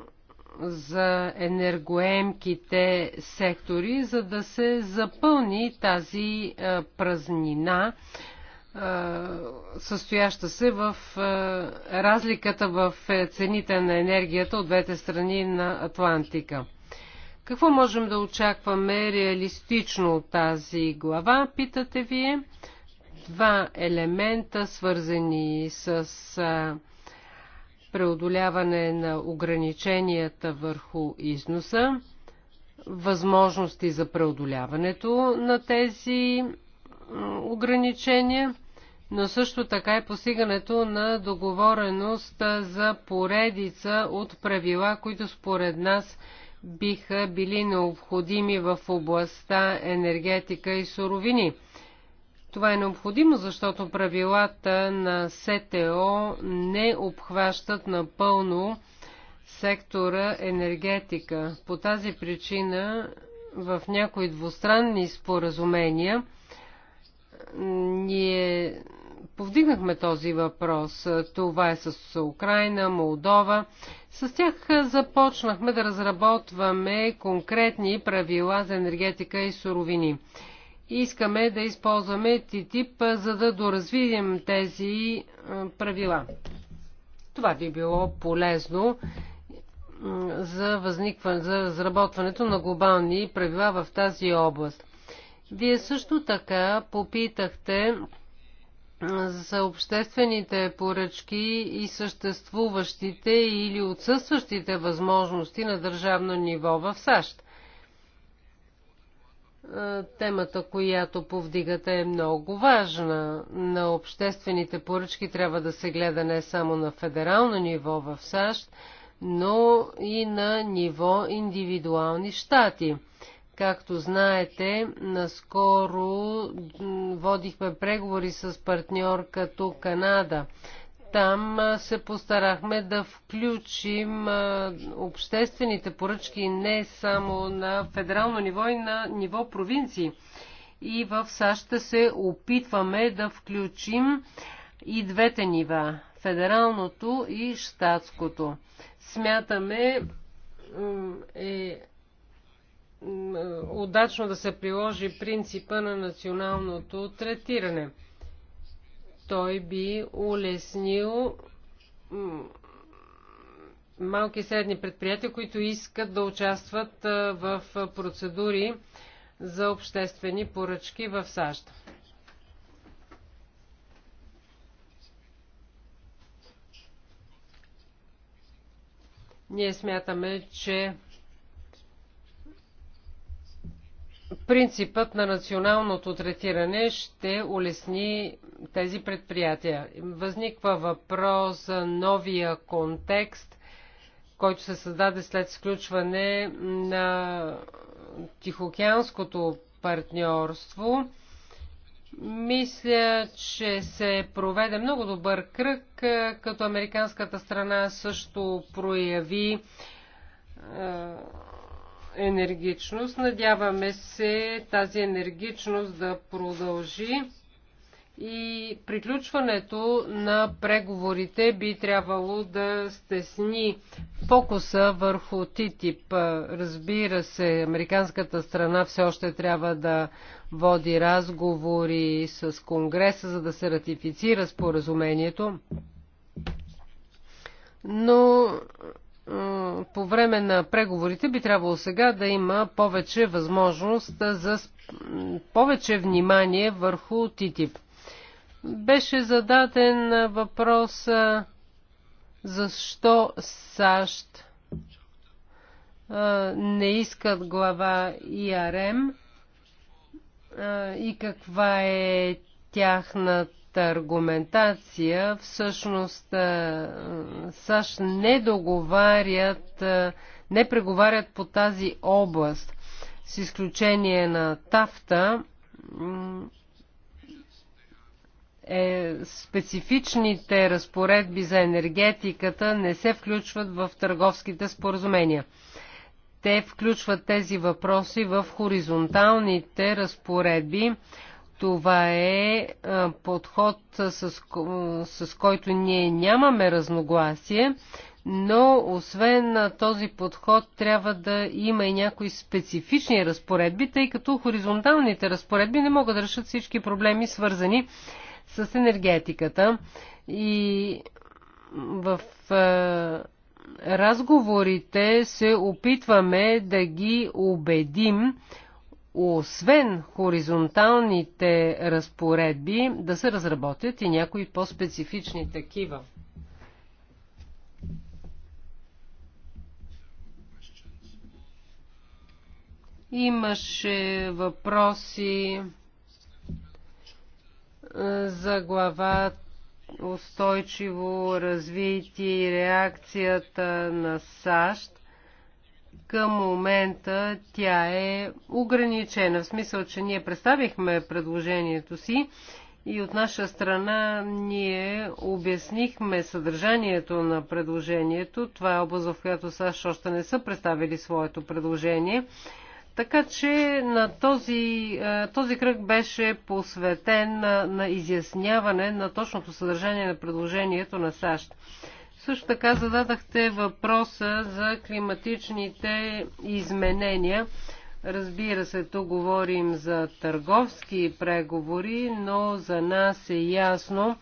за енергоемките сектори, за да се запълни тази празнина състояща се в разликата в е, цените на енергията от двете страни на Атлантика. Какво можем да очакваме реалистично от тази глава, питате вие? Два елемента, свързани с преодоляване на ограниченията върху износа, възможности за преодоляването на тези ограничения но също така и постигането на договореност за поредица от правила, които според нас биха били необходими в областта енергетика и суровини. Това е необходимо, защото правилата на СТО не обхващат напълно сектора енергетика. По тази причина в някои двустранни споразумения ние повдигнахме този въпрос. Това е с Украина, Молдова. С тях започнахме да разработваме конкретни правила за енергетика и суровини. Искаме да използваме ТТИП, за да доразвием тези е, правила. Това би било полезно за, възникване, за разработването на глобални правила в тази област. Вие също така попитахте за обществените поръчки и съществуващите или отсъстващите възможности на държавно ниво в САЩ. Темата, която повдигате е много важна. На обществените поръчки трябва да се гледа не само на федерално ниво в САЩ, но и на ниво индивидуални щати. Както знаете, наскоро водихме преговори с партньор като Канада. Там се постарахме да включим обществените поръчки не само на федерално ниво и на ниво провинции. И в САЩ ще се опитваме да включим и двете нива федералното и щатското. Смятаме е удачно да се приложи принципа на националното третиране. Той би улеснил малки и средни предприятия, които искат да участват в процедури за обществени поръчки в САЩ. Ние смятаме, че принципът на националното третиране ще улесни тези предприятия. Възниква въпрос за новия контекст, който се създаде след сключване на Тихоокеанското партньорство. Мисля, че се проведе много добър кръг, е, като американската страна също прояви е, енергичност. Надяваме се тази енергичност да продължи и приключването на преговорите би трябвало да стесни фокуса върху ТИТИП. Разбира се, американската страна все още трябва да води разговори с Конгреса, за да се ратифицира споразумението. Но по време на преговорите би трябвало сега да има повече възможност за повече внимание върху ТИТИП. Беше зададен въпрос защо САЩ не искат глава ИРМ и каква е тяхната аргументация, всъщност е, САЩ не договарят, е, не преговарят по тази област. С изключение на ТАФТА, е, специфичните разпоредби за енергетиката не се включват в търговските споразумения. Те включват тези въпроси в хоризонталните разпоредби, това е подход, с, с който ние нямаме разногласие, но освен на този подход трябва да има и някои специфични разпоредби, тъй като хоризонталните разпоредби не могат да решат всички проблеми, свързани с енергетиката. И в разговорите се опитваме да ги убедим освен хоризонталните разпоредби, да се разработят и някои по-специфични такива. Имаше въпроси за глава устойчиво развитие и реакцията на САЩ към момента тя е ограничена, в смисъл, че ние представихме предложението си и от наша страна ние обяснихме съдържанието на предложението. Това е област, в която САЩ още не са представили своето предложение. Така че на този, е, този кръг беше посветен на, на изясняване на точното съдържание на предложението на САЩ. Също така зададахте въпроса за климатичните изменения. Разбира се, тук говорим за търговски преговори, но за нас е ясно,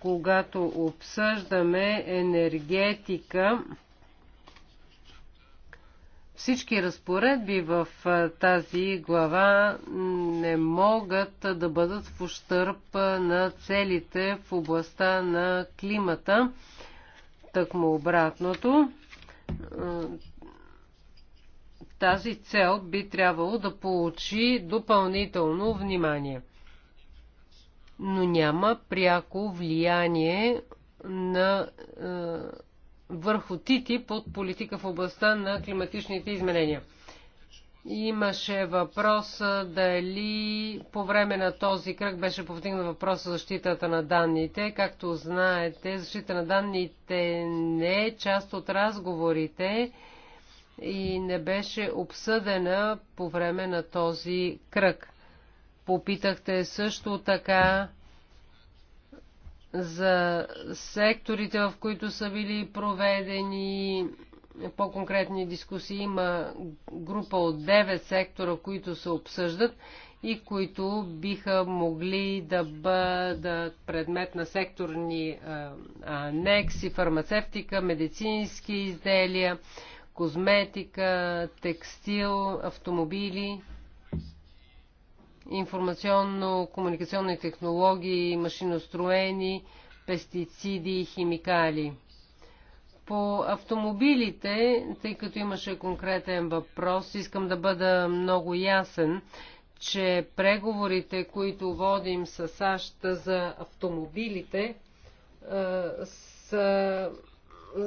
когато обсъждаме енергетика, всички разпоредби в тази глава не могат да бъдат в ущърп на целите в областта на климата тъкмо обратното. Тази цел би трябвало да получи допълнително внимание, но няма пряко влияние на, е, върху ТИТИ под политика в областта на климатичните изменения. Имаше въпрос дали по време на този кръг беше повдигнат въпрос за защитата на данните. Както знаете, защита на данните не е част от разговорите и не беше обсъдена по време на този кръг. Попитахте също така за секторите, в които са били проведени по-конкретни дискусии. Има група от 9 сектора, които се обсъждат и които биха могли да бъдат предмет на секторни анекси, фармацевтика, медицински изделия, козметика, текстил, автомобили, информационно-комуникационни технологии, машиностроени, пестициди и химикали. По автомобилите, тъй като имаше конкретен въпрос, искам да бъда много ясен, че преговорите, които водим с САЩ за автомобилите, е, са е,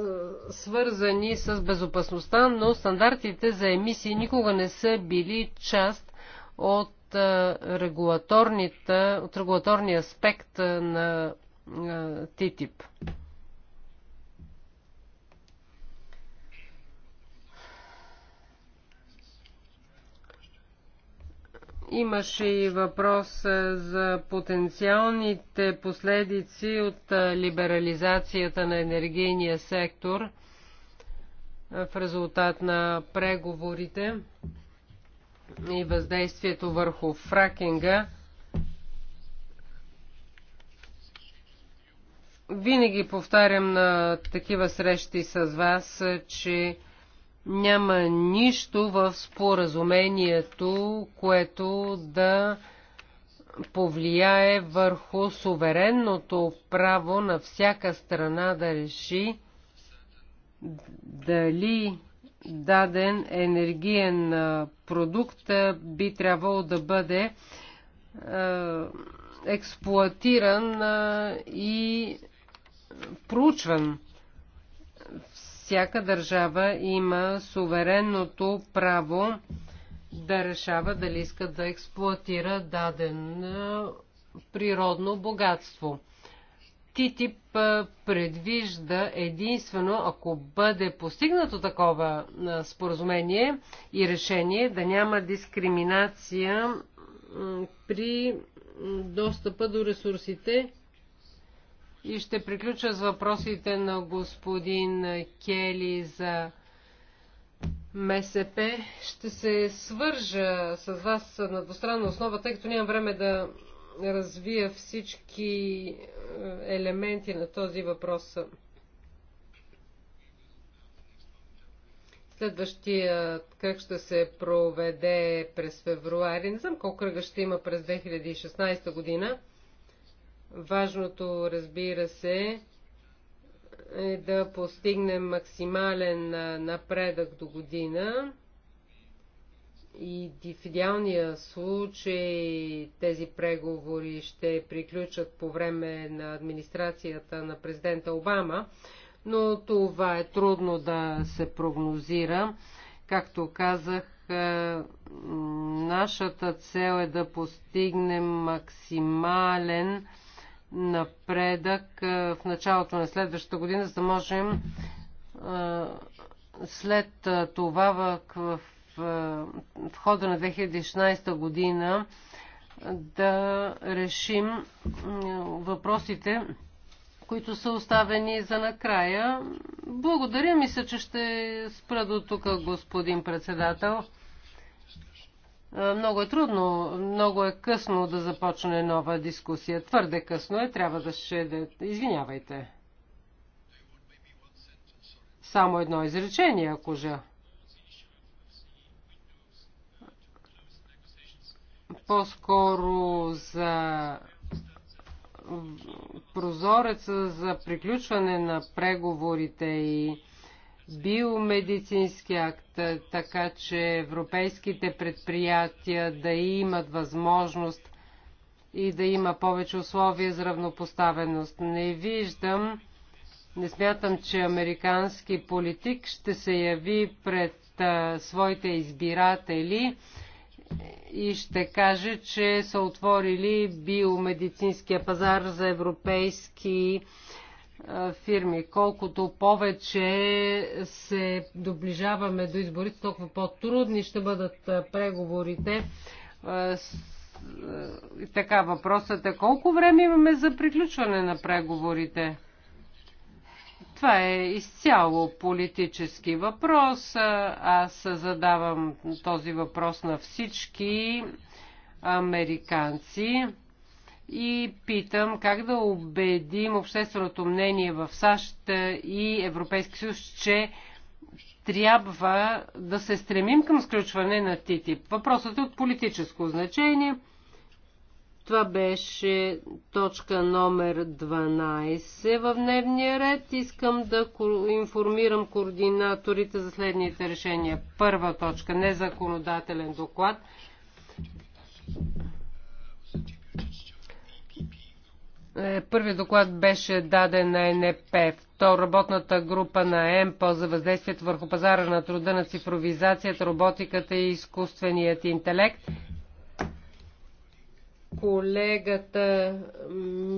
свързани с безопасността, но стандартите за емисии никога не са били част от, е, регулаторните, от регулаторния аспект на ТТИП. Имаше и въпрос е, за потенциалните последици от е, либерализацията на енергийния сектор е, в резултат на преговорите и въздействието върху фракинга. Винаги повтарям на такива срещи с вас, че няма нищо в споразумението, което да повлияе върху суверенното право на всяка страна да реши дали даден енергиен продукт би трябвало да бъде е, експлуатиран е, и проучван всяка държава има суверенното право да решава дали иска да експлуатира даден е, природно богатство. ТИТИП е, предвижда единствено, ако бъде постигнато такова е, споразумение и решение, да няма дискриминация при достъпа до ресурсите и ще приключа с въпросите на господин Кели за МСП. Ще се свържа с вас на двустранна основа, тъй като нямам време да развия всички е, елементи на този въпрос. Следващия кръг ще се проведе през февруари. Не знам колко кръга ще има през 2016 година. Важното, разбира се, е да постигнем максимален напредък до година и в идеалния случай тези преговори ще приключат по време на администрацията на президента Обама, но това е трудно да се прогнозира. Както казах, е, нашата цел е да постигнем максимален напредък в началото на следващата година, за да можем след това в, в хода на 2016 година да решим въпросите, които са оставени за накрая. Благодаря, мисля, че ще спра до тук, господин председател. Много е трудно, много е късно да започне нова дискусия. Твърде късно е, трябва да ще... Извинявайте. Само едно изречение, ако же. По-скоро за прозореца за приключване на преговорите и биомедицински акт, така че европейските предприятия да имат възможност и да има повече условия за равнопоставеност. Не виждам, не смятам, че американски политик ще се яви пред а, своите избиратели и ще каже, че са отворили биомедицинския пазар за европейски фирми. Колкото повече се доближаваме до изборите, толкова по-трудни ще бъдат преговорите. И така, въпросът е колко време имаме за приключване на преговорите? Това е изцяло политически въпрос. Аз задавам този въпрос на всички американци и питам как да убедим общественото мнение в САЩ и Европейски съюз, че трябва да се стремим към сключване на ТТИП. Въпросът е от политическо значение. Това беше точка номер 12 в дневния ред. Искам да информирам координаторите за следните решения. Първа точка – незаконодателен доклад е, първият доклад беше даден на НП. Второ, работната група на МПО за въздействието върху пазара на труда на цифровизацията, роботиката и изкуственият интелект. Колегата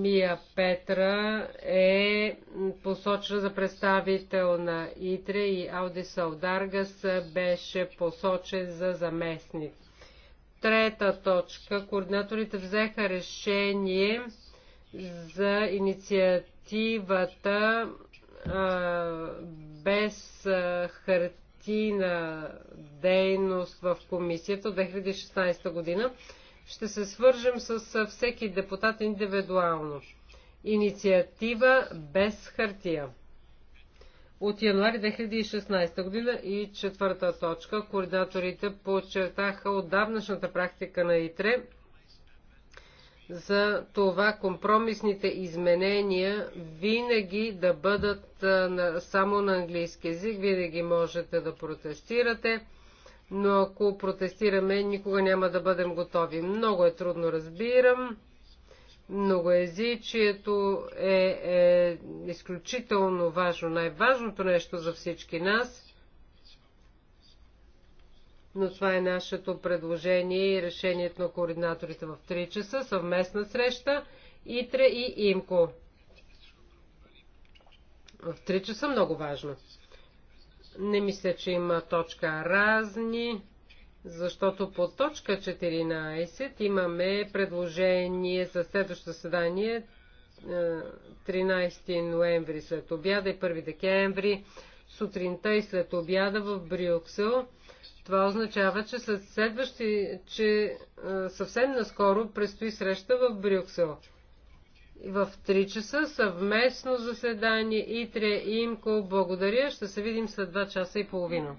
Мия Петра е посочена за представител на ИТРЕ и Ауди Салдаргас беше посочен за заместник. Трета точка. Координаторите взеха решение за инициативата а, без а, хартина дейност в комисията 2016 година. Ще се свържем с всеки депутат индивидуално. Инициатива без хартия от януари 2016 година и четвърта точка. Координаторите подчертаха отдавнашната практика на ИТРЕ за това компромисните изменения винаги да бъдат само на английски язик, винаги можете да протестирате, но ако протестираме, никога няма да бъдем готови. Много е трудно, разбирам. Многоязичието е, е изключително важно. Най-важното нещо за всички нас – но това е нашето предложение и решението на координаторите в 3 часа, съвместна среща, ИТРЕ и ИМКО. В 3 часа много важно. Не мисля, че има точка разни, защото по точка 14 имаме предложение за следващото заседание 13 е, ноември след обяда и 1 декември сутринта и след обяда в Брюксел. Това означава, че след следващи, че съвсем наскоро предстои среща в Брюксел. В 3 часа съвместно заседание ИТРЕ и ИМКО. Благодаря. Ще се видим след 2 часа и половина.